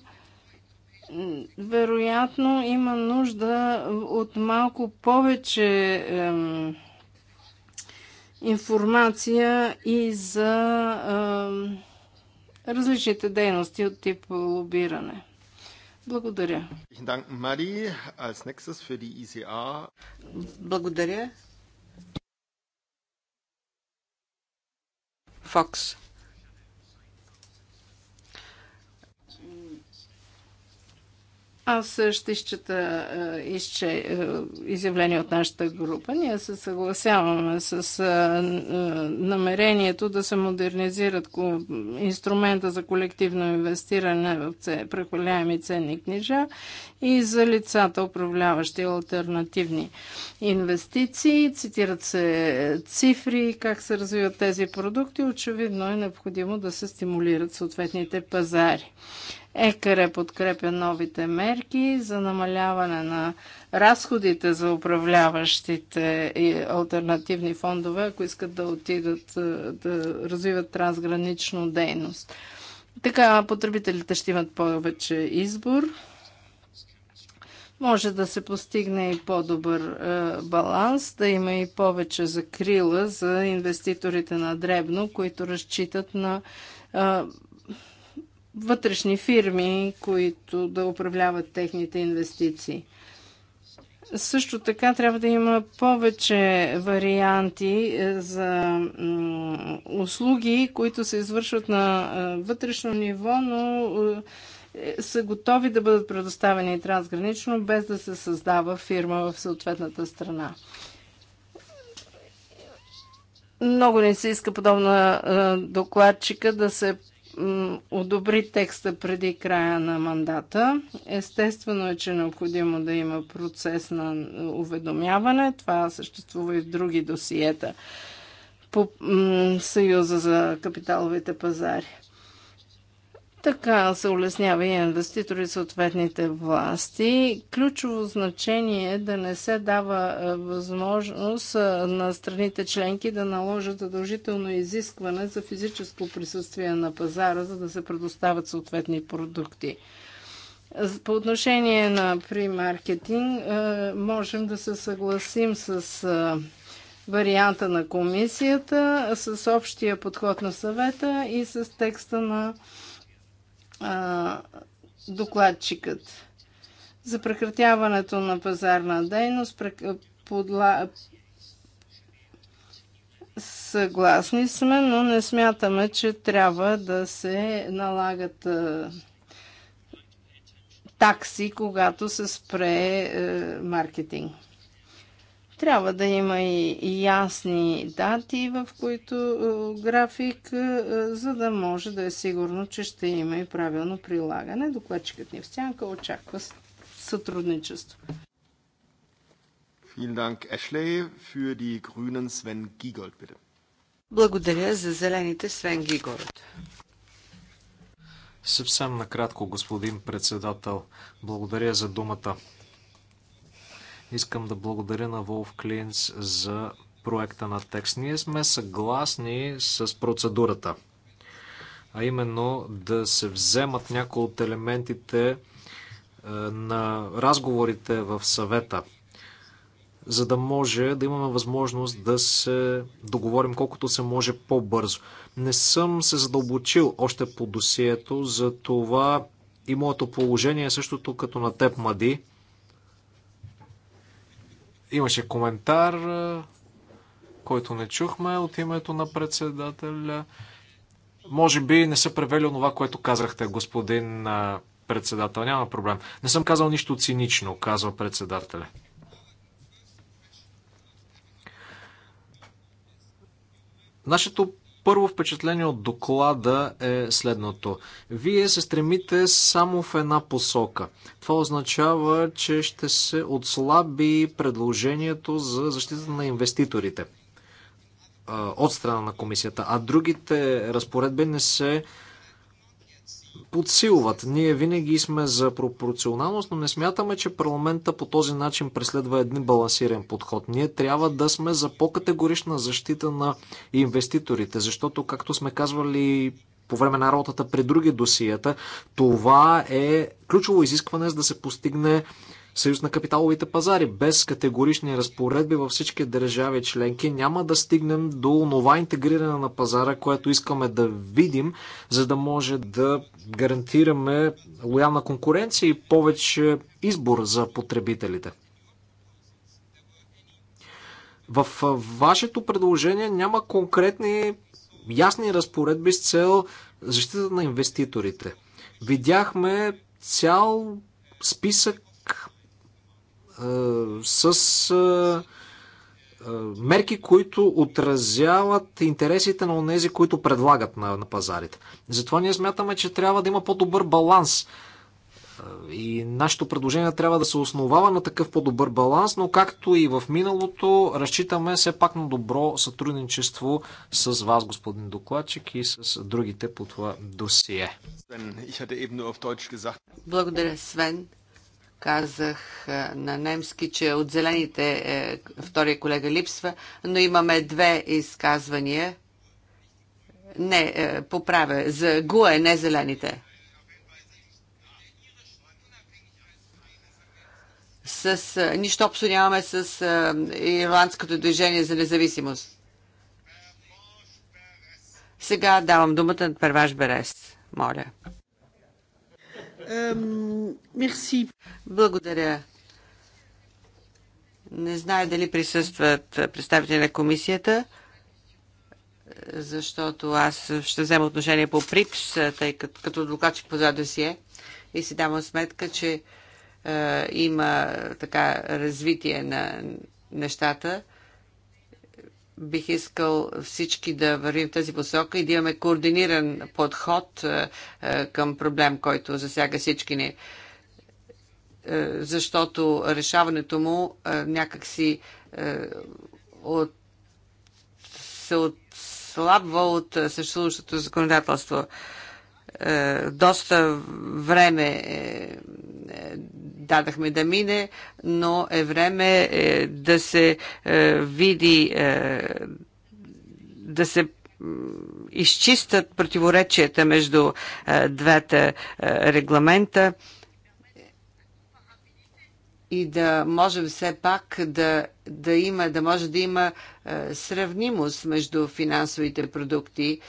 B: Вероятно има нужда от малко повече ем, информация и за ем, различните дейности от тип лобиране. Благодаря.
C: Благодаря. Фокс.
B: Аз е, ще изчета е, изче, е, изявление от нашата група. Ние се съгласяваме с намерението да се модернизират инструмента за колективно инвестиране в прехвърляеми ценни книжа и за лицата, управляващи альтернативни инвестиции. Цитират се цифри, как се развиват тези продукти. Очевидно е необходимо да се стимулират съответните пазари. ЕКР подкрепя новите мерки за намаляване на разходите за управляващите и альтернативни фондове, ако искат да отидат е, да развиват трансгранично дейност. Така потребителите ще имат повече избор. Може да се постигне и по-добър е, баланс, да има и повече закрила за инвеститорите на дребно, които разчитат на е, вътрешни фирми, които да управляват техните инвестиции. Също така трябва да има повече варианти е, за услуги, които се извършват на е, вътрешно ниво, но е, са готови да бъдат предоставени трансгранично, без да се създава фирма в съответната страна. Много не се иска подобна докладчика да се одобри текста преди края на мандата. Естествено е, че е необходимо да има процес на уведомяване. Това съществува и в други досиета по Съюза за капиталовите пазари. Така се улеснява и инвеститори и съответните власти. Ключово значение е да не се дава е, възможност е, на страните членки да наложат задължително изискване за физическо присъствие на пазара, за да се предоставят съответни продукти. По отношение на примаркетинг, можем да се съгласим с е, варианта на комисията, с общия подход на съвета и с текста на а, докладчикът. За прекратяването на пазарна дейност подла... съгласни сме, но не смятаме, че трябва да се налагат а, такси, когато се спре а, е, маркетинг. Трябва да има и ясни дати, в които е, график, е, за да може да е сигурно, че ще има и правилно прилагане. Докладчикът ни в сянка очаква сътрудничество.
C: Благодаря за зелените Свен Гиголд.
A: Съвсем накратко, господин председател. Благодаря за думата. Искам да благодаря на Волф Клинц за проекта на текст. Ние сме съгласни с процедурата, а именно да се вземат някои от елементите е, на разговорите в съвета, за да може да имаме възможност да се договорим колкото се може по-бързо. Не съм се задълбочил още по досието, за това и моето положение е същото като на теб, Мади. Имаше коментар, който не чухме от името на председателя. Може би не са превели онова, което казахте, господин председател. Няма проблем. Не съм казал нищо цинично, казва председателя. Нашето първо впечатление от доклада е следното. Вие се стремите само в една посока. Това означава, че ще се отслаби предложението за защита на инвеститорите от страна на комисията, а другите разпоредби не се подсилват. Ние винаги сме за пропорционалност, но не смятаме, че парламента по този начин преследва един балансиран подход. Ние трябва да сме за по-категорична защита на инвеститорите, защото, както сме казвали по време на работата при други досията, това е ключово изискване за да се постигне съюз на капиталовите пазари. Без категорични разпоредби във всички държави членки няма да стигнем до нова интегриране на пазара, което искаме да видим, за да може да гарантираме лоялна конкуренция и повече избор за потребителите. В вашето предложение няма конкретни ясни разпоредби с цел защита на инвеститорите. Видяхме цял списък с мерки, които отразяват интересите на тези, които предлагат на, на пазарите. Затова ние смятаме, че трябва да има по-добър баланс. И нашето предложение трябва да се основава на такъв по-добър баланс, но както и в миналото, разчитаме все пак на добро сътрудничество с вас, господин докладчик, и с другите по това досие.
C: Благодаря, Свен казах на немски, че от зелените е, втория колега липсва, но имаме две изказвания. Не, е, поправя. За ГУЕ, не зелените. С, нищо общо нямаме с Ирландското движение за независимост. Сега давам думата на Перваш Берес. Моля. Мерси. Благодаря. Не знае дали присъстват представители на комисията, защото аз ще взема отношение по ПРИПС, тъй като, като докладчик по това досие и си давам сметка, че е, има така развитие на нещата бих искал всички да вървим в тази посока и да имаме координиран подход е, е, към проблем, който засяга всички ни. Е, защото решаването му някакси от, се отслабва от съществуващото законодателство. Е, доста време е, дадахме да мине, но е време е, да се види, да се изчистят противоречията между двата регламента и да можем все пак да, да има, да може да има сравнимост между финансовите продукти,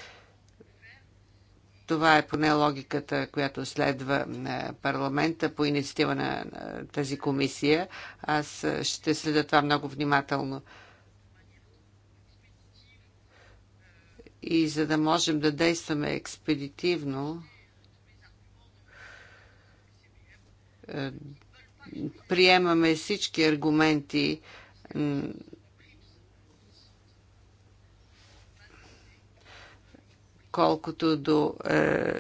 C: това е поне логиката, която следва е, парламента по инициатива на е, тази комисия. Аз е, ще следя това много внимателно. И за да можем да действаме експедитивно, приемаме всички аргументи Колкото до е,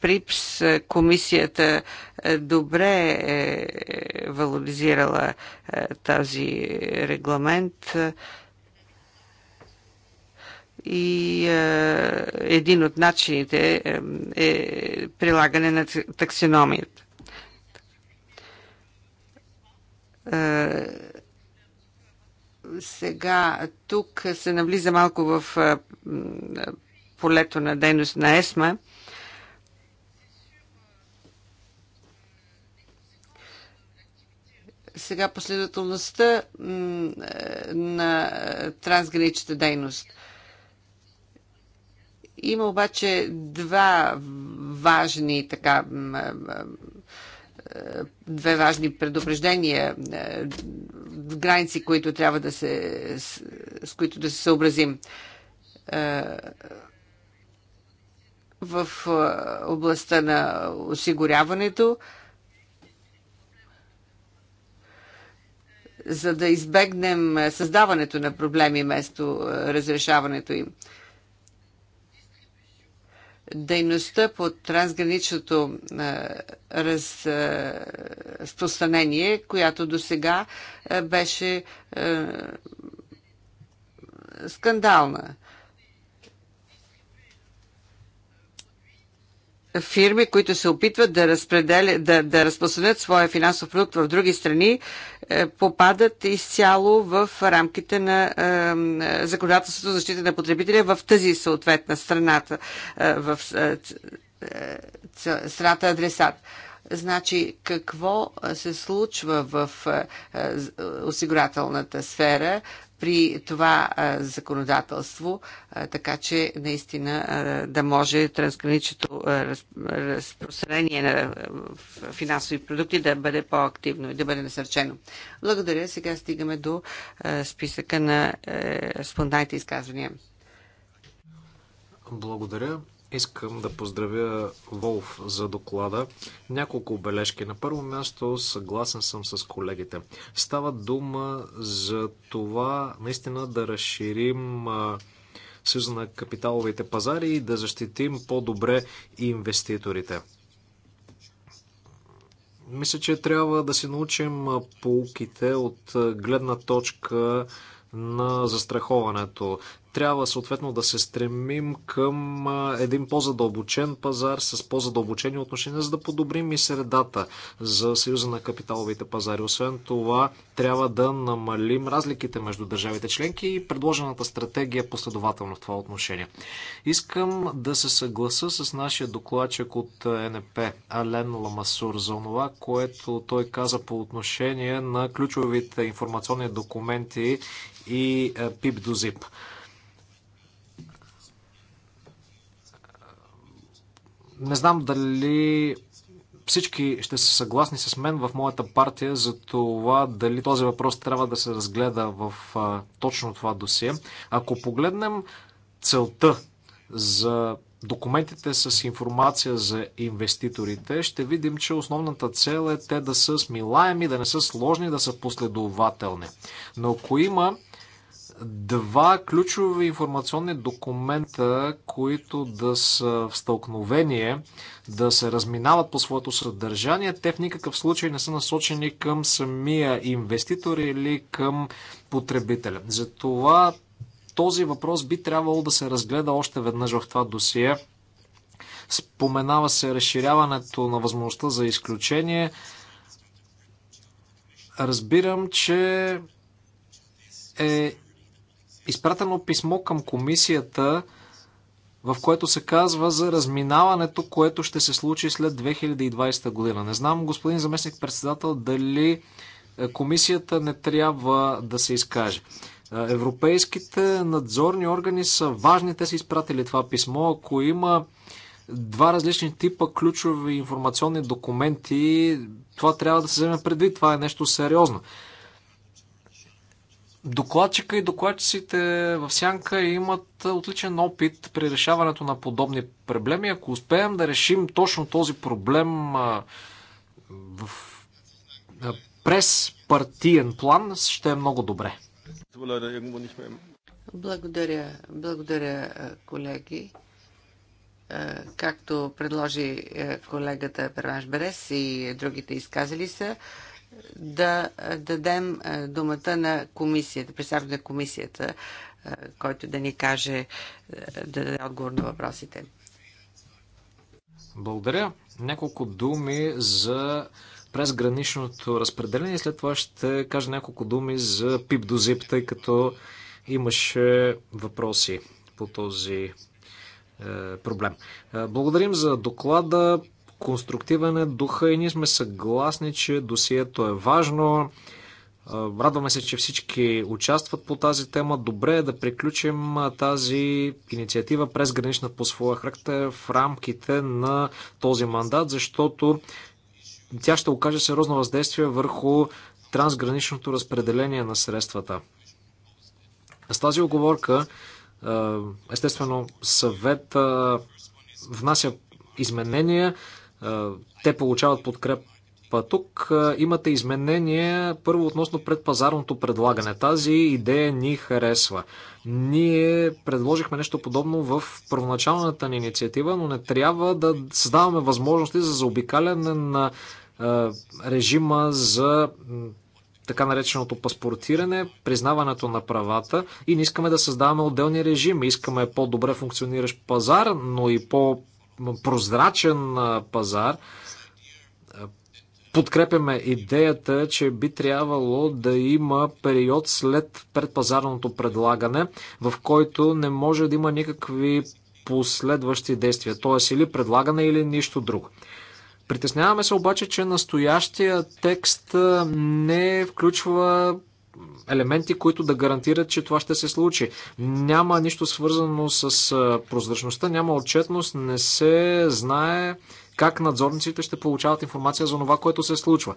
C: ПРИПС, комисията е, добре е, е валоризирала е, регламент и е, един от начините е, е прилагане на таксиномията. Е, сега тук се навлиза малко в полето на дейност на ЕСМА. Сега последователността на трансграничната дейност. Има обаче два важни така две важни предупреждения граници, които трябва да се, с, с които да се съобразим. Е, в е, областта на осигуряването, за да избегнем е, създаването на проблеми вместо разрешаването им дейността по трансграничното разпространение, която до сега беше скандална. фирми, които се опитват да, да, да разпространят своя финансов продукт в други страни, е, попадат изцяло в рамките на е, законодателството за защита на потребителя в тази съответна страната, е, в страната адресат. Значи, какво се случва в осигурателната сфера? при това законодателство, така че наистина да може трансграничното разпространение на финансови продукти да бъде по-активно и да бъде насърчено. Благодаря. Сега стигаме до списъка на е, спонтанните изказвания.
A: Благодаря. Искам да поздравя Волф за доклада. Няколко бележки. На първо място съгласен съм с колегите. Става дума за това наистина да разширим съюза на капиталовите пазари и да защитим по-добре инвеститорите. Мисля, че трябва да си научим полуките от гледна точка на застраховането трябва съответно да се стремим към един по-задълбочен пазар с по-задълбочени отношения, за да подобрим и средата за Съюза на капиталовите пазари. Освен това, трябва да намалим разликите между държавите членки и предложената стратегия е последователно в това отношение. Искам да се съгласа с нашия докладчик от НП Ален Ламасур за това, което той каза по отношение на ключовите информационни документи и ПИП до ЗИП. Не знам дали всички ще са съгласни с мен в моята партия за това дали този въпрос трябва да се разгледа в а, точно това досие. Ако погледнем целта за документите с информация за инвеститорите, ще видим, че основната цел е те да са смилаеми, да не са сложни, да са последователни. Но ако има два ключови информационни документа, които да са в стълкновение, да се разминават по своето съдържание, те в никакъв случай не са насочени към самия инвеститор или към потребителя. Затова този въпрос би трябвало да се разгледа още веднъж в това досие. Споменава се разширяването на възможността за изключение. Разбирам, че е изпратено писмо към комисията, в което се казва за разминаването, което ще се случи след 2020 година. Не знам, господин заместник председател, дали е, комисията не трябва да се изкаже. Е, европейските надзорни органи са важни, те са изпратили това писмо. Ако има два различни типа ключови информационни документи, това трябва да се вземе предвид. Това е нещо сериозно. Докладчика и докладчиците в Сянка имат отличен опит при решаването на подобни проблеми. Ако успеем да решим точно този проблем в, през партиен план, ще е много добре.
C: Благодаря, благодаря, колеги. Както предложи колегата Перванш Берес и другите изказали се, да дадем думата на комисията, представител на комисията, който да ни каже, да даде отговор на въпросите.
A: Благодаря. Няколко думи за презграничното разпределение. След това ще кажа няколко думи за пип до зип, тъй като имаше въпроси по този е, проблем. Е, благодарим за доклада конструктивен е духа и ние сме съгласни, че досието е важно. Радваме се, че всички участват по тази тема. Добре е да приключим тази инициатива през гранична по своя характер в рамките на този мандат, защото тя ще окаже сериозно въздействие върху трансграничното разпределение на средствата. С тази оговорка, естествено, съвет внася изменения те получават подкреп тук имате изменение първо относно предпазарното предлагане. Тази идея ни харесва. Ние предложихме нещо подобно в първоначалната ни инициатива, но не трябва да създаваме възможности за заобикаляне на режима за така нареченото паспортиране, признаването на правата и не искаме да създаваме отделни режими. Искаме по-добре функциониращ пазар, но и по прозрачен пазар. Подкрепяме идеята, че би трябвало да има период след предпазарното предлагане, в който не може да има никакви последващи действия, т.е. или предлагане или нищо друго. Притесняваме се обаче, че настоящия текст не включва елементи, които да гарантират, че това ще се случи. Няма нищо свързано с прозрачността, няма отчетност, не се знае как надзорниците ще получават информация за това, което се случва.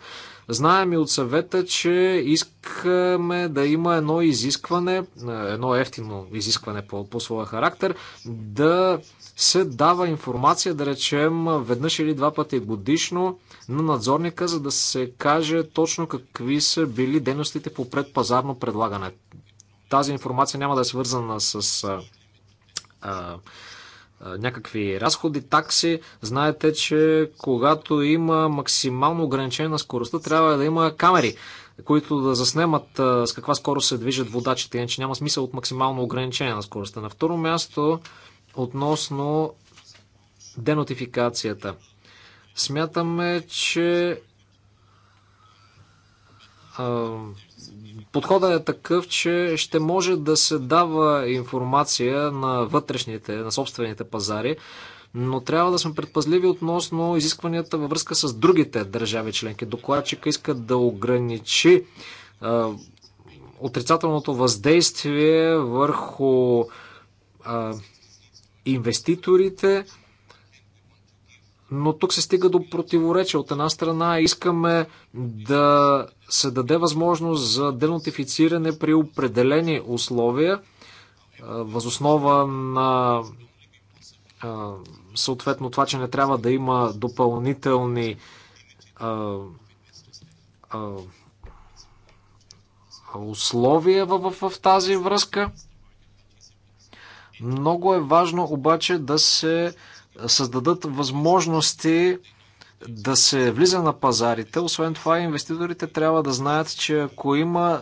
A: Знаем и от съвета, че искаме да има едно изискване, едно ефтино изискване по, по своя характер, да се дава информация, да речем, веднъж или два пъти годишно на надзорника, за да се каже точно какви са били дейностите по предпазарно предлагане. Тази информация няма да е свързана с а, а, някакви разходи, такси. Знаете, че когато има максимално ограничение на скоростта, трябва да има камери, които да заснемат с каква скорост се движат водачите, иначе няма смисъл от максимално ограничение на скоростта. На второ място, относно денотификацията. Смятаме, че подходът е такъв, че ще може да се дава информация на вътрешните, на собствените пазари, но трябва да сме предпазливи относно изискванията във връзка с другите държави членки. Докладчика иска да ограничи а, отрицателното въздействие върху а, инвеститорите. Но тук се стига до противоречие. От една страна искаме да се даде възможност за денотифициране при определени условия, възоснова на съответно това, че не трябва да има допълнителни условия в, в, в тази връзка. Много е важно обаче да се създадат възможности да се влиза на пазарите. Освен това, инвеститорите трябва да знаят, че ако има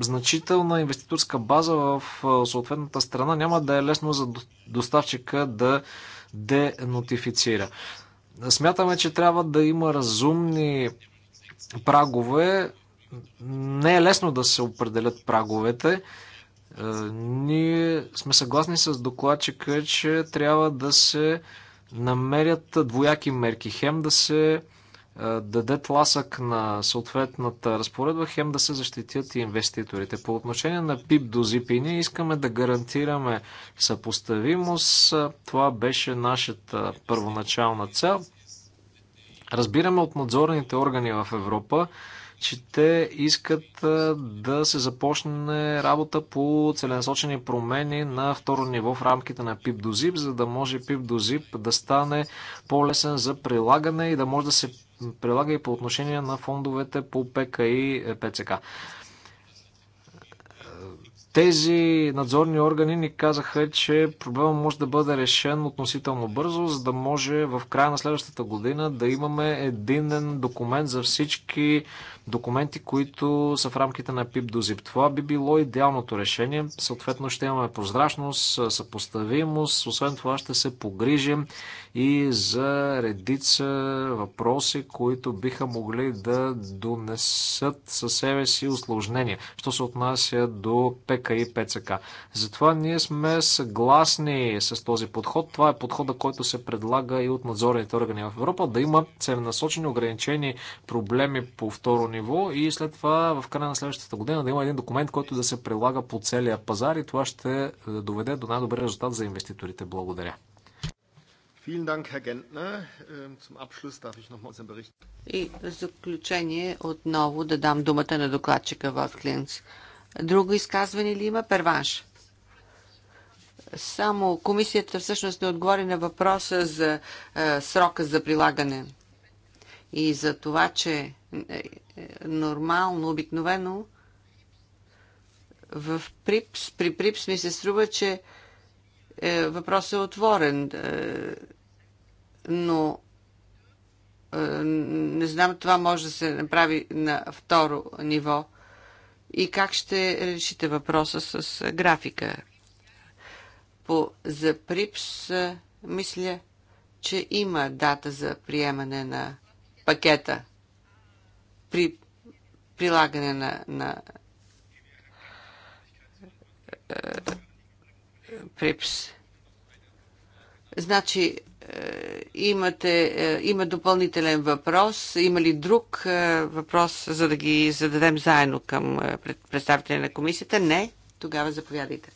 A: значителна инвеститорска база в съответната страна, няма да е лесно за доставчика да денотифицира. Смятаме, че трябва да има разумни прагове. Не е лесно да се определят праговете. Е, ние сме съгласни с докладчика, че трябва да се намерят двояки мерки. Хем да се даде тласък на съответната разпоредба, хем да се защитят и инвеститорите. По отношение на ПИП до ЗИПИ, ние искаме да гарантираме съпоставимост. Това беше нашата първоначална цел. Разбираме от надзорните органи в Европа, че те искат да се започне работа по целенасочени промени на второ ниво в рамките на PIP до ZIP, за да може PIP до ZIP да стане по-лесен за прилагане и да може да се прилага и по отношение на фондовете по ПК и ПЦК. Тези надзорни органи ни казаха, че проблема може да бъде решен относително бързо, за да може в края на следващата година да имаме единен документ за всички документи, които са в рамките на PIP до ZIP. Това би било идеалното решение. Съответно ще имаме прозрачност, съпоставимост. Освен това ще се погрижим и за редица въпроси, които биха могли да донесат със себе си осложнения, що се отнася до ПК и ПЦК. Затова ние сме съгласни с този подход. Това е подхода, който се предлага и от надзорните органи в Европа, да има целенасочени ограничени проблеми по второ ниво и след това в края на следващата година да има един документ, който да се прилага по целия пазар и това ще е, доведе до най-добър
C: резултат за инвеститорите. Благодаря.
A: Äh,
C: и в заключение отново да дам думата на докладчика в Клинц. Друго изказване ли има? Перванш. Само комисията всъщност не отговори на въпроса за е, срока за прилагане и за това, че е, нормално, обикновено, в Припс, при Припс ми се струва, че е, въпросът е отворен, е, но е, не знам, това може да се направи на второ ниво. И как ще решите въпроса с графика? По, за Припс, е, мисля, че има дата за приемане на пакета при прилагане на, на е, ПРИПС. Значи, е, имате, е, има допълнителен въпрос. Има ли друг е, въпрос, за да ги зададем заедно към е, представителя на комисията? Не. Тогава заповядайте.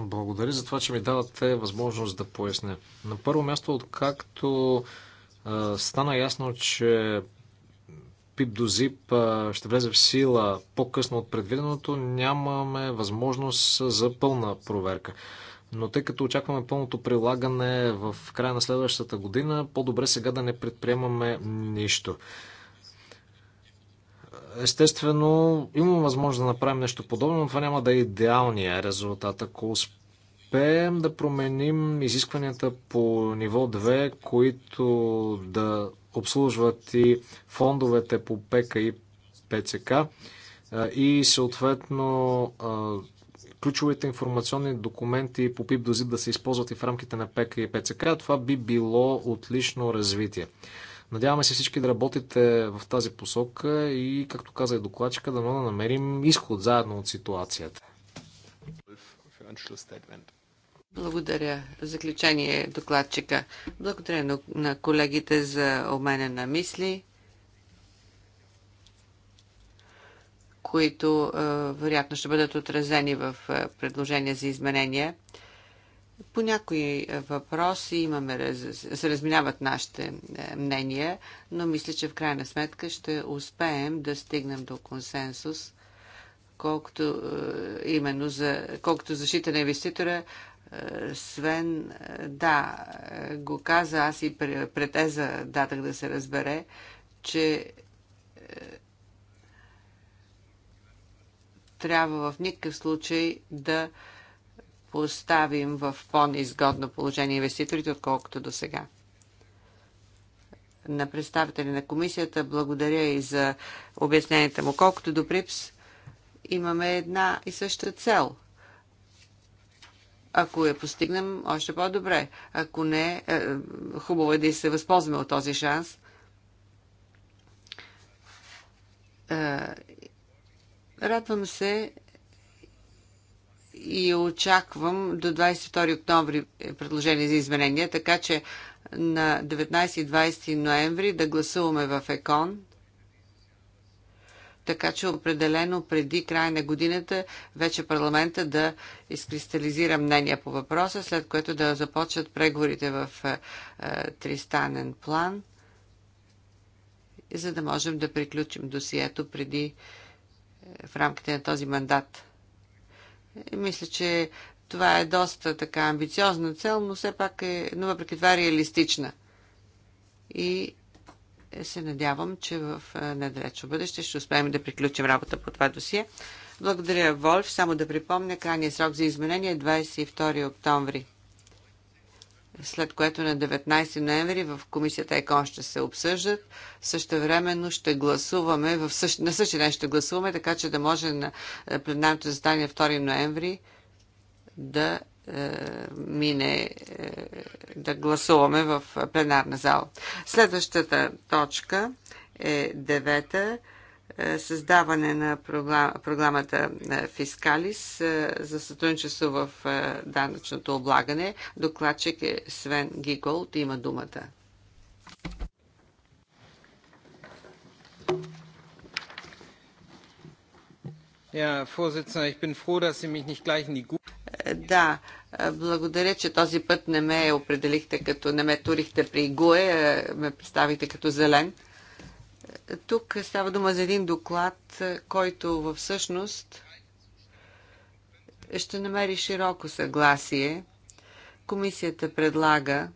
A: Благодаря за това, че ми давате възможност да поясня. На първо място, откакто е, стана ясно, че ПИП до ЗИП ще влезе в сила по-късно от предвиденото, нямаме възможност за пълна проверка. Но тъй като очакваме пълното прилагане в края на следващата година, по-добре сега да не предприемаме нищо. Естествено, имаме възможност да направим нещо подобно, но това няма да е идеалния резултат. Ако успеем да променим изискванията по ниво 2, които да обслужват и фондовете по ПК и ПЦК и съответно ключовите информационни документи по ПИП до ЗИД да се използват и в рамките на ПК и ПЦК. Това би било отлично развитие. Надяваме се всички да работите в тази посока и, както каза и докладчика, да намерим изход заедно от ситуацията.
C: Благодаря. В заключение докладчика. Благодаря на колегите за обмена на мисли. които е, вероятно ще бъдат отразени в е, предложения за изменения. По някои въпроси имаме, се разминават нашите мнения, но мисля, че в крайна сметка ще успеем да стигнем до консенсус, колкото именно за колкото защита на инвеститора, Свен, да, го каза, аз и претеза датък да се разбере, че е, трябва в никакъв случай да поставим в по-неизгодно положение инвеститорите, отколкото до сега. На представители на комисията благодаря и за обясненията му. Колкото до ПРИПС, имаме една и съща цел – ако я постигнем, още по-добре. Ако не, е, хубаво е да се възползваме от този шанс. Е, радвам се и очаквам до 22 октомври предложение за изменения, така че на 19 и 20 ноември да гласуваме в ЕКОН така че определено преди края на годината вече парламента да изкристализира мнения по въпроса, след което да започнат преговорите в е, тристанен план, за да можем да приключим досието преди е, в рамките на този мандат. Е, мисля, че това е доста така амбициозна цел, но все пак е, но въпреки това е реалистична. И се надявам, че в недалечно бъдеще ще успеем да приключим работа по това досие. Благодаря, Вольф. Само да припомня, крайният срок за изменение е 22 октомври, след което на 19 ноември в комисията ЕКОН ще се обсъждат. Също времено ще гласуваме, в същ... на същия ден ще гласуваме, така че да може на пленарното застание 2 ноември да мине е, да гласуваме в пленарна зала. Следващата точка е девета е, създаване на програмата Фискалис е, за сътрудничество в данъчното облагане. Докладчик е Свен Гиголд. Има думата. Да, е, благодаря, че този път не ме определихте като, не ме турихте при ГУЕ, ме представихте като зелен. Е, тук става дума за един доклад, е, който всъщност ще намери широко съгласие. Комисията предлага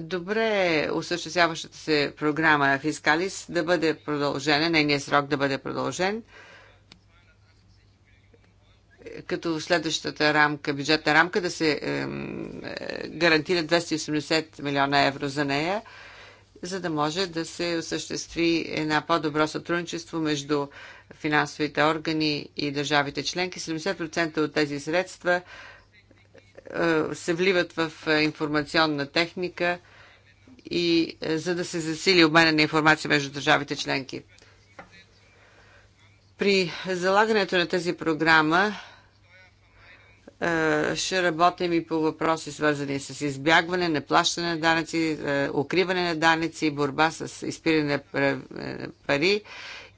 C: добре осъществяващата се програма Фискалис да бъде продължена, нейният срок да бъде продължен – като следващата рамка, бюджетна рамка, да се е, гарантира 280 милиона евро за нея, за да може да се осъществи една по-добро сътрудничество между финансовите органи и държавите членки. 70% от тези средства е, се вливат в е, информационна техника и е, за да се засили обмена на информация между държавите членки. При залагането на тази програма е, ще работим и по въпроси, свързани с избягване, неплащане на данъци, е, укриване на данъци, борба с изпиране на е, пари.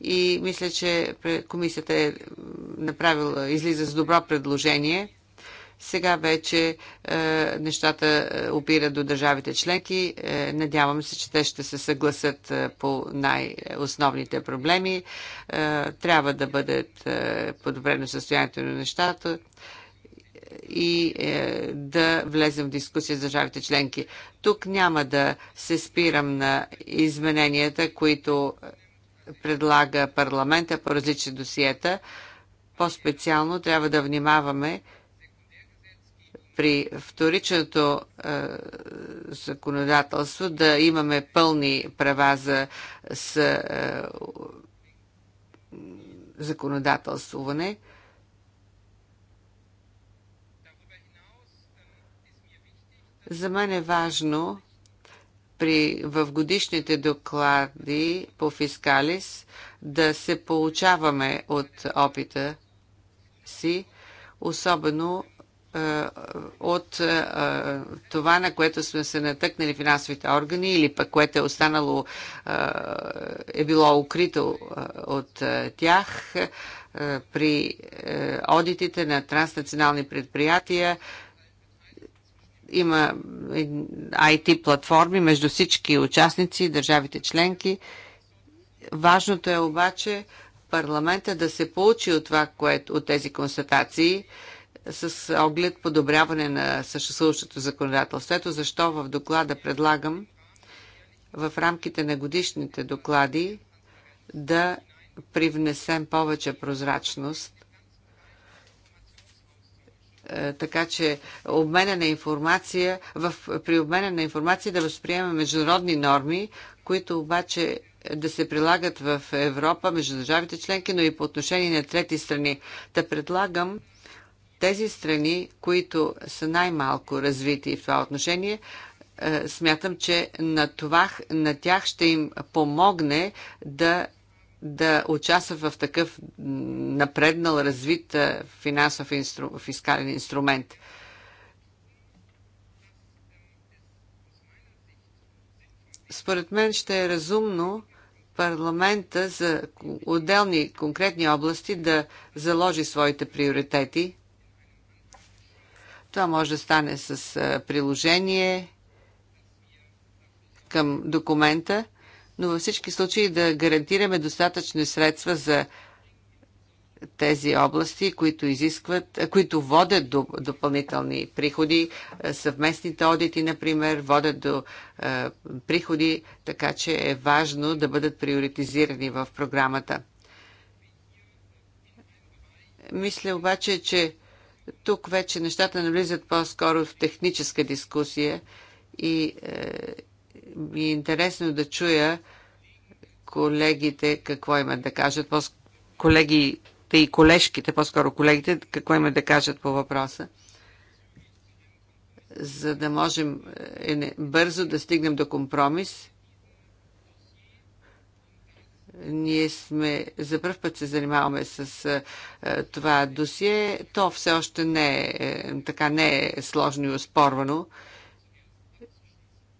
C: И мисля, че комисията е направила, излиза с добро предложение. Сега вече е, нещата опират до държавите членки. Е, надявам се, че те ще се съгласат е, по най-основните проблеми. Е, трябва да бъдат е, подобрено състоянието на нещата. Е, и е, да влезем в дискусия с държавите членки. Тук няма да се спирам на измененията, които предлага парламента по различни досиета. По-специално трябва да внимаваме при вторичното е, законодателство да имаме пълни права за с, е, законодателствуване. За мен е важно при, в годишните доклади по фискалис да се получаваме от опита си, особено е, от е, това, на което сме се натъкнали финансовите органи или пък което е останало, е, е било укрито от тях при одитите на транснационални предприятия има IT платформи между всички участници, държавите членки. Важното е обаче парламента да се получи от, това, което, от тези констатации с оглед подобряване на съществуващото законодателство. Ето защо в доклада предлагам в рамките на годишните доклади да привнесем повече прозрачност е, така че обмена на информация, в, при обмена на информация да възприемаме международни норми, които обаче да се прилагат в Европа, между държавите членки, но и по отношение на трети страни. Да предлагам тези страни, които са най-малко развити в това отношение, е, смятам, че на, това, на тях ще им помогне да да участва в такъв напреднал, развит е, финансов инстру... фискален инструмент. Според мен ще е разумно парламента за отделни конкретни области да заложи своите приоритети. Това може да стане с е, приложение към документа но във всички случаи да гарантираме достатъчни средства за тези области, които изискват, които водят до допълнителни приходи. Е, съвместните одити, например, водят до е, приходи, така че е важно да бъдат приоритизирани в програмата. Мисля обаче, че тук вече нещата навлизат по-скоро в техническа дискусия и е, ми е интересно да чуя колегите какво имат да кажат, по колегите и колежките, по-скоро колегите, какво имат да кажат по въпроса, за да можем е, бързо да стигнем до компромис. Ние сме, за първ път се занимаваме с е, това досие. То все още не е, е така не е сложно и оспорвано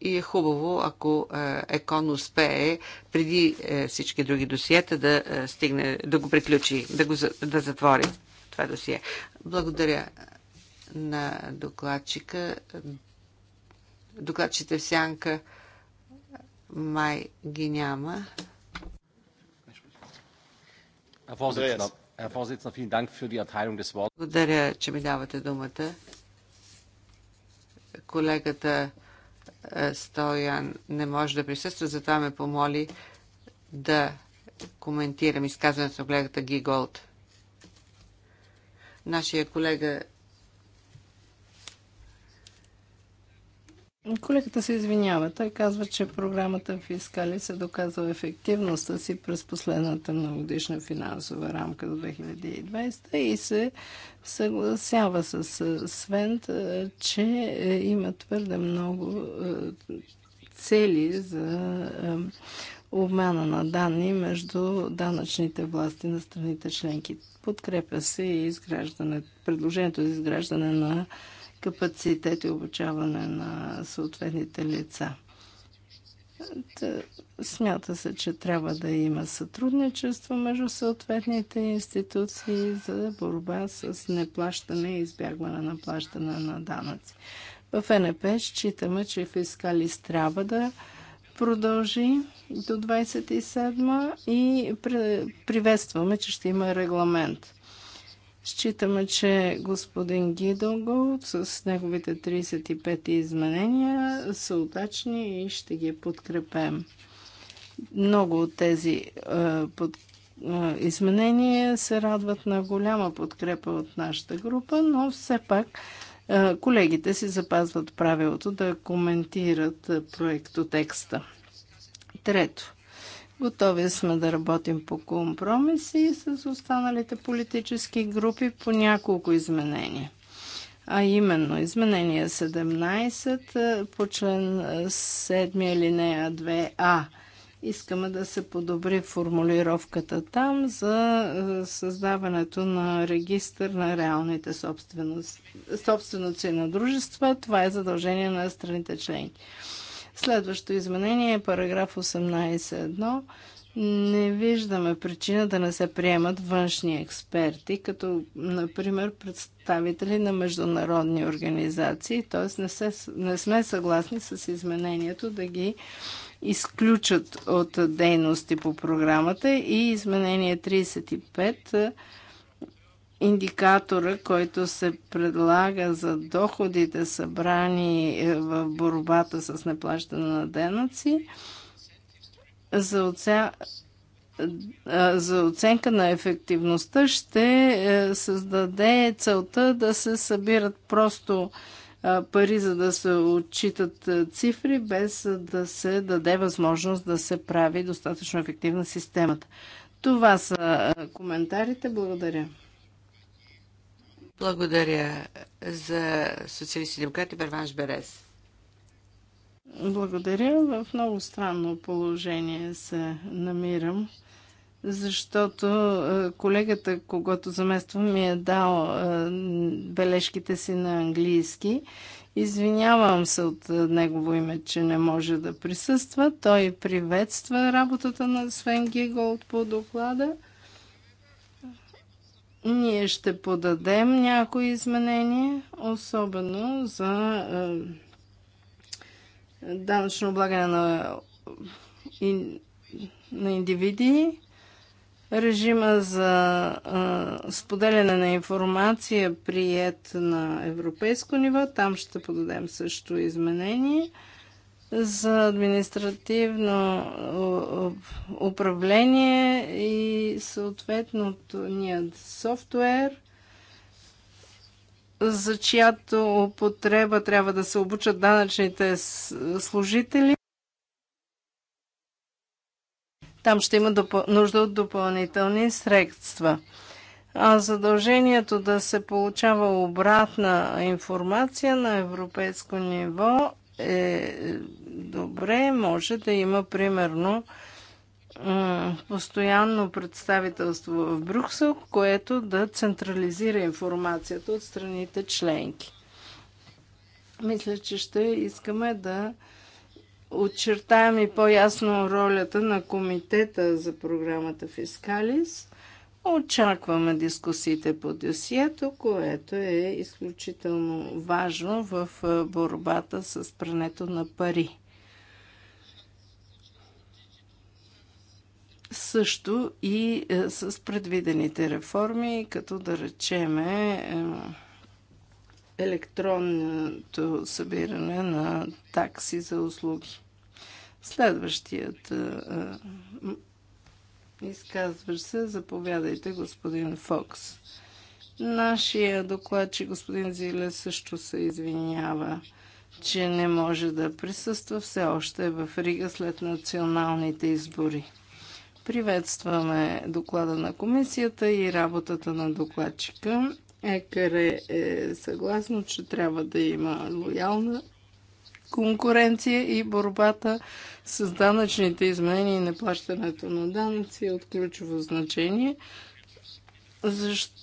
C: и е хубаво, ако е, ЕКОН успее преди е, всички други досиета да е, стигне, да го приключи, да, го, да затвори това досие. Благодаря на докладчика. Докладчите в сянка май ги няма. Благодаря, че ми давате думата. Колегата е, Стоян не може да присъства, затова ме помоли да коментирам изказването на колегата Гиголд. Нашия колега Колегата
B: се извинява. Той казва, че програмата Фискали се доказва ефективността си през последната многогодишна финансова рамка до 2020 и се съгласява с Свент, е, че е, има твърде много е, цели за обмяна на данни между данъчните власти на страните членки. Подкрепя се и изграждане, предложението за изграждане на капацитет и обучаване на съответните лица. Смята се, че трябва да има сътрудничество между съответните институции за борба с неплащане и избягване на плащане на данъци. В НП считаме, че фискалист трябва да продължи до 27 и приветстваме, че ще има регламент. Считаме, че господин Гидълго с неговите 35 изменения са удачни и ще ги подкрепем. Много от тези е, под, е, изменения се радват на голяма подкрепа от нашата група, но все пак е, колегите си запазват правилото да коментират е, текста. Трето – Готови сме да работим по компромиси с останалите политически групи по няколко изменения. А именно изменение 17 по член 7 алинея 2а. Искаме да се подобри формулировката там за създаването на регистър на реалните собственост, собственици на дружества. Това е задължение на страните членки. Следващо изменение е параграф 18.1. Не виждаме причина да не се приемат външни експерти, като, например, представители на международни организации, т.е. Не, не сме съгласни с изменението да ги изключат от дейности по програмата и изменение 35 индикатора, който се предлага за доходите събрани е, в борбата с неплащане на денъци, за, оця... Е, за оценка на ефективността ще е, създаде целта да се събират просто пари, за да се отчитат цифри, без да се даде възможност да се прави достатъчно ефективна системата.
C: Това са коментарите. Благодаря. Благодаря за социалисти демократи Берванш Берес.
B: Благодаря. В много странно положение се намирам, защото е, колегата, когато замествам, ми е дал е, бележките си на английски. Извинявам се от е, негово име, че не може да присъства. Той приветства работата на Свен Гиголд по доклада. Ние ще подадем някои изменения, особено за е, данъчно облагане на, и, на индивиди, режима за е, споделяне на информация, прият на европейско ниво. Там ще подадем също изменение за административно управление и съответното ният софтуер, за чиято употреба трябва да се обучат данъчните служители. Там ще има нужда от допълнителни средства. А задължението да се получава обратна информация на европейско ниво е добре, може да има примерно постоянно представителство в Брюксел, което да централизира информацията от страните членки. Мисля, че ще искаме да отчертаем и по-ясно ролята на комитета за програмата Фискалис – Очакваме дискусите по досието, което е изключително важно в борбата с прането на пари. Също и е, с предвидените реформи, като да речеме е, електронното събиране на такси за услуги. Следващият е, Изказваш се, заповядайте, господин Фокс. Нашия доклад, че господин Зиле също се извинява, че не може да присъства все още е в Рига след националните избори. Приветстваме доклада на комисията и работата на докладчика. ЕКР е съгласно, че трябва да има лоялна конкуренция и борбата с данъчните изменения и неплащането на данъци е от ключово значение.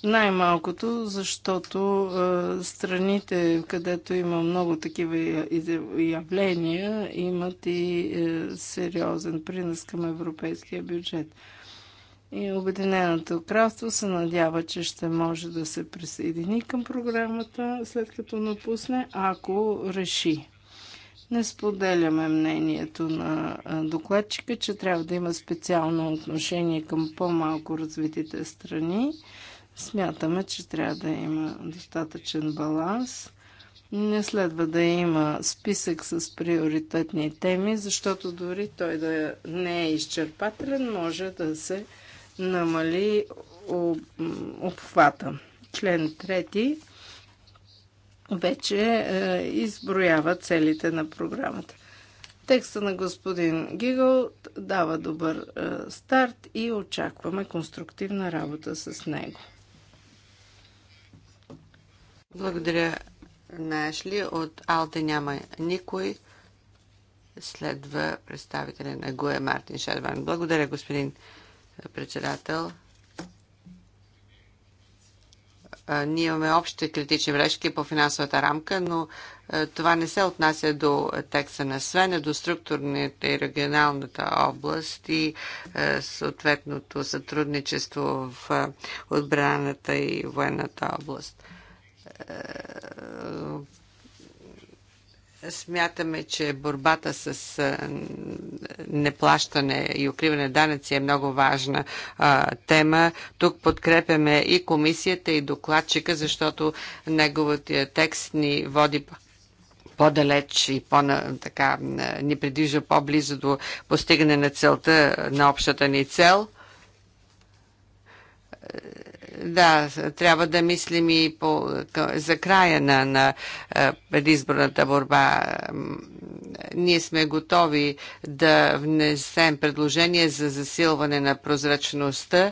B: Най-малкото, защото е, страните, където има много такива явления, имат и е, сериозен принос към европейския бюджет. И Обединеното кралство се надява, че ще може да се присъедини към програмата, след като напусне, ако реши. Не споделяме мнението на докладчика, че трябва да има специално отношение към по-малко развитите страни. Смятаме, че трябва да има достатъчен баланс. Не следва да има списък с приоритетни теми, защото дори той да не е изчерпателен, може да се намали обхвата. Член 3 вече е, изброява целите на програмата. Текста на господин Гигъл дава добър е, старт и очакваме конструктивна работа с него.
C: Благодаря на Ешли. От Алте няма никой. Следва представителя на ГУЕ Мартин Шадван. Благодаря, господин председател. Ние имаме общи критични врешки по финансовата рамка, но това не се отнася до текста на а до структурната и регионалната област и съответното сътрудничество в отбраната и военната област Смятаме, че борбата с неплащане и укриване данъци е много важна а, тема. Тук подкрепяме и комисията, и докладчика, защото неговият текст ни води по-далеч и по така ни придвижа по-близо до постигане на целта, на общата ни цел да, трябва да мислим и по, за края на, на е, предизборната борба. Ние сме готови да внесем предложение за засилване на прозрачността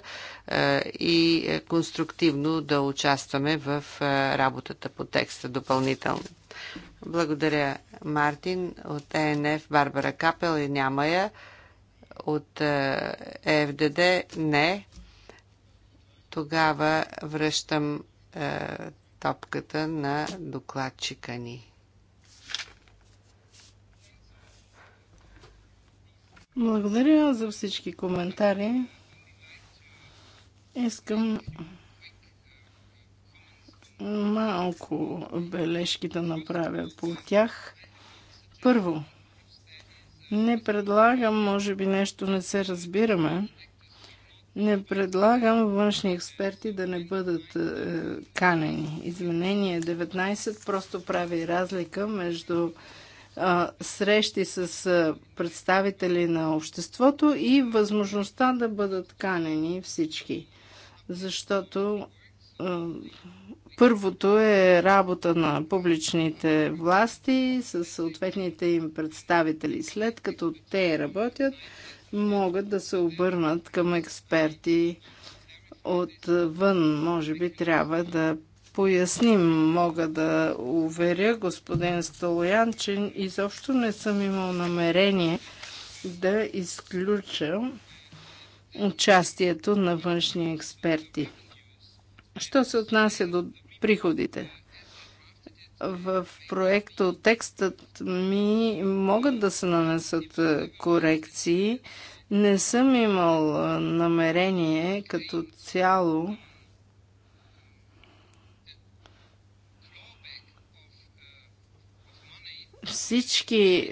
C: е, и конструктивно да участваме в е, работата по текста допълнително. Благодаря, Мартин. От ЕНФ Барбара Капел и няма я. От ЕФДД не тогава връщам е, топката на докладчика ни.
B: Благодаря за всички коментари. Искам малко бележки да направя по тях. Първо, не предлагам, може би нещо не се разбираме не предлагам външни експерти да не бъдат е, канени. Изменение 19 просто прави разлика между е, срещи с е, представители на обществото и възможността да бъдат канени всички. Защото е, първото е работа на публичните власти с съответните им представители. След като те работят, могат да се обърнат към експерти отвън. Може би трябва да поясним. Мога да уверя господин Столоян, че изобщо не съм имал намерение да изключам участието на външни експерти. Що се отнася до приходите? в проекто текстът ми могат да се нанесат е, корекции. Не съм имал е, намерение като цяло всички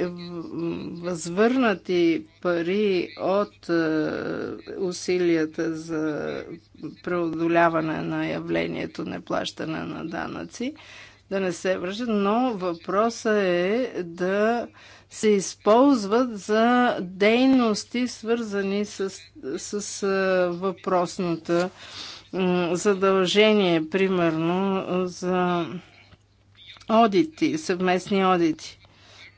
B: възвърнати пари от е, усилията за преодоляване на явлението неплащане на данъци да не се връщат, но въпросът е да се използват за дейности, свързани с, с въпросната задължение, примерно за одити, съвместни одити.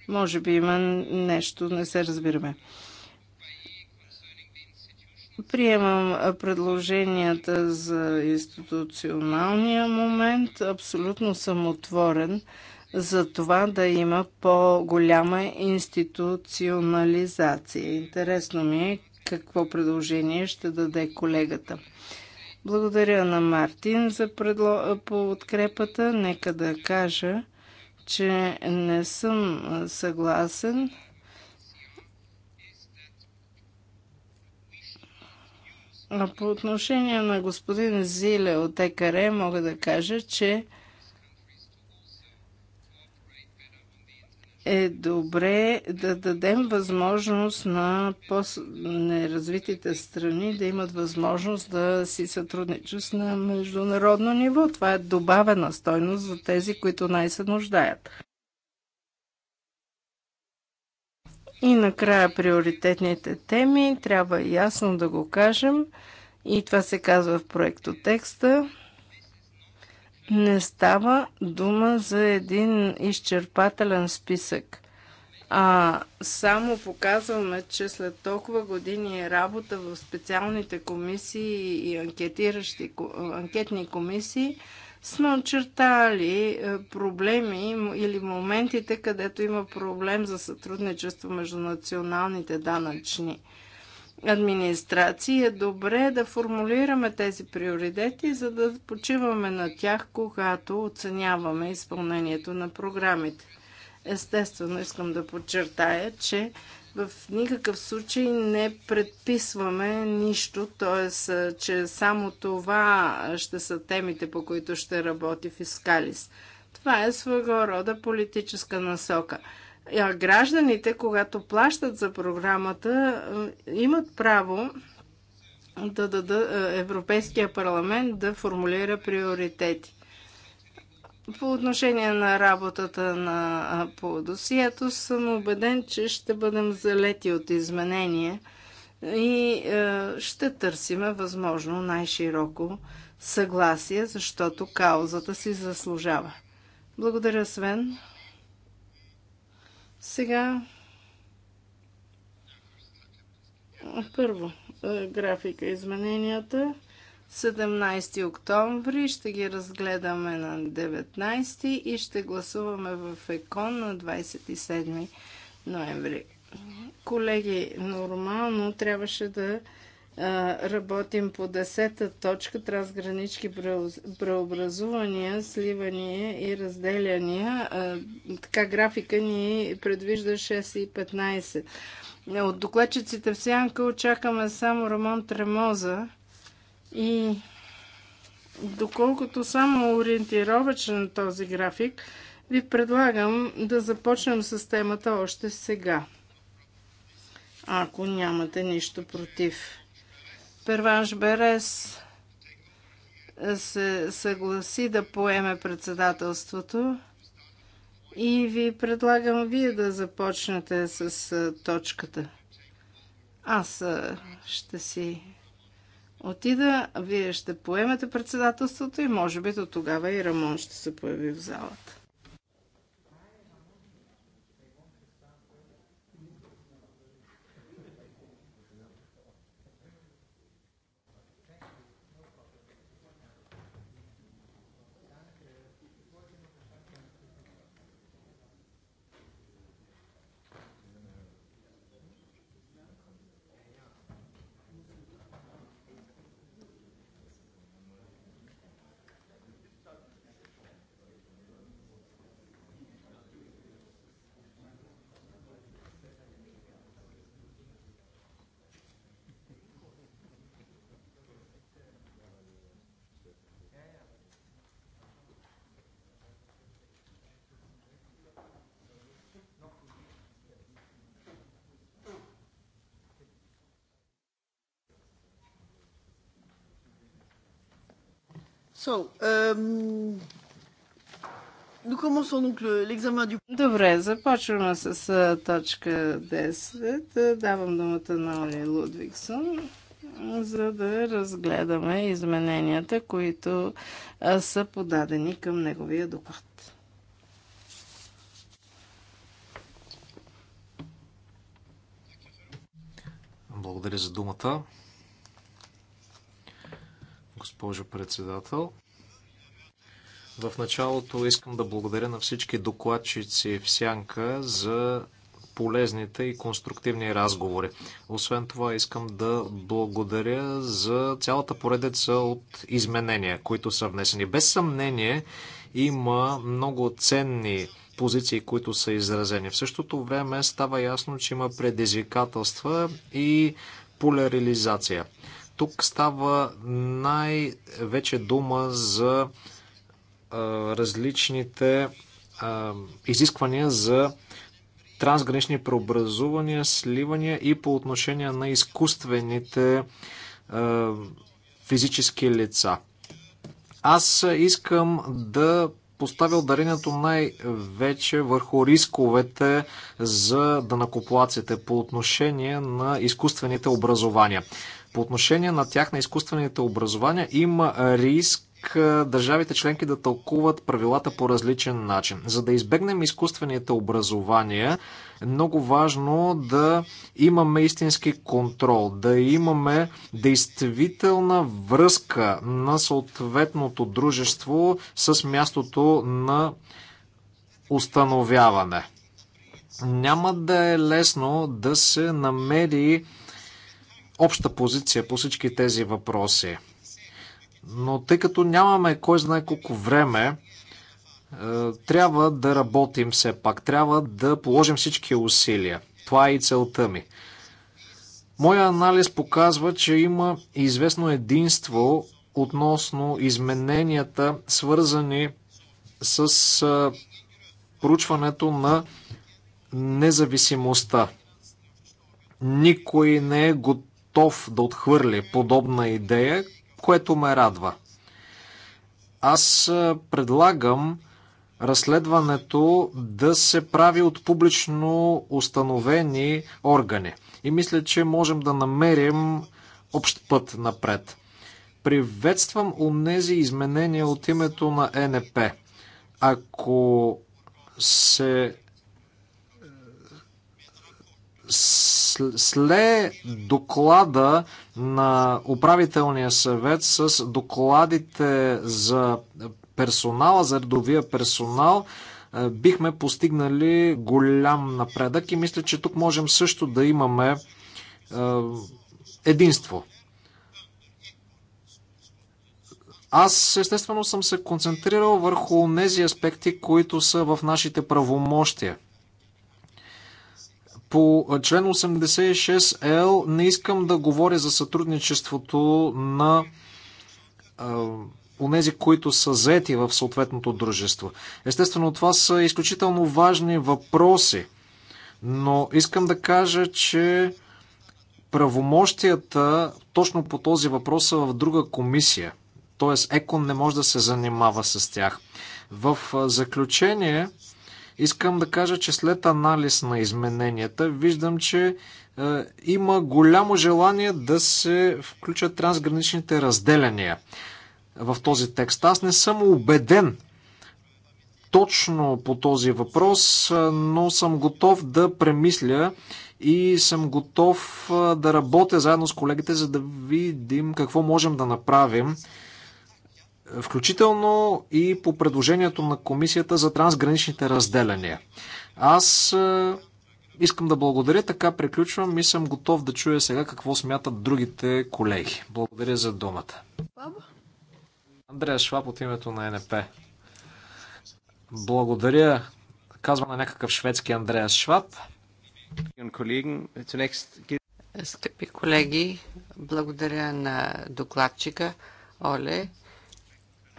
B: Може би има нещо, не се разбираме. Приемам предложенията за институционалния момент. Абсолютно съм отворен за това да има по-голяма институционализация. Интересно ми е какво предложение ще даде колегата. Благодаря на Мартин за предло... подкрепата. Нека да кажа, че не съм съгласен По отношение на господин Зиле от ЕКР мога да кажа, че е добре да дадем възможност на по-неразвитите страни да имат възможност да си сътрудничат на международно ниво. Това е добавена стойност за тези, които най-се нуждаят. И накрая приоритетните теми трябва ясно да го кажем и това се казва в проекто текста. Не става дума за един изчерпателен списък. А само показваме, че след толкова години работа в специалните комисии и анкетиращи, анкетни комисии, сме очертали е, проблеми или моментите, където има проблем за сътрудничество между националните данъчни администрации. Е добре да формулираме тези приоритети, за да почиваме на тях, когато оценяваме изпълнението на програмите. Естествено, искам да подчертая, че в никакъв случай не предписваме нищо, т.е. че само това ще са темите, по които ще работи Фискалис. Това е своего рода политическа насока. А гражданите, когато плащат за програмата, е, имат право да дадат е, Европейския парламент да формулира приоритети. По отношение на работата на, по досието съм убеден, че ще бъдем залети от изменения и е, ще търсиме възможно най-широко съгласие, защото каузата си заслужава. Благодаря, Свен. Сега първо е, графика измененията. 17 октомври, ще ги разгледаме на 19 и ще гласуваме в ЕКОН на 27 ноември. Колеги, нормално трябваше да а, работим по 10-та точка трансгранички преобразувания, сливания и разделяния. А, така графика ни предвижда 6 и 15. От докладчиците в Сянка очакаме само ремонт Тремоза и доколкото само ориентировачен този график, ви предлагам да започнем с темата още сега. Ако нямате нищо против. Перванш Берес се съгласи да поеме председателството и ви предлагам вие да започнете с точката. Аз ще си отида, вие ще поемете председателството и може би до тогава и Рамон ще се появи в залата.
C: Euh,
B: Добре, започваме с точка 10. Давам думата на Оли Лудвигсон, за да разгледаме измененията, които са подадени към неговия доклад.
A: Благодаря за думата госпожо председател. В началото искам да благодаря на всички докладчици в Сянка за полезните и конструктивни разговори. Освен това, искам да благодаря за цялата поредица от изменения, които са внесени. Без съмнение, има много ценни позиции, които са изразени. В същото време става ясно, че има предизвикателства и поляризация. Тук става най-вече дума за а, различните а, изисквания за трансгранични преобразувания, сливания и по отношение на изкуствените а, физически лица. Аз искам да поставя ударението най-вече върху рисковете за данакоплаците по отношение на изкуствените образования. По отношение на тях, на изкуствените образования, има риск държавите членки да тълкуват правилата по различен начин. За да избегнем изкуствените образования, е много важно да имаме истински контрол, да имаме действителна връзка на съответното дружество с мястото на установяване. Няма да е лесно да се намери обща позиция по всички тези въпроси. Но тъй като нямаме кой знае колко време, е, трябва да работим все пак. Трябва да положим всички усилия. Това е и целта ми. Моя анализ показва, че има известно единство относно измененията, свързани с е, проучването на независимостта. Никой не е готов готов да отхвърли подобна идея, което ме радва. Аз предлагам разследването да се прави от публично установени органи. И мисля, че можем да намерим общ път напред. Приветствам онези изменения от името на НП. Ако се след доклада на управителния съвет с докладите за персонала, за редовия персонал, е, бихме постигнали голям напредък и мисля, че тук можем също да имаме е, единство. Аз естествено съм се концентрирал върху тези аспекти, които са в нашите правомощия. По член 86L не искам да говоря за сътрудничеството на онези, които са заети в съответното дружество. Естествено, това са изключително важни въпроси, но искам да кажа, че правомощията точно по този въпрос са в друга комисия. Тоест, ЕКОН не може да се занимава с тях. В заключение, Искам да кажа, че след анализ на измененията виждам, че е, има голямо желание да се включат трансграничните разделяния в този текст. Аз не съм убеден точно по този въпрос, е, но съм готов да премисля и съм готов е, да работя заедно с колегите, за да видим какво можем да направим включително и по предложението на комисията за трансграничните разделяния. Аз е, искам да благодаря, така приключвам и съм готов да чуя сега какво смятат другите колеги. Благодаря за думата. Андрея Шваб от името на НП. Благодаря, казва на някакъв шведски Андреас Шваб.
C: Скъпи колеги, благодаря на докладчика Оле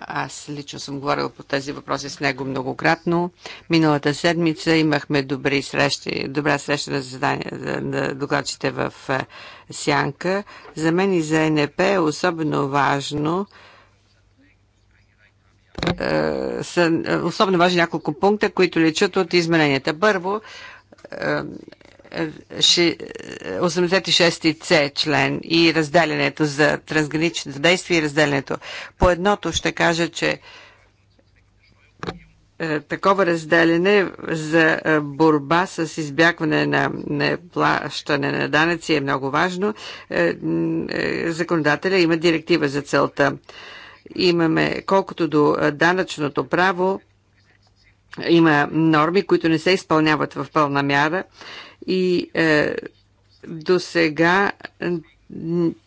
C: аз лично съм говорила по тези въпроси с него многократно. Миналата седмица имахме добри срещи, добра среща на, задание, на докладчите в е, Сянка. За мен и за НП е особено важно е, са е, особено важни няколко пункта, които лечат от измененията. Първо, 86 c е, член и разделянето за трансграничното действие и разделянето. По едното ще кажа, че е, такова разделяне за е, борба с избягване на плащане на данъци е много важно. Законодателя има директива за целта. Имаме, колкото до данъчното право, има норми, които не се изпълняват в пълна мяра и е, до сега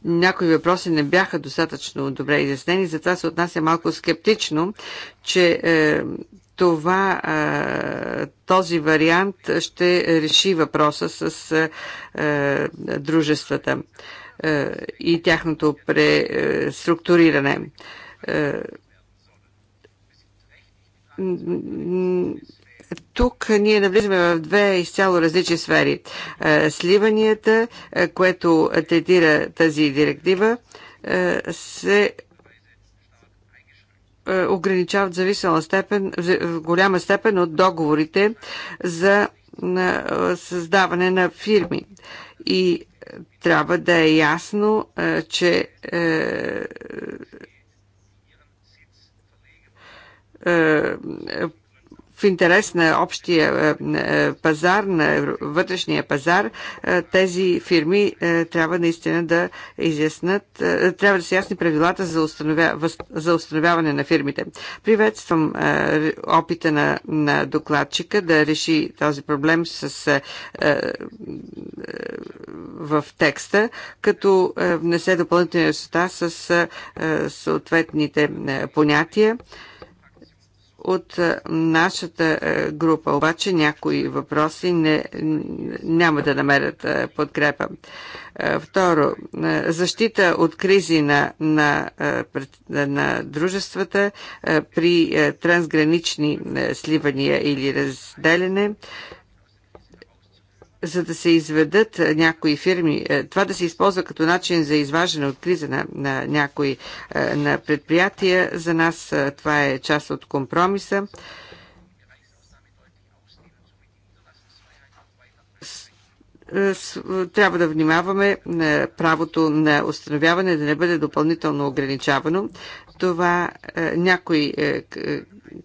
C: някои въпроси не бяха достатъчно добре изяснени, затова се отнася малко скептично, че е, това, е, този вариант ще реши въпроса с е, е дружествата е, и тяхното преструктуриране. Е, тук ние навлизаме в две изцяло различни сфери. Е, сливанията, е, което третира тази директива, е, се ограничават в степен, в голяма степен от договорите за създаване на фирми. И трябва да е ясно, че в интерес на общия е, е, пазар, на вътрешния пазар, е, тези фирми трябва наистина да изяснат, трябва да се ясни правилата за, установя, за установяване на фирмите. Приветствам опита на, на докладчика да реши този проблем с, в текста, като внесе допълнителна яснота с съответните понятия. От е, нашата е, група обаче някои въпроси не, няма да намерят е, подкрепа. Второ, защита от кризи на, на, на дружествата при трансгранични сливания или разделяне за да се изведат е, някои фирми. Е, това да се използва като начин за изваждане от криза на, на някои е, на предприятия, за нас това е част от компромиса. трябва да внимаваме на правото на установяване да не бъде допълнително ограничавано. Това някои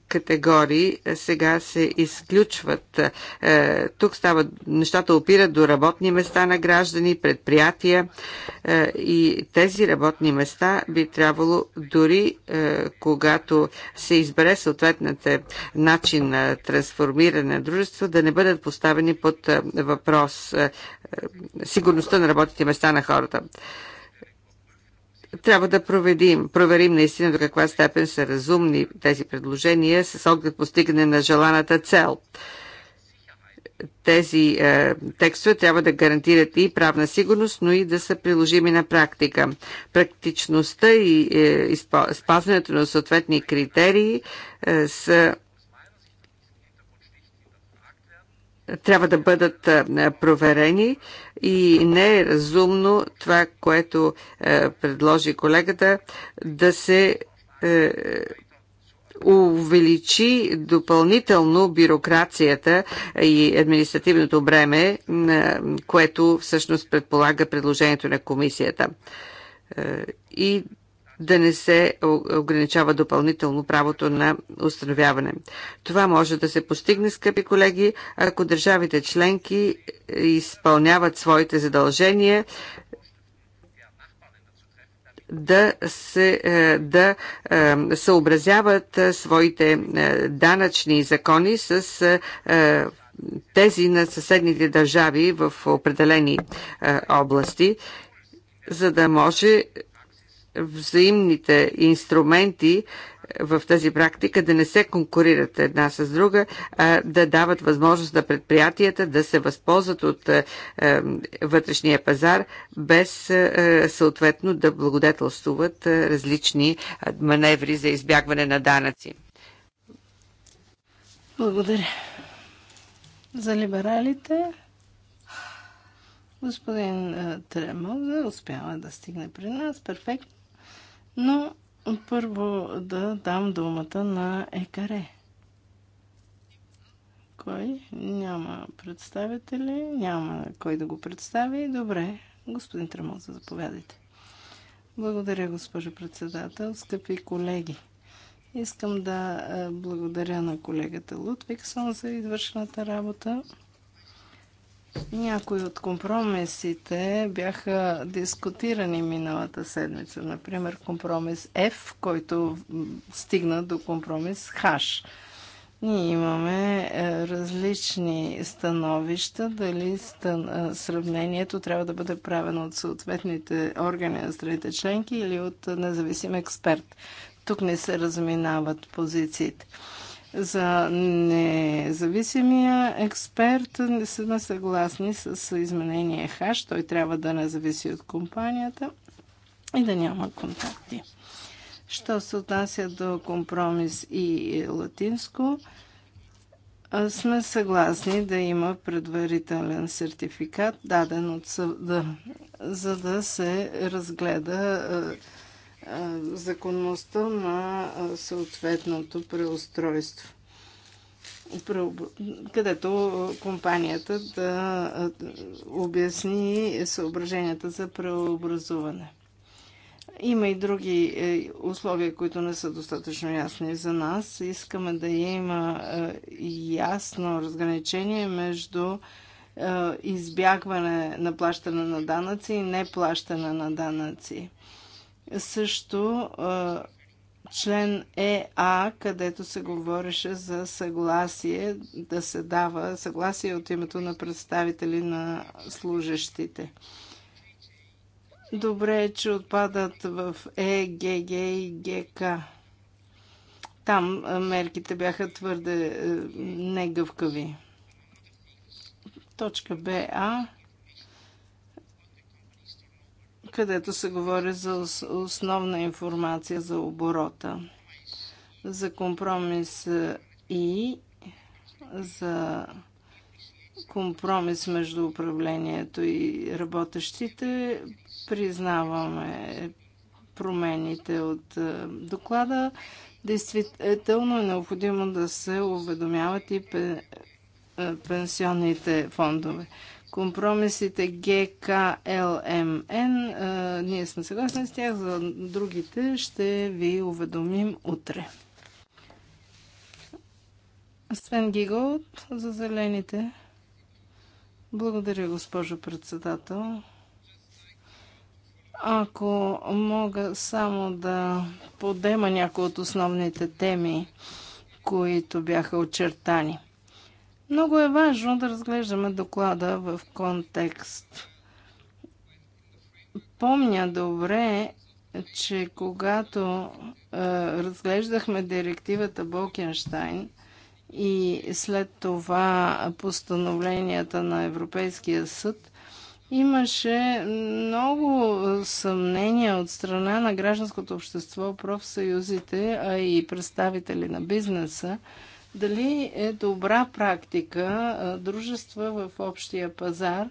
C: категории сега се изключват. Е, тук става, нещата опират до работни места на граждани, предприятия е, и тези работни места би трябвало дори е, когато се избере съответната начин на трансформиране на дружество, да не бъдат поставени под въпрос сигурността на работните места на хората. Трябва да проведим, проверим наистина до каква степен са разумни тези предложения с оглед постигане на желаната цел тези е, текстове трябва да гарантират и правна сигурност, но и да са приложими на практика. Практичността и е, спазването на съответни критерии е, са трябва да бъдат проверени и не е разумно това, което предложи колегата, да се увеличи допълнително бюрокрацията и административното бреме, което всъщност предполага предложението на комисията. И да не се ограничава допълнително правото на установяване. Това може да се постигне, скъпи колеги, ако държавите членки изпълняват своите задължения да, се, е, да е, съобразяват е, своите данъчни закони с тези на съседните държави в определени области, за да може взаимните инструменти в тази практика да не се конкурират една с друга, а да дават възможност на предприятията да се възползват от е, е, вътрешния пазар, без е, съответно да благодетелствуват различни маневри за избягване на данъци.
B: Благодаря. За либералите господин Тремоза успява да стигне при нас. Перфектно. Но първо да дам думата на Екаре. Кой? Няма представители, няма кой да го представи. Добре, господин Трамоза, заповядайте. Благодаря, госпожо председател, скъпи колеги. Искам да благодаря на колегата Лутвиксон за извършената работа. Някои от компромисите бяха дискутирани миналата седмица. Например, компромис F, който стигна до компромис H. Ние имаме е, различни становища, дали стън... Е, сравнението трябва да бъде правено от съответните органи на страните членки или от независим експерт. Тук не се разминават позициите за независимия експерт не сме съгласни с изменение ХАШ. Той трябва да не зависи от компанията и да няма контакти. Що се отнася до компромис и латинско, сме съгласни да има предварителен сертификат, даден от съда, за да се разгледа законността на съответното преустройство, където компанията да обясни съображенията за преобразуване. Има и други е, условия, които не са достатъчно ясни за нас. Искаме да има е, ясно разграничение между е, избягване на плащане на данъци и неплащане на данъци също член ЕА, където се говореше за съгласие, да се дава съгласие от името на представители на служащите. Добре е, че отпадат в Е, и ГК. Там мерките бяха твърде негъвкави. Точка БА където се говори за основна информация за оборота, за компромис е, и за компромис между управлението и работещите. Признаваме промените от е, доклада. Действително е необходимо да се уведомяват и е, пенсионните фондове компромисите ГКЛМН. Ние сме съгласни с тях, за другите ще ви уведомим утре. Свен Гиголт за зелените. Благодаря, госпожо председател. Ако мога само да подема някои от основните теми, които бяха очертани. Много е важно да разглеждаме доклада в контекст. Помня добре, че когато е, разглеждахме директивата Болкенштайн и след това постановленията на Европейския съд, имаше много съмнения от страна на гражданското общество, профсъюзите, а и представители на бизнеса, дали е добра практика дружества в общия пазар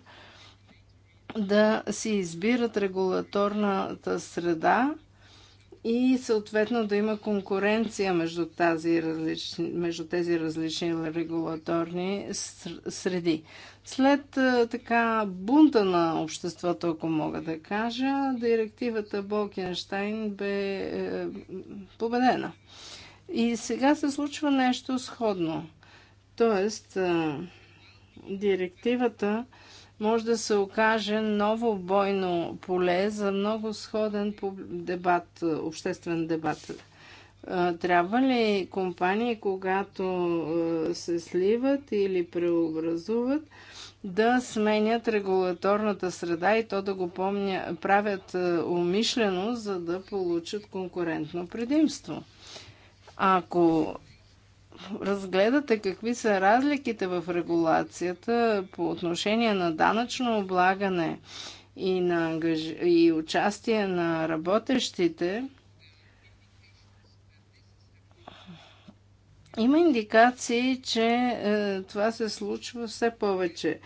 B: да си избират регулаторната среда и съответно да има конкуренция между, тази различни, между тези различни регулаторни среди. След така бунта на обществото, ако мога да кажа, директивата Болкенштайн бе е, победена. И сега се случва нещо сходно. Тоест, директивата може да се окаже ново бойно поле за много сходен дебат, обществен дебат. Трябва ли компании, когато се сливат или преобразуват, да сменят регулаторната среда и то да го помня, правят умишлено, за да получат конкурентно предимство? Ако разгледате какви са разликите в регулацията по отношение на данъчно облагане и, на и участие на работещите, има индикации, че е, това се случва все повече.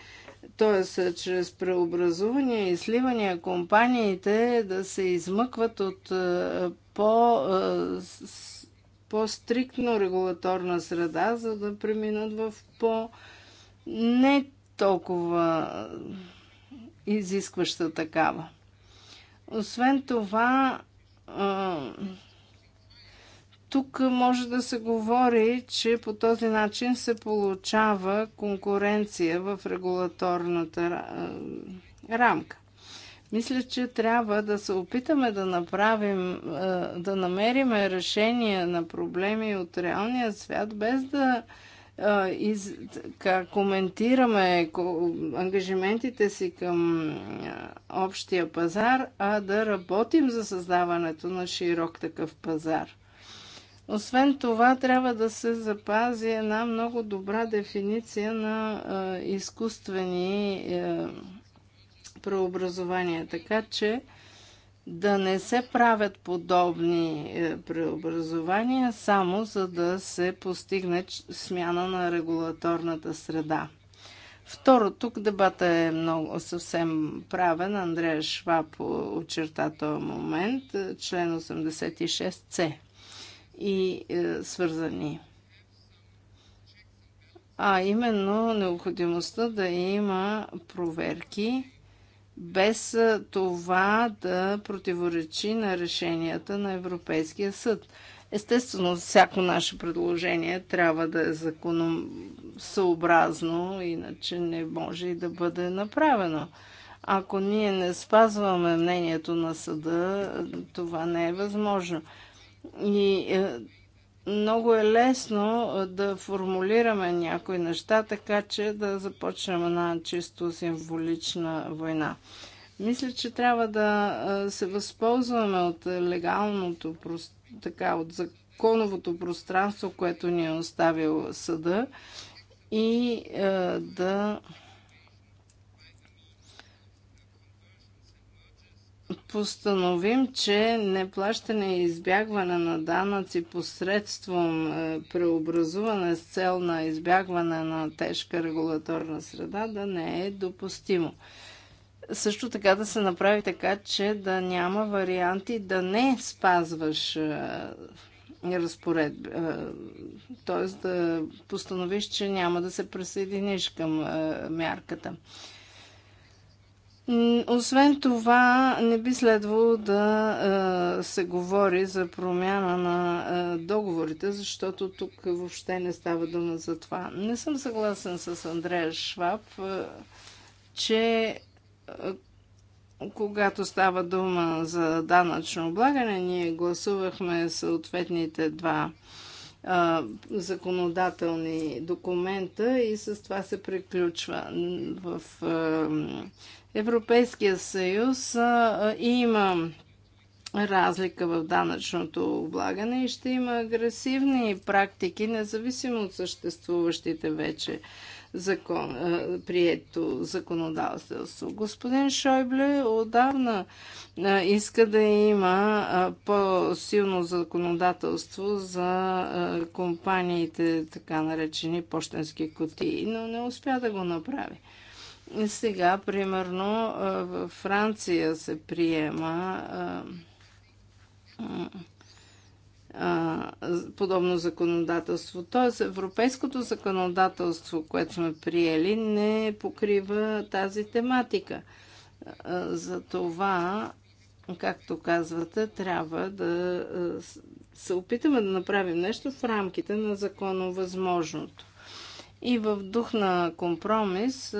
B: Тоест, е, чрез преобразувания и сливания компаниите да се измъкват от е, по- е, по-стриктно регулаторна среда, за да преминат в по- не толкова изискваща такава. Освен това, тук може да се говори, че по този начин се получава конкуренция в регулаторната рамка. Мисля, че трябва да се опитаме да направим, е, да намериме решение на проблеми от реалния свят, без да е, из, така, коментираме ангажиментите си към е, общия пазар, а да работим за създаването на широк такъв пазар. Освен това, трябва да се запази една много добра дефиниция на изкуствени преобразования. Така че да не се правят подобни е, преобразования, само за да се постигне смяна на регулаторната среда. Второ, тук дебата е много съвсем правен. Андрея Шваб очерта този момент, е, член 86c и е, свързани. А именно необходимостта да има проверки без това да противоречи на решенията на Европейския съд. Естествено, всяко наше предложение трябва да е законосъобразно, иначе не може и да бъде направено. Ако ние не спазваме мнението на съда, това не е възможно. И е, много е лесно да формулираме някои неща, така че да започнем една чисто символична война. Мисля, че трябва да се възползваме от легалното, така, от законовото пространство, което ни е оставил съда и да постановим, че неплащане и избягване на данъци посредством е, преобразуване с цел на избягване на тежка регулаторна среда да не е допустимо. Също така да се направи така, че да няма варианти да не спазваш е, разпоред, е, т.е. да постановиш, че няма да се присъединиш към мярката. Освен това, не би следвало да се говори за промяна на договорите, защото тук въобще не става дума за това. Не съм съгласен с Андрея Шваб, че когато става дума за данъчно облагане, ние гласувахме съответните два а, законодателни документа и с това се приключва. В а, Европейския съюз а, има разлика в данъчното облагане и ще има агресивни практики, независимо от съществуващите вече закон, прието законодателство. Господин Шойбле отдавна иска да има по-силно законодателство за компаниите, така наречени почтенски кутии, но не успя да го направи. Сега, примерно, във Франция се приема подобно законодателство. Тоест, европейското законодателство, което сме приели, не покрива тази тематика. За това, както казвате, трябва да се опитаме да направим нещо в рамките на законно възможното. И в дух на компромис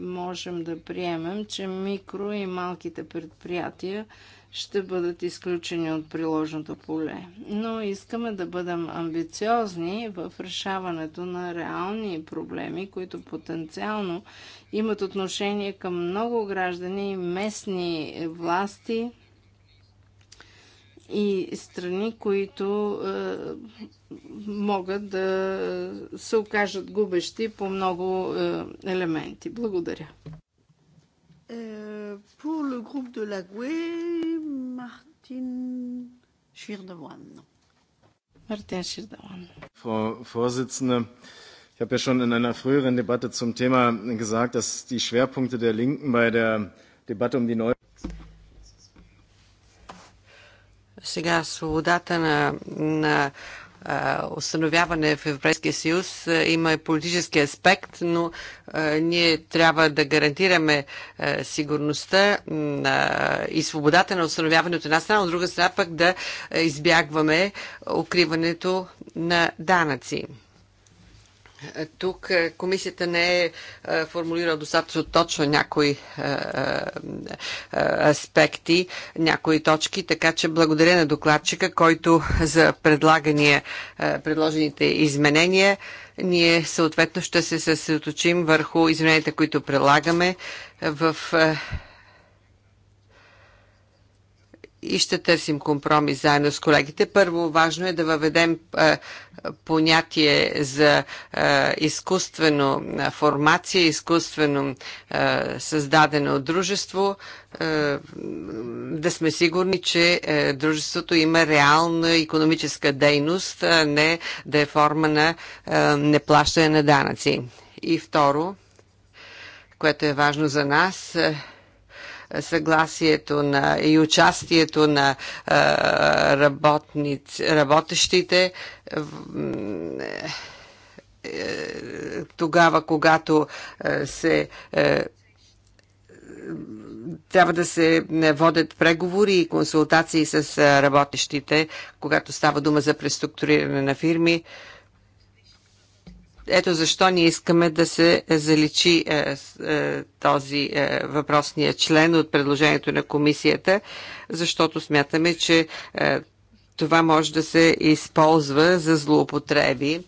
B: можем да приемем, че микро и малките предприятия ще бъдат изключени от приложното поле. Но искаме да бъдем амбициозни в решаването на реални проблеми, които потенциално имат отношение към много граждани, местни власти и страни, които е, могат да се окажат губещи по много е, елементи. Благодаря pour le groupe de la GUE, Martin Schirdewan. Martin Schirdewan. Frau Vorsitzende, ich habe ja schon in einer früheren Debatte zum Thema gesagt, dass die Schwerpunkte der Linken bei der Debatte um die Neu
C: Сега свободата на, на установяване в Европейския съюз има и политически аспект, но ние трябва да гарантираме сигурността и свободата на установяване от една страна, от друга страна пък да избягваме укриването на данъци. Тук е, комисията не е, е формулирала достатъчно точно някои е, аспекти, някои точки, така че благодаря на докладчика, който за предложените изменения ние съответно ще се съсредоточим върху измененията, които прилагаме в и ще търсим компромис заедно с колегите. Първо важно е да въведем е, понятие за е, изкуствено е, формация, изкуствено е, създадено дружество, е, да сме сигурни, че е, дружеството има реална економическа дейност, а не да е форма на неплащане на данъци. И второ, което е важно за нас, съгласието на, и участието на работещите е, тогава, когато се е, трябва да се е, водят преговори и консултации с работещите, когато става дума за преструктуриране на фирми. Ето защо ние искаме да се заличи е, е, този е, въпросния член от предложението на комисията, защото смятаме, че е, това може да се използва за злоупотреби.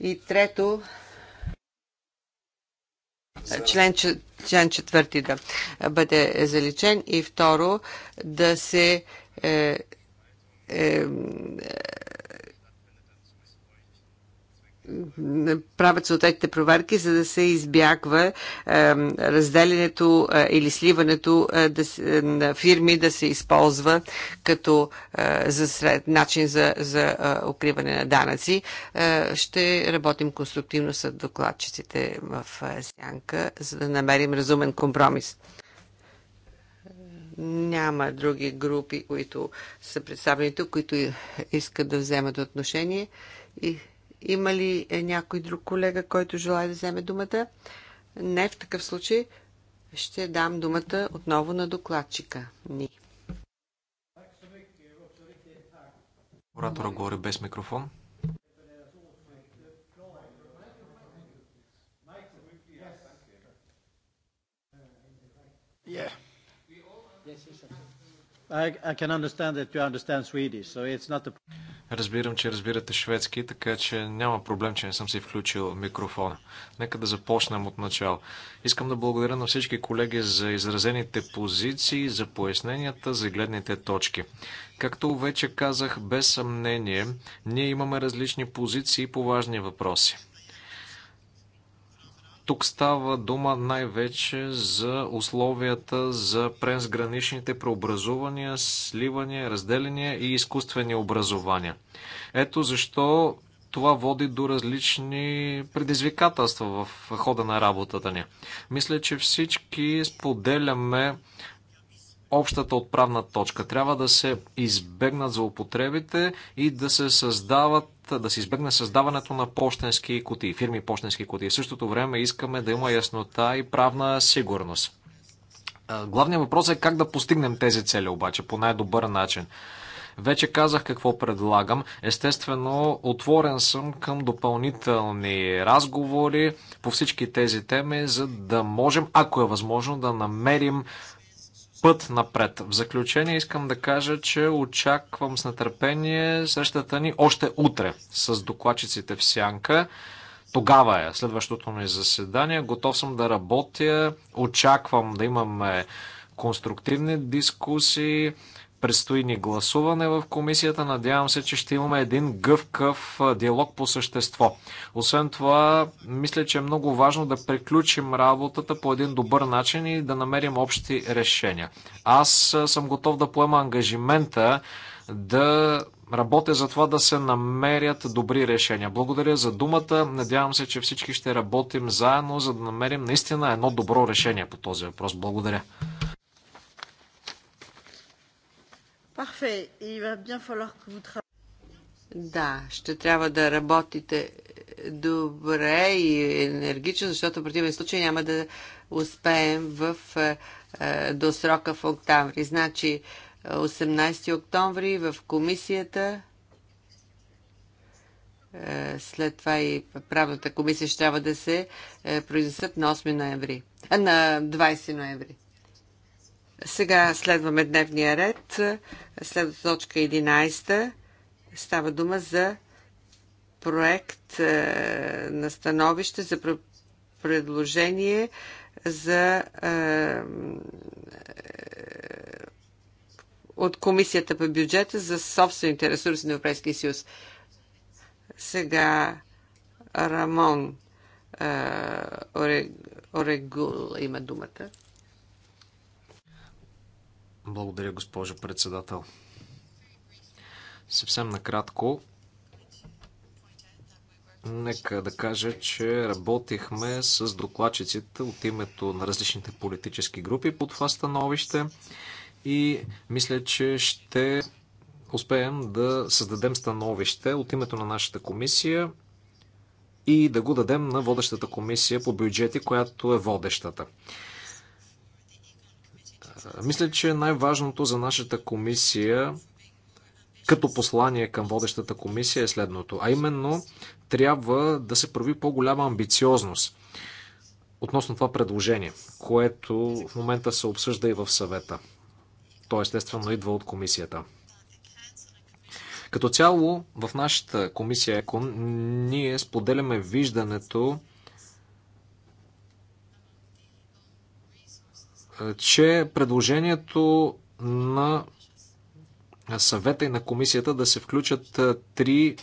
C: И трето, член, член четвърти да бъде заличен и второ да се е, е, правят съответните проверки, за да се избягва разделянето е, или сливането е, е, на фирми да се използва като за сред, начин за, за укриване на данъци. Ще работим конструктивно с докладчиците в Сянка, за да намерим разумен компромис. Няма други групи, които са представени тук, които искат да вземат отношение и има ли е, някой друг колега, който желая да вземе думата? Не, в такъв случай ще дам думата отново на докладчика ни.
A: Оратора говори без микрофон. Yeah. Разбирам, че разбирате шведски, така че няма проблем, че не съм си включил микрофона. Нека да започнем от начало. Искам да благодаря на всички колеги за изразените позиции, за поясненията, за гледните точки. Както вече казах, без съмнение, ние имаме различни позиции по важни въпроси. Тук става дума най-вече за условията за презграничните преобразувания, сливания, разделения и изкуствени образования. Ето защо това води до различни предизвикателства в хода на работата ни. Мисля, че всички споделяме общата отправна точка. Трябва да се избегнат злоупотребите и да се създават да се избегне създаването на почтенски кутии, фирми почтенски кутии. В същото време искаме да има яснота и правна сигурност. Главният въпрос е как да постигнем тези цели обаче по най-добър начин. Вече казах какво предлагам. Естествено, отворен съм към допълнителни разговори по всички тези теми, за да можем, ако е възможно, да намерим път напред. В заключение искам да кажа, че очаквам с нетърпение срещата ни още утре с докладчиците в Сянка. Тогава е следващото ми заседание. Готов съм да работя. Очаквам да имаме конструктивни дискусии. Предстои ни гласуване в комисията. Надявам се, че ще имаме един гъвкав диалог по същество. Освен това, мисля, че е много важно да приключим работата по един добър начин и да намерим общи решения. Аз съм готов да поема ангажимента да работя за това да се намерят добри решения. Благодаря за думата. Надявам се, че всички ще работим заедно, за да намерим наистина едно добро решение по този въпрос. Благодаря.
C: Да, ще трябва да работите добре и енергично, защото в противен случай няма да успеем в, е, е, до срока в октомври. Значи 18 октомври в комисията, е, след това и правната комисия ще трябва да се произнесат на 8 ноември, на 20 ноември. Сега следваме дневния ред. Следва точка 11. Става дума за проект е, на становище за предложение за е, е, от Комисията по бюджета за собствените ресурси на Европейския съюз. Сега Рамон Орегул има думата.
A: Благодаря, госпожо председател. Съвсем накратко, нека да кажа, че работихме с докладчиците от името на различните политически групи по това становище и мисля, че ще успеем да създадем становище от името на нашата комисия и да го дадем на водещата комисия по бюджети, която е водещата. Мисля, че най-важното за нашата комисия като послание към водещата комисия е следното, а именно трябва да се прави по-голяма амбициозност относно това предложение, което в момента се обсъжда и в съвета. То естествено идва от комисията. Като цяло в нашата комисия ЕКОН ние споделяме виждането, че предложението на съвета и на комисията да се включат три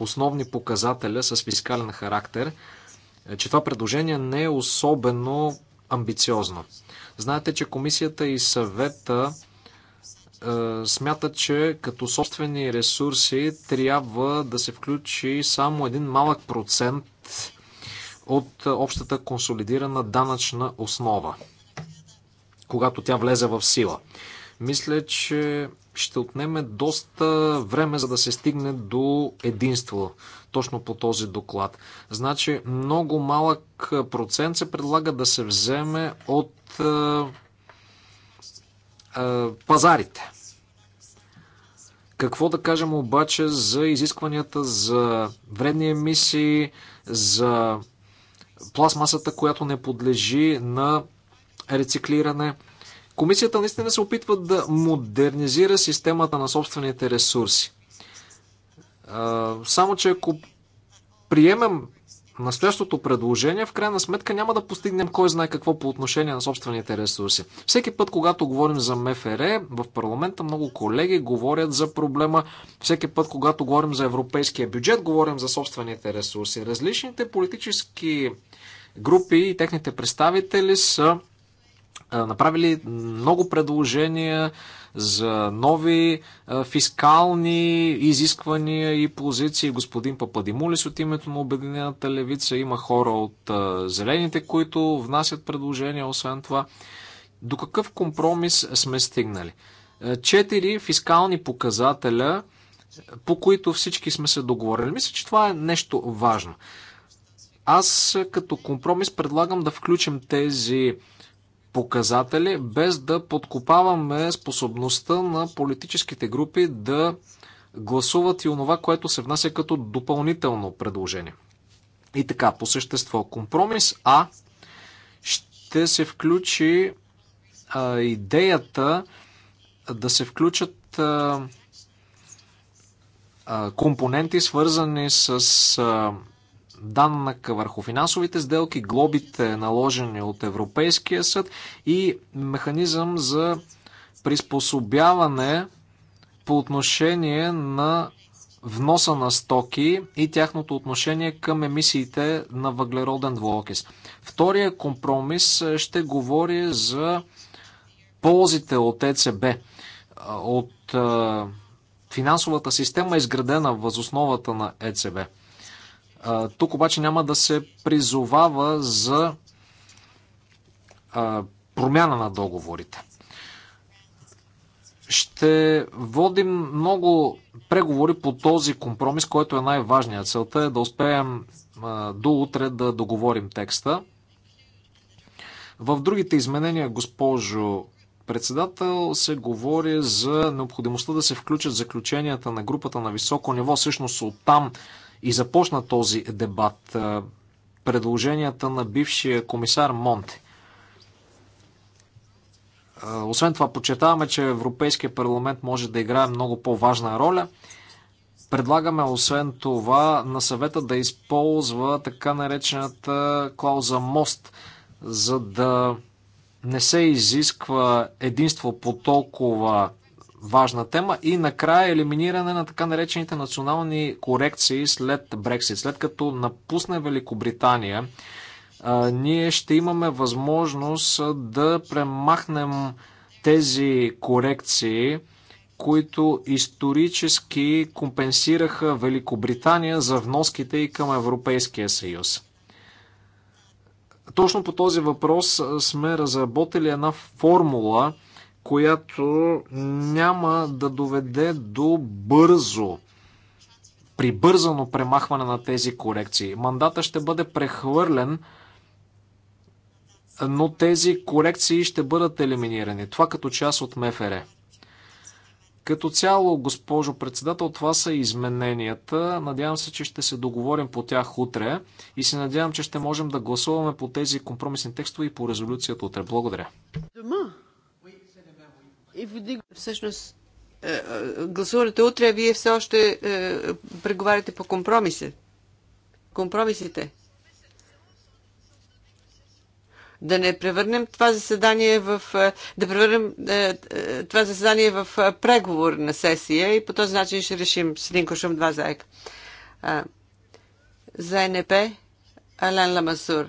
A: основни показателя с фискален характер, е, че това предложение не е особено амбициозно. Знаете, че комисията и съвета е, смятат, че като собствени ресурси трябва да се включи само един малък процент от общата консолидирана данъчна основа когато тя влезе в сила. Мисля, че ще отнеме доста време, за да се стигне до единство точно по този доклад. Значи, много малък процент се предлага да се вземе от е, е, пазарите. Какво да кажем обаче за изискванията за вредни емисии, за пластмасата, която не подлежи на рециклиране. Комисията наистина се опитва да модернизира системата на собствените ресурси. Само, че ако приемем настоящото предложение, в крайна сметка няма да постигнем кой знае какво по отношение на собствените ресурси. Всеки път, когато говорим за МФР, в парламента много колеги говорят за проблема. Всеки път, когато говорим за европейския бюджет, говорим за собствените ресурси. Различните политически групи и техните представители са направили много предложения за нови фискални изисквания и позиции. Господин Пападимулис от името на Обединената левица има хора от зелените, които внасят предложения, освен това. До какъв компромис сме стигнали? Четири фискални показателя, по които всички сме се договорили. Мисля, че това е нещо важно. Аз като компромис предлагам да включим тези показатели, без да подкопаваме способността на политическите групи да гласуват и онова, което се внася като допълнително предложение. И така, по същество, компромис А ще се включи а, идеята да се включат а, а, компоненти, свързани с а, данък върху финансовите сделки, глобите наложени от Европейския съд и механизъм за приспособяване по отношение на вноса на стоки и тяхното отношение към емисиите на въглероден двуокис. Втория компромис е, ще говори за ползите от ЕЦБ, е, от е, финансовата система, изградена възосновата на ЕЦБ. Тук обаче няма да се призовава за промяна на договорите. Ще водим много преговори по този компромис, който е най-важният. Целта е да успеем до утре да договорим текста. В другите изменения, госпожо председател, се говори за необходимостта да се включат заключенията на групата на високо ниво. Всъщност от там и започна този дебат. Е, предложенията на бившия комисар Монте. Освен това, подчертаваме, че Европейския парламент може да играе много по-важна роля. Предлагаме освен това на съвета да използва така наречената клауза МОСТ, за да не се изисква единство по толкова важна тема. И накрая елиминиране на така наречените национални корекции след Брексит. След като напусне Великобритания, ние ще имаме възможност да премахнем тези корекции, които исторически компенсираха Великобритания за вноските и към Европейския съюз. Точно по този въпрос сме разработили една формула, която няма да доведе до бързо, прибързано премахване на тези корекции. Мандата ще бъде прехвърлен, но тези корекции ще бъдат елиминирани. Това като част от МФР. Като цяло, госпожо председател, това са измененията. Надявам се, че ще се договорим по тях утре и се надявам, че ще можем да гласуваме по тези компромисни текстове и по резолюцията утре. Благодаря.
C: Всъщност, е, е, гласуването утре, а вие все още е, преговаряте по компромиси. Компромисите. Да не превърнем това заседание в... Да превърнем това заседание в преговор на сесия и по този начин ще решим с един кошум два заека. За НП Ален Ламасур.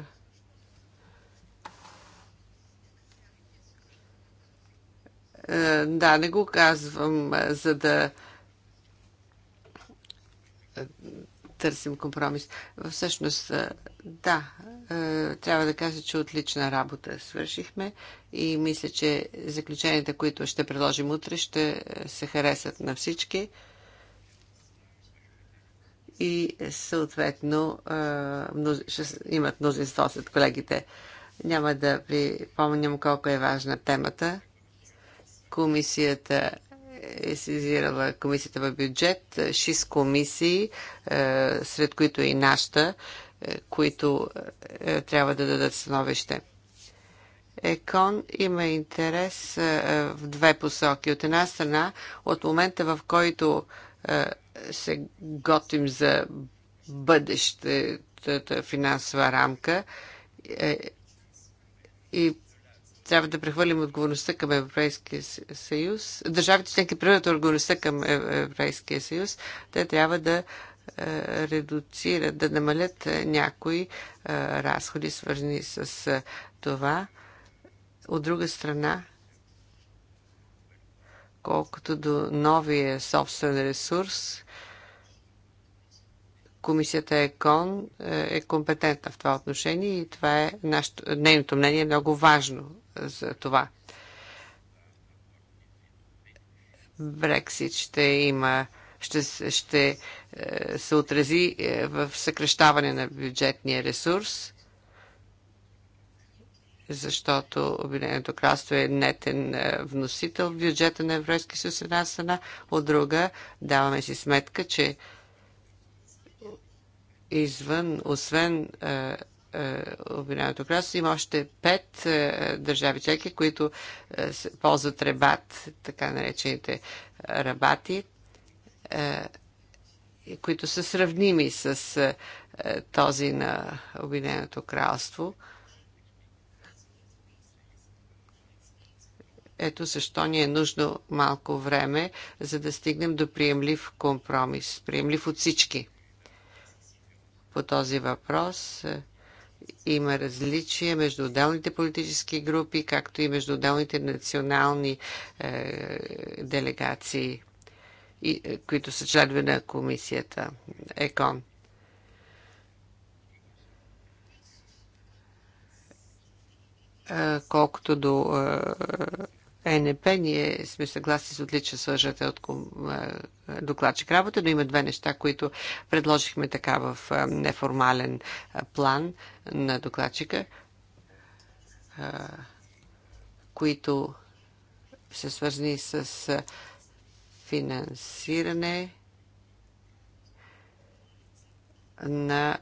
C: Е, да, не го казвам, е, за да е, търсим компромис. Всъщност, да, трябва да кажа, че отлична работа свършихме и мисля, че заключенията, които ще предложим утре, ще се харесат на всички и съответно ще имат мнозинство след колегите. Няма да припомням колко е важна темата Комисията е сезирала комисията в бюджет, 6 е, комисии, е, сред които и нашата, е, които трябва да дадат становище. ЕКОН има интерес в две посоки. От една страна, от момента в който се готвим за бъдещата финансова рамка и трябва да прехвърлим отговорността към Европейския съюз. Държавите членки превърнат отговорността към Европейския съюз. Те трябва да е, редуцират, да намалят е, някои е, разходи, свързани с това. От друга страна, колкото до новия собствен ресурс, комисията ЕКОН е компетентна в това отношение и това е нашето, нейното мнение е много важно за това. Брексит ще има ще, ще е, се отрази е, в съкрещаване на бюджетния ресурс, защото Обединеното кралство е нетен е, вносител в бюджета на Европейския съюз една страна, от друга даваме си сметка, че извън, освен е, Обединеното кралство. Има още пет е, държави чеки, които е, ползват ребат, така наречените рабати, които са сравними с този на Обединеното кралство. Ето защо ни е нужно малко време, за да стигнем до приемлив компромис, приемлив от всички. По този въпрос има различия между отделните политически групи, както и между отделните национални е, делегации, и, е, които са членове на комисията ЕКОН. Е, колкото до е, е ЕНП, ние сме съгласни с отлично свържата от е, е, докладчик работа, но има две неща, които предложихме така в неформален план на докладчика, които се свързани с финансиране на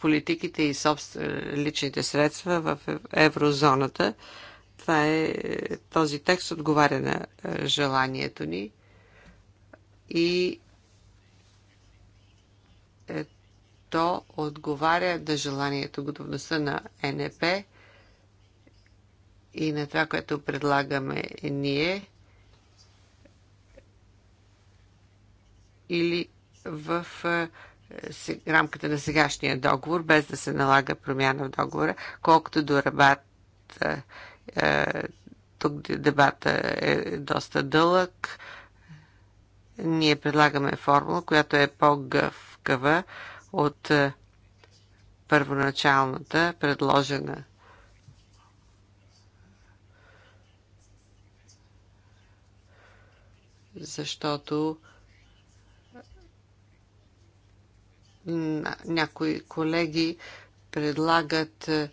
C: политиките и личните средства в еврозоната. Това е, този текст отговаря на е, желанието ни и е, то отговаря на желанието, готовността на НП и на това, което предлагаме ние или в е, рамката на сегашния договор, без да се налага промяна в договора, колкото до рабат е, е, тук дебата е доста дълъг. Ние предлагаме формула, която е по-гъвкава от е, първоначалната, предложена. Защото някои колеги предлагат е,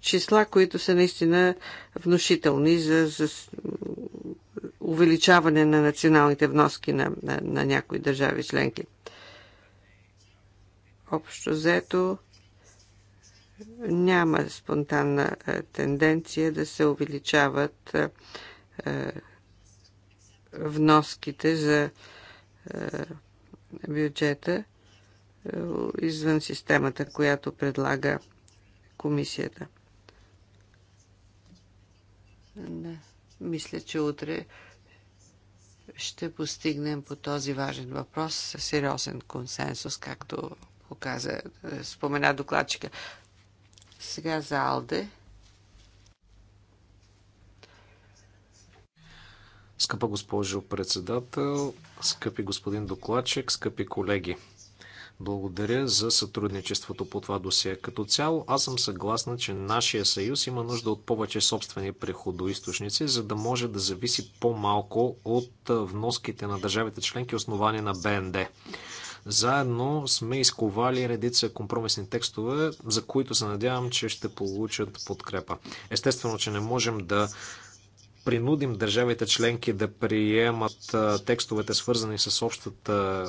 C: числа, които са наистина внушителни за, за увеличаване на националните вноски на, на, на някои държави членки. Общо взето няма спонтанна тенденция да се увеличават вноските за бюджета извън системата, която предлага комисията. Да. Мисля, че утре ще постигнем по този важен въпрос сериозен консенсус, както показа, спомена докладчика. Сега за Алде.
A: Скъпа госпожо председател, скъпи господин докладчик, скъпи колеги. Благодаря за сътрудничеството по това досие. Като цяло аз съм съгласна, че нашия съюз има нужда от повече собствени приходоисточници, за да може да зависи по-малко от вноските на държавите членки, основани на БНД. Заедно сме изковали редица компромисни текстове, за които се надявам, че ще получат подкрепа. Естествено, че не можем да принудим държавите членки да приемат текстовете свързани с общата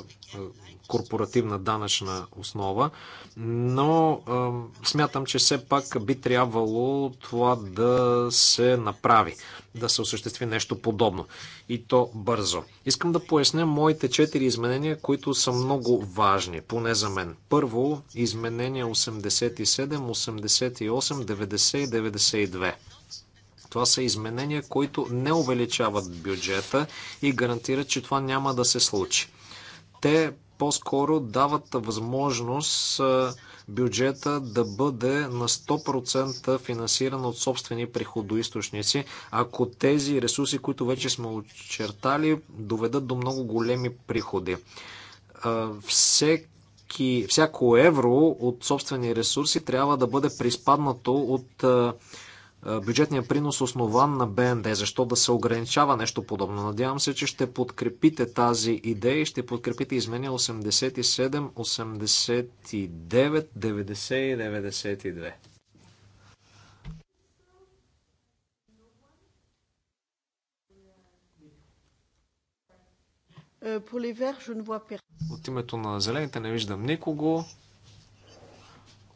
A: корпоративна данъчна основа, но смятам, че все пак би трябвало това да се направи, да се осъществи нещо подобно и то бързо. Искам да поясня моите четири изменения, които са много важни, поне за мен. Първо, изменения 87, 88, 90 и 92. Това са изменения, които не увеличават бюджета и гарантират, че това няма да се случи. Те по-скоро дават възможност бюджета да бъде на 100% финансиран от собствени приходоисточници, ако тези ресурси, които вече сме очертали, доведат до много големи приходи. Всеки, всяко евро от собствени ресурси трябва да бъде приспаднато от бюджетния принос основан на БНД. Защо да се ограничава нещо подобно? Надявам се, че ще подкрепите тази идея и ще подкрепите изменения 87, 89, 90
C: 92. От
A: името на зелените не виждам никого.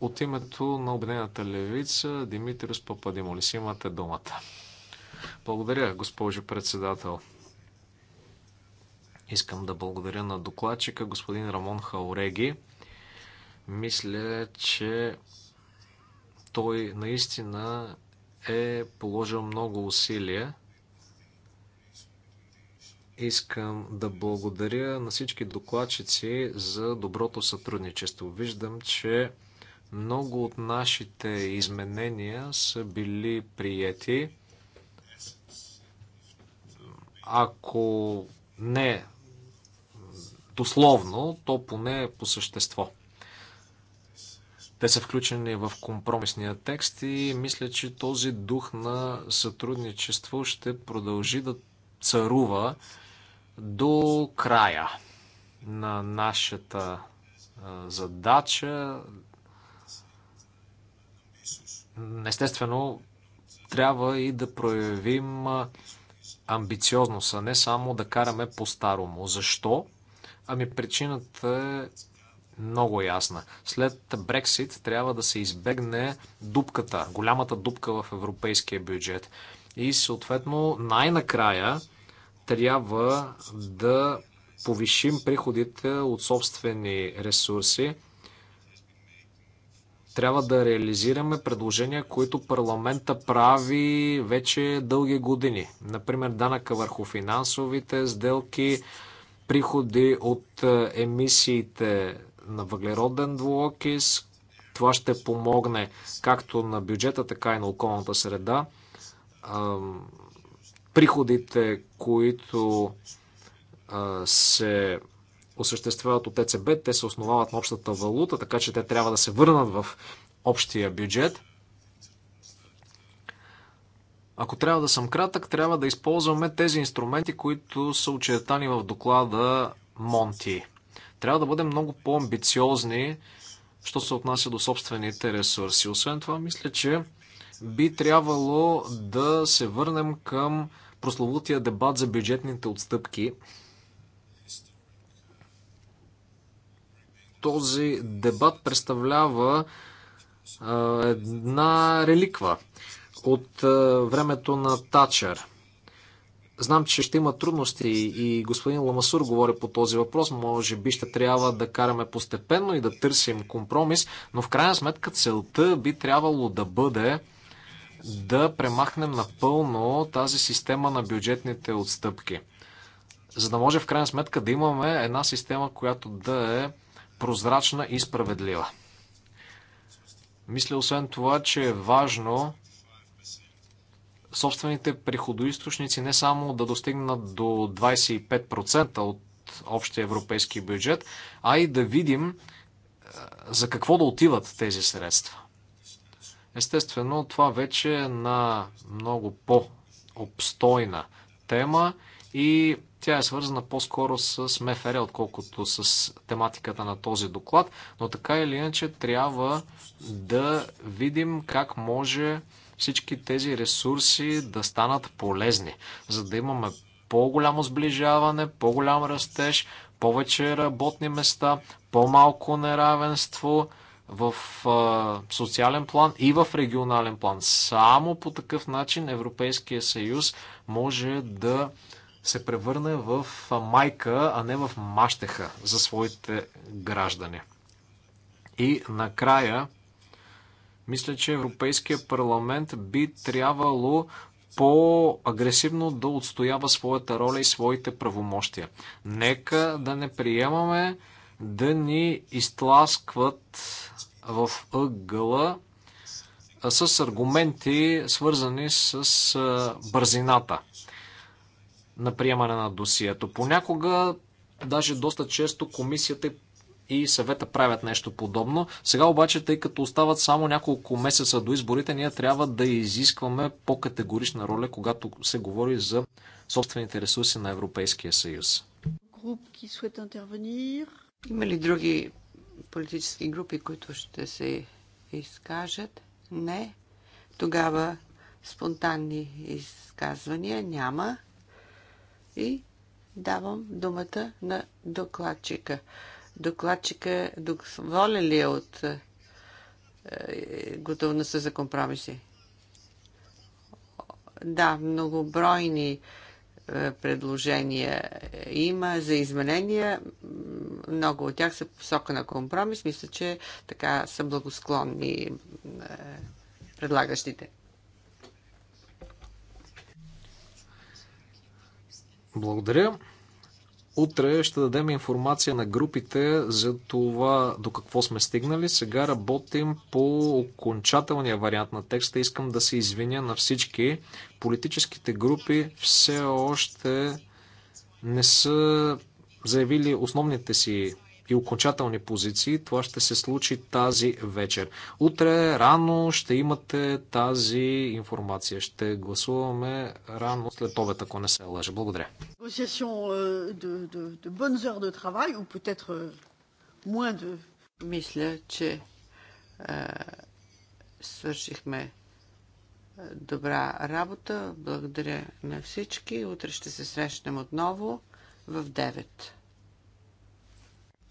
A: От името на Обединената левица Димитрис Пападимолис имате думата. Благодаря, госпожо председател. Искам да благодаря на докладчика господин Рамон Хауреги. Мисля, че той наистина е положил много усилия. Искам да благодаря на всички докладчици за доброто сътрудничество. Виждам, че много от нашите изменения са били приети. Ако не дословно, то поне по същество. Те са включени в компромисния текст и мисля, че този дух на сътрудничество ще продължи да царува до края на нашата задача Естествено, трябва и да проявим амбициозност, а не само да караме по-старому. Защо? Ами причината е много ясна. След Брексит трябва да се избегне дупката, голямата дупка в европейския бюджет. И съответно най-накрая трябва да повишим приходите от собствени ресурси, трябва да реализираме предложения, които парламента прави вече дълги години. Например, данъка върху финансовите сделки, приходи от е, емисиите на въглероден двуокис. Това ще помогне както на бюджета, така и на околната среда. Приходите, които се осъществяват от ЕЦБ, те се основават на общата валута, така че те трябва да се върнат в общия бюджет. Ако трябва да съм кратък, трябва да използваме тези инструменти, които са очертани в доклада Монти. Трябва да бъдем много по-амбициозни, що се отнася до собствените ресурси. Освен това, мисля, че би трябвало да се върнем към прословутия дебат за бюджетните отстъпки този дебат представлява една реликва от времето на Тачър. Знам, че ще има трудности и господин Ламасур говори по този въпрос. Може би ще трябва да караме постепенно и да търсим компромис, но в крайна сметка целта би трябвало да бъде да премахнем напълно тази система на бюджетните отстъпки. За да може в крайна сметка да имаме една система, която да е прозрачна и справедлива. Мисля освен това, че е важно собствените приходоисточници не само да достигнат до 25% от общия европейски бюджет, а и да видим е, за какво да отиват тези средства. Естествено, това вече е на много по-обстойна тема и тя е свързана по-скоро с МФР, отколкото с тематиката на този доклад, но така или иначе трябва да видим как може всички тези ресурси да станат полезни, за да имаме по-голямо сближаване, по-голям растеж, повече работни места, по-малко неравенство в социален план и в регионален план. Само по такъв начин Европейския съюз може да се превърне в майка, а не в мащеха за своите граждани. И накрая, мисля, че Европейския парламент би трябвало по-агресивно да отстоява своята роля и своите правомощия. Нека да не приемаме да ни изтласкват в ъгъла с аргументи, свързани с бързината на приемане на досието. Понякога, даже доста често, комисията и съвета правят нещо подобно. Сега обаче, тъй като остават само няколко месеца до изборите, ние трябва да изискваме по-категорична роля, когато се говори за собствените ресурси на Европейския съюз.
C: Има ли други политически групи, които ще се изкажат? Не. Тогава спонтанни изказвания няма и давам думата на докладчика. Докладчика е доволен ли е от е, готовността за компромиси? Да, многобройни е, предложения има за изменения. Много от тях са посока на компромис. Мисля, че така са благосклонни предлагащите.
A: Благодаря. Утре ще дадем информация на групите за това до какво сме стигнали. Сега работим по окончателния вариант на текста. Искам да се извиня на всички. Политическите групи все още не са заявили основните си и окончателни позиции. Това ще се случи тази вечер. Утре рано ще имате тази информация. Ще гласуваме рано след обед, ако не се лъжа. Благодаря.
C: Euh, euh, Мисля, че е, свършихме е, добра работа. Благодаря на всички. Утре ще се срещнем отново в 9.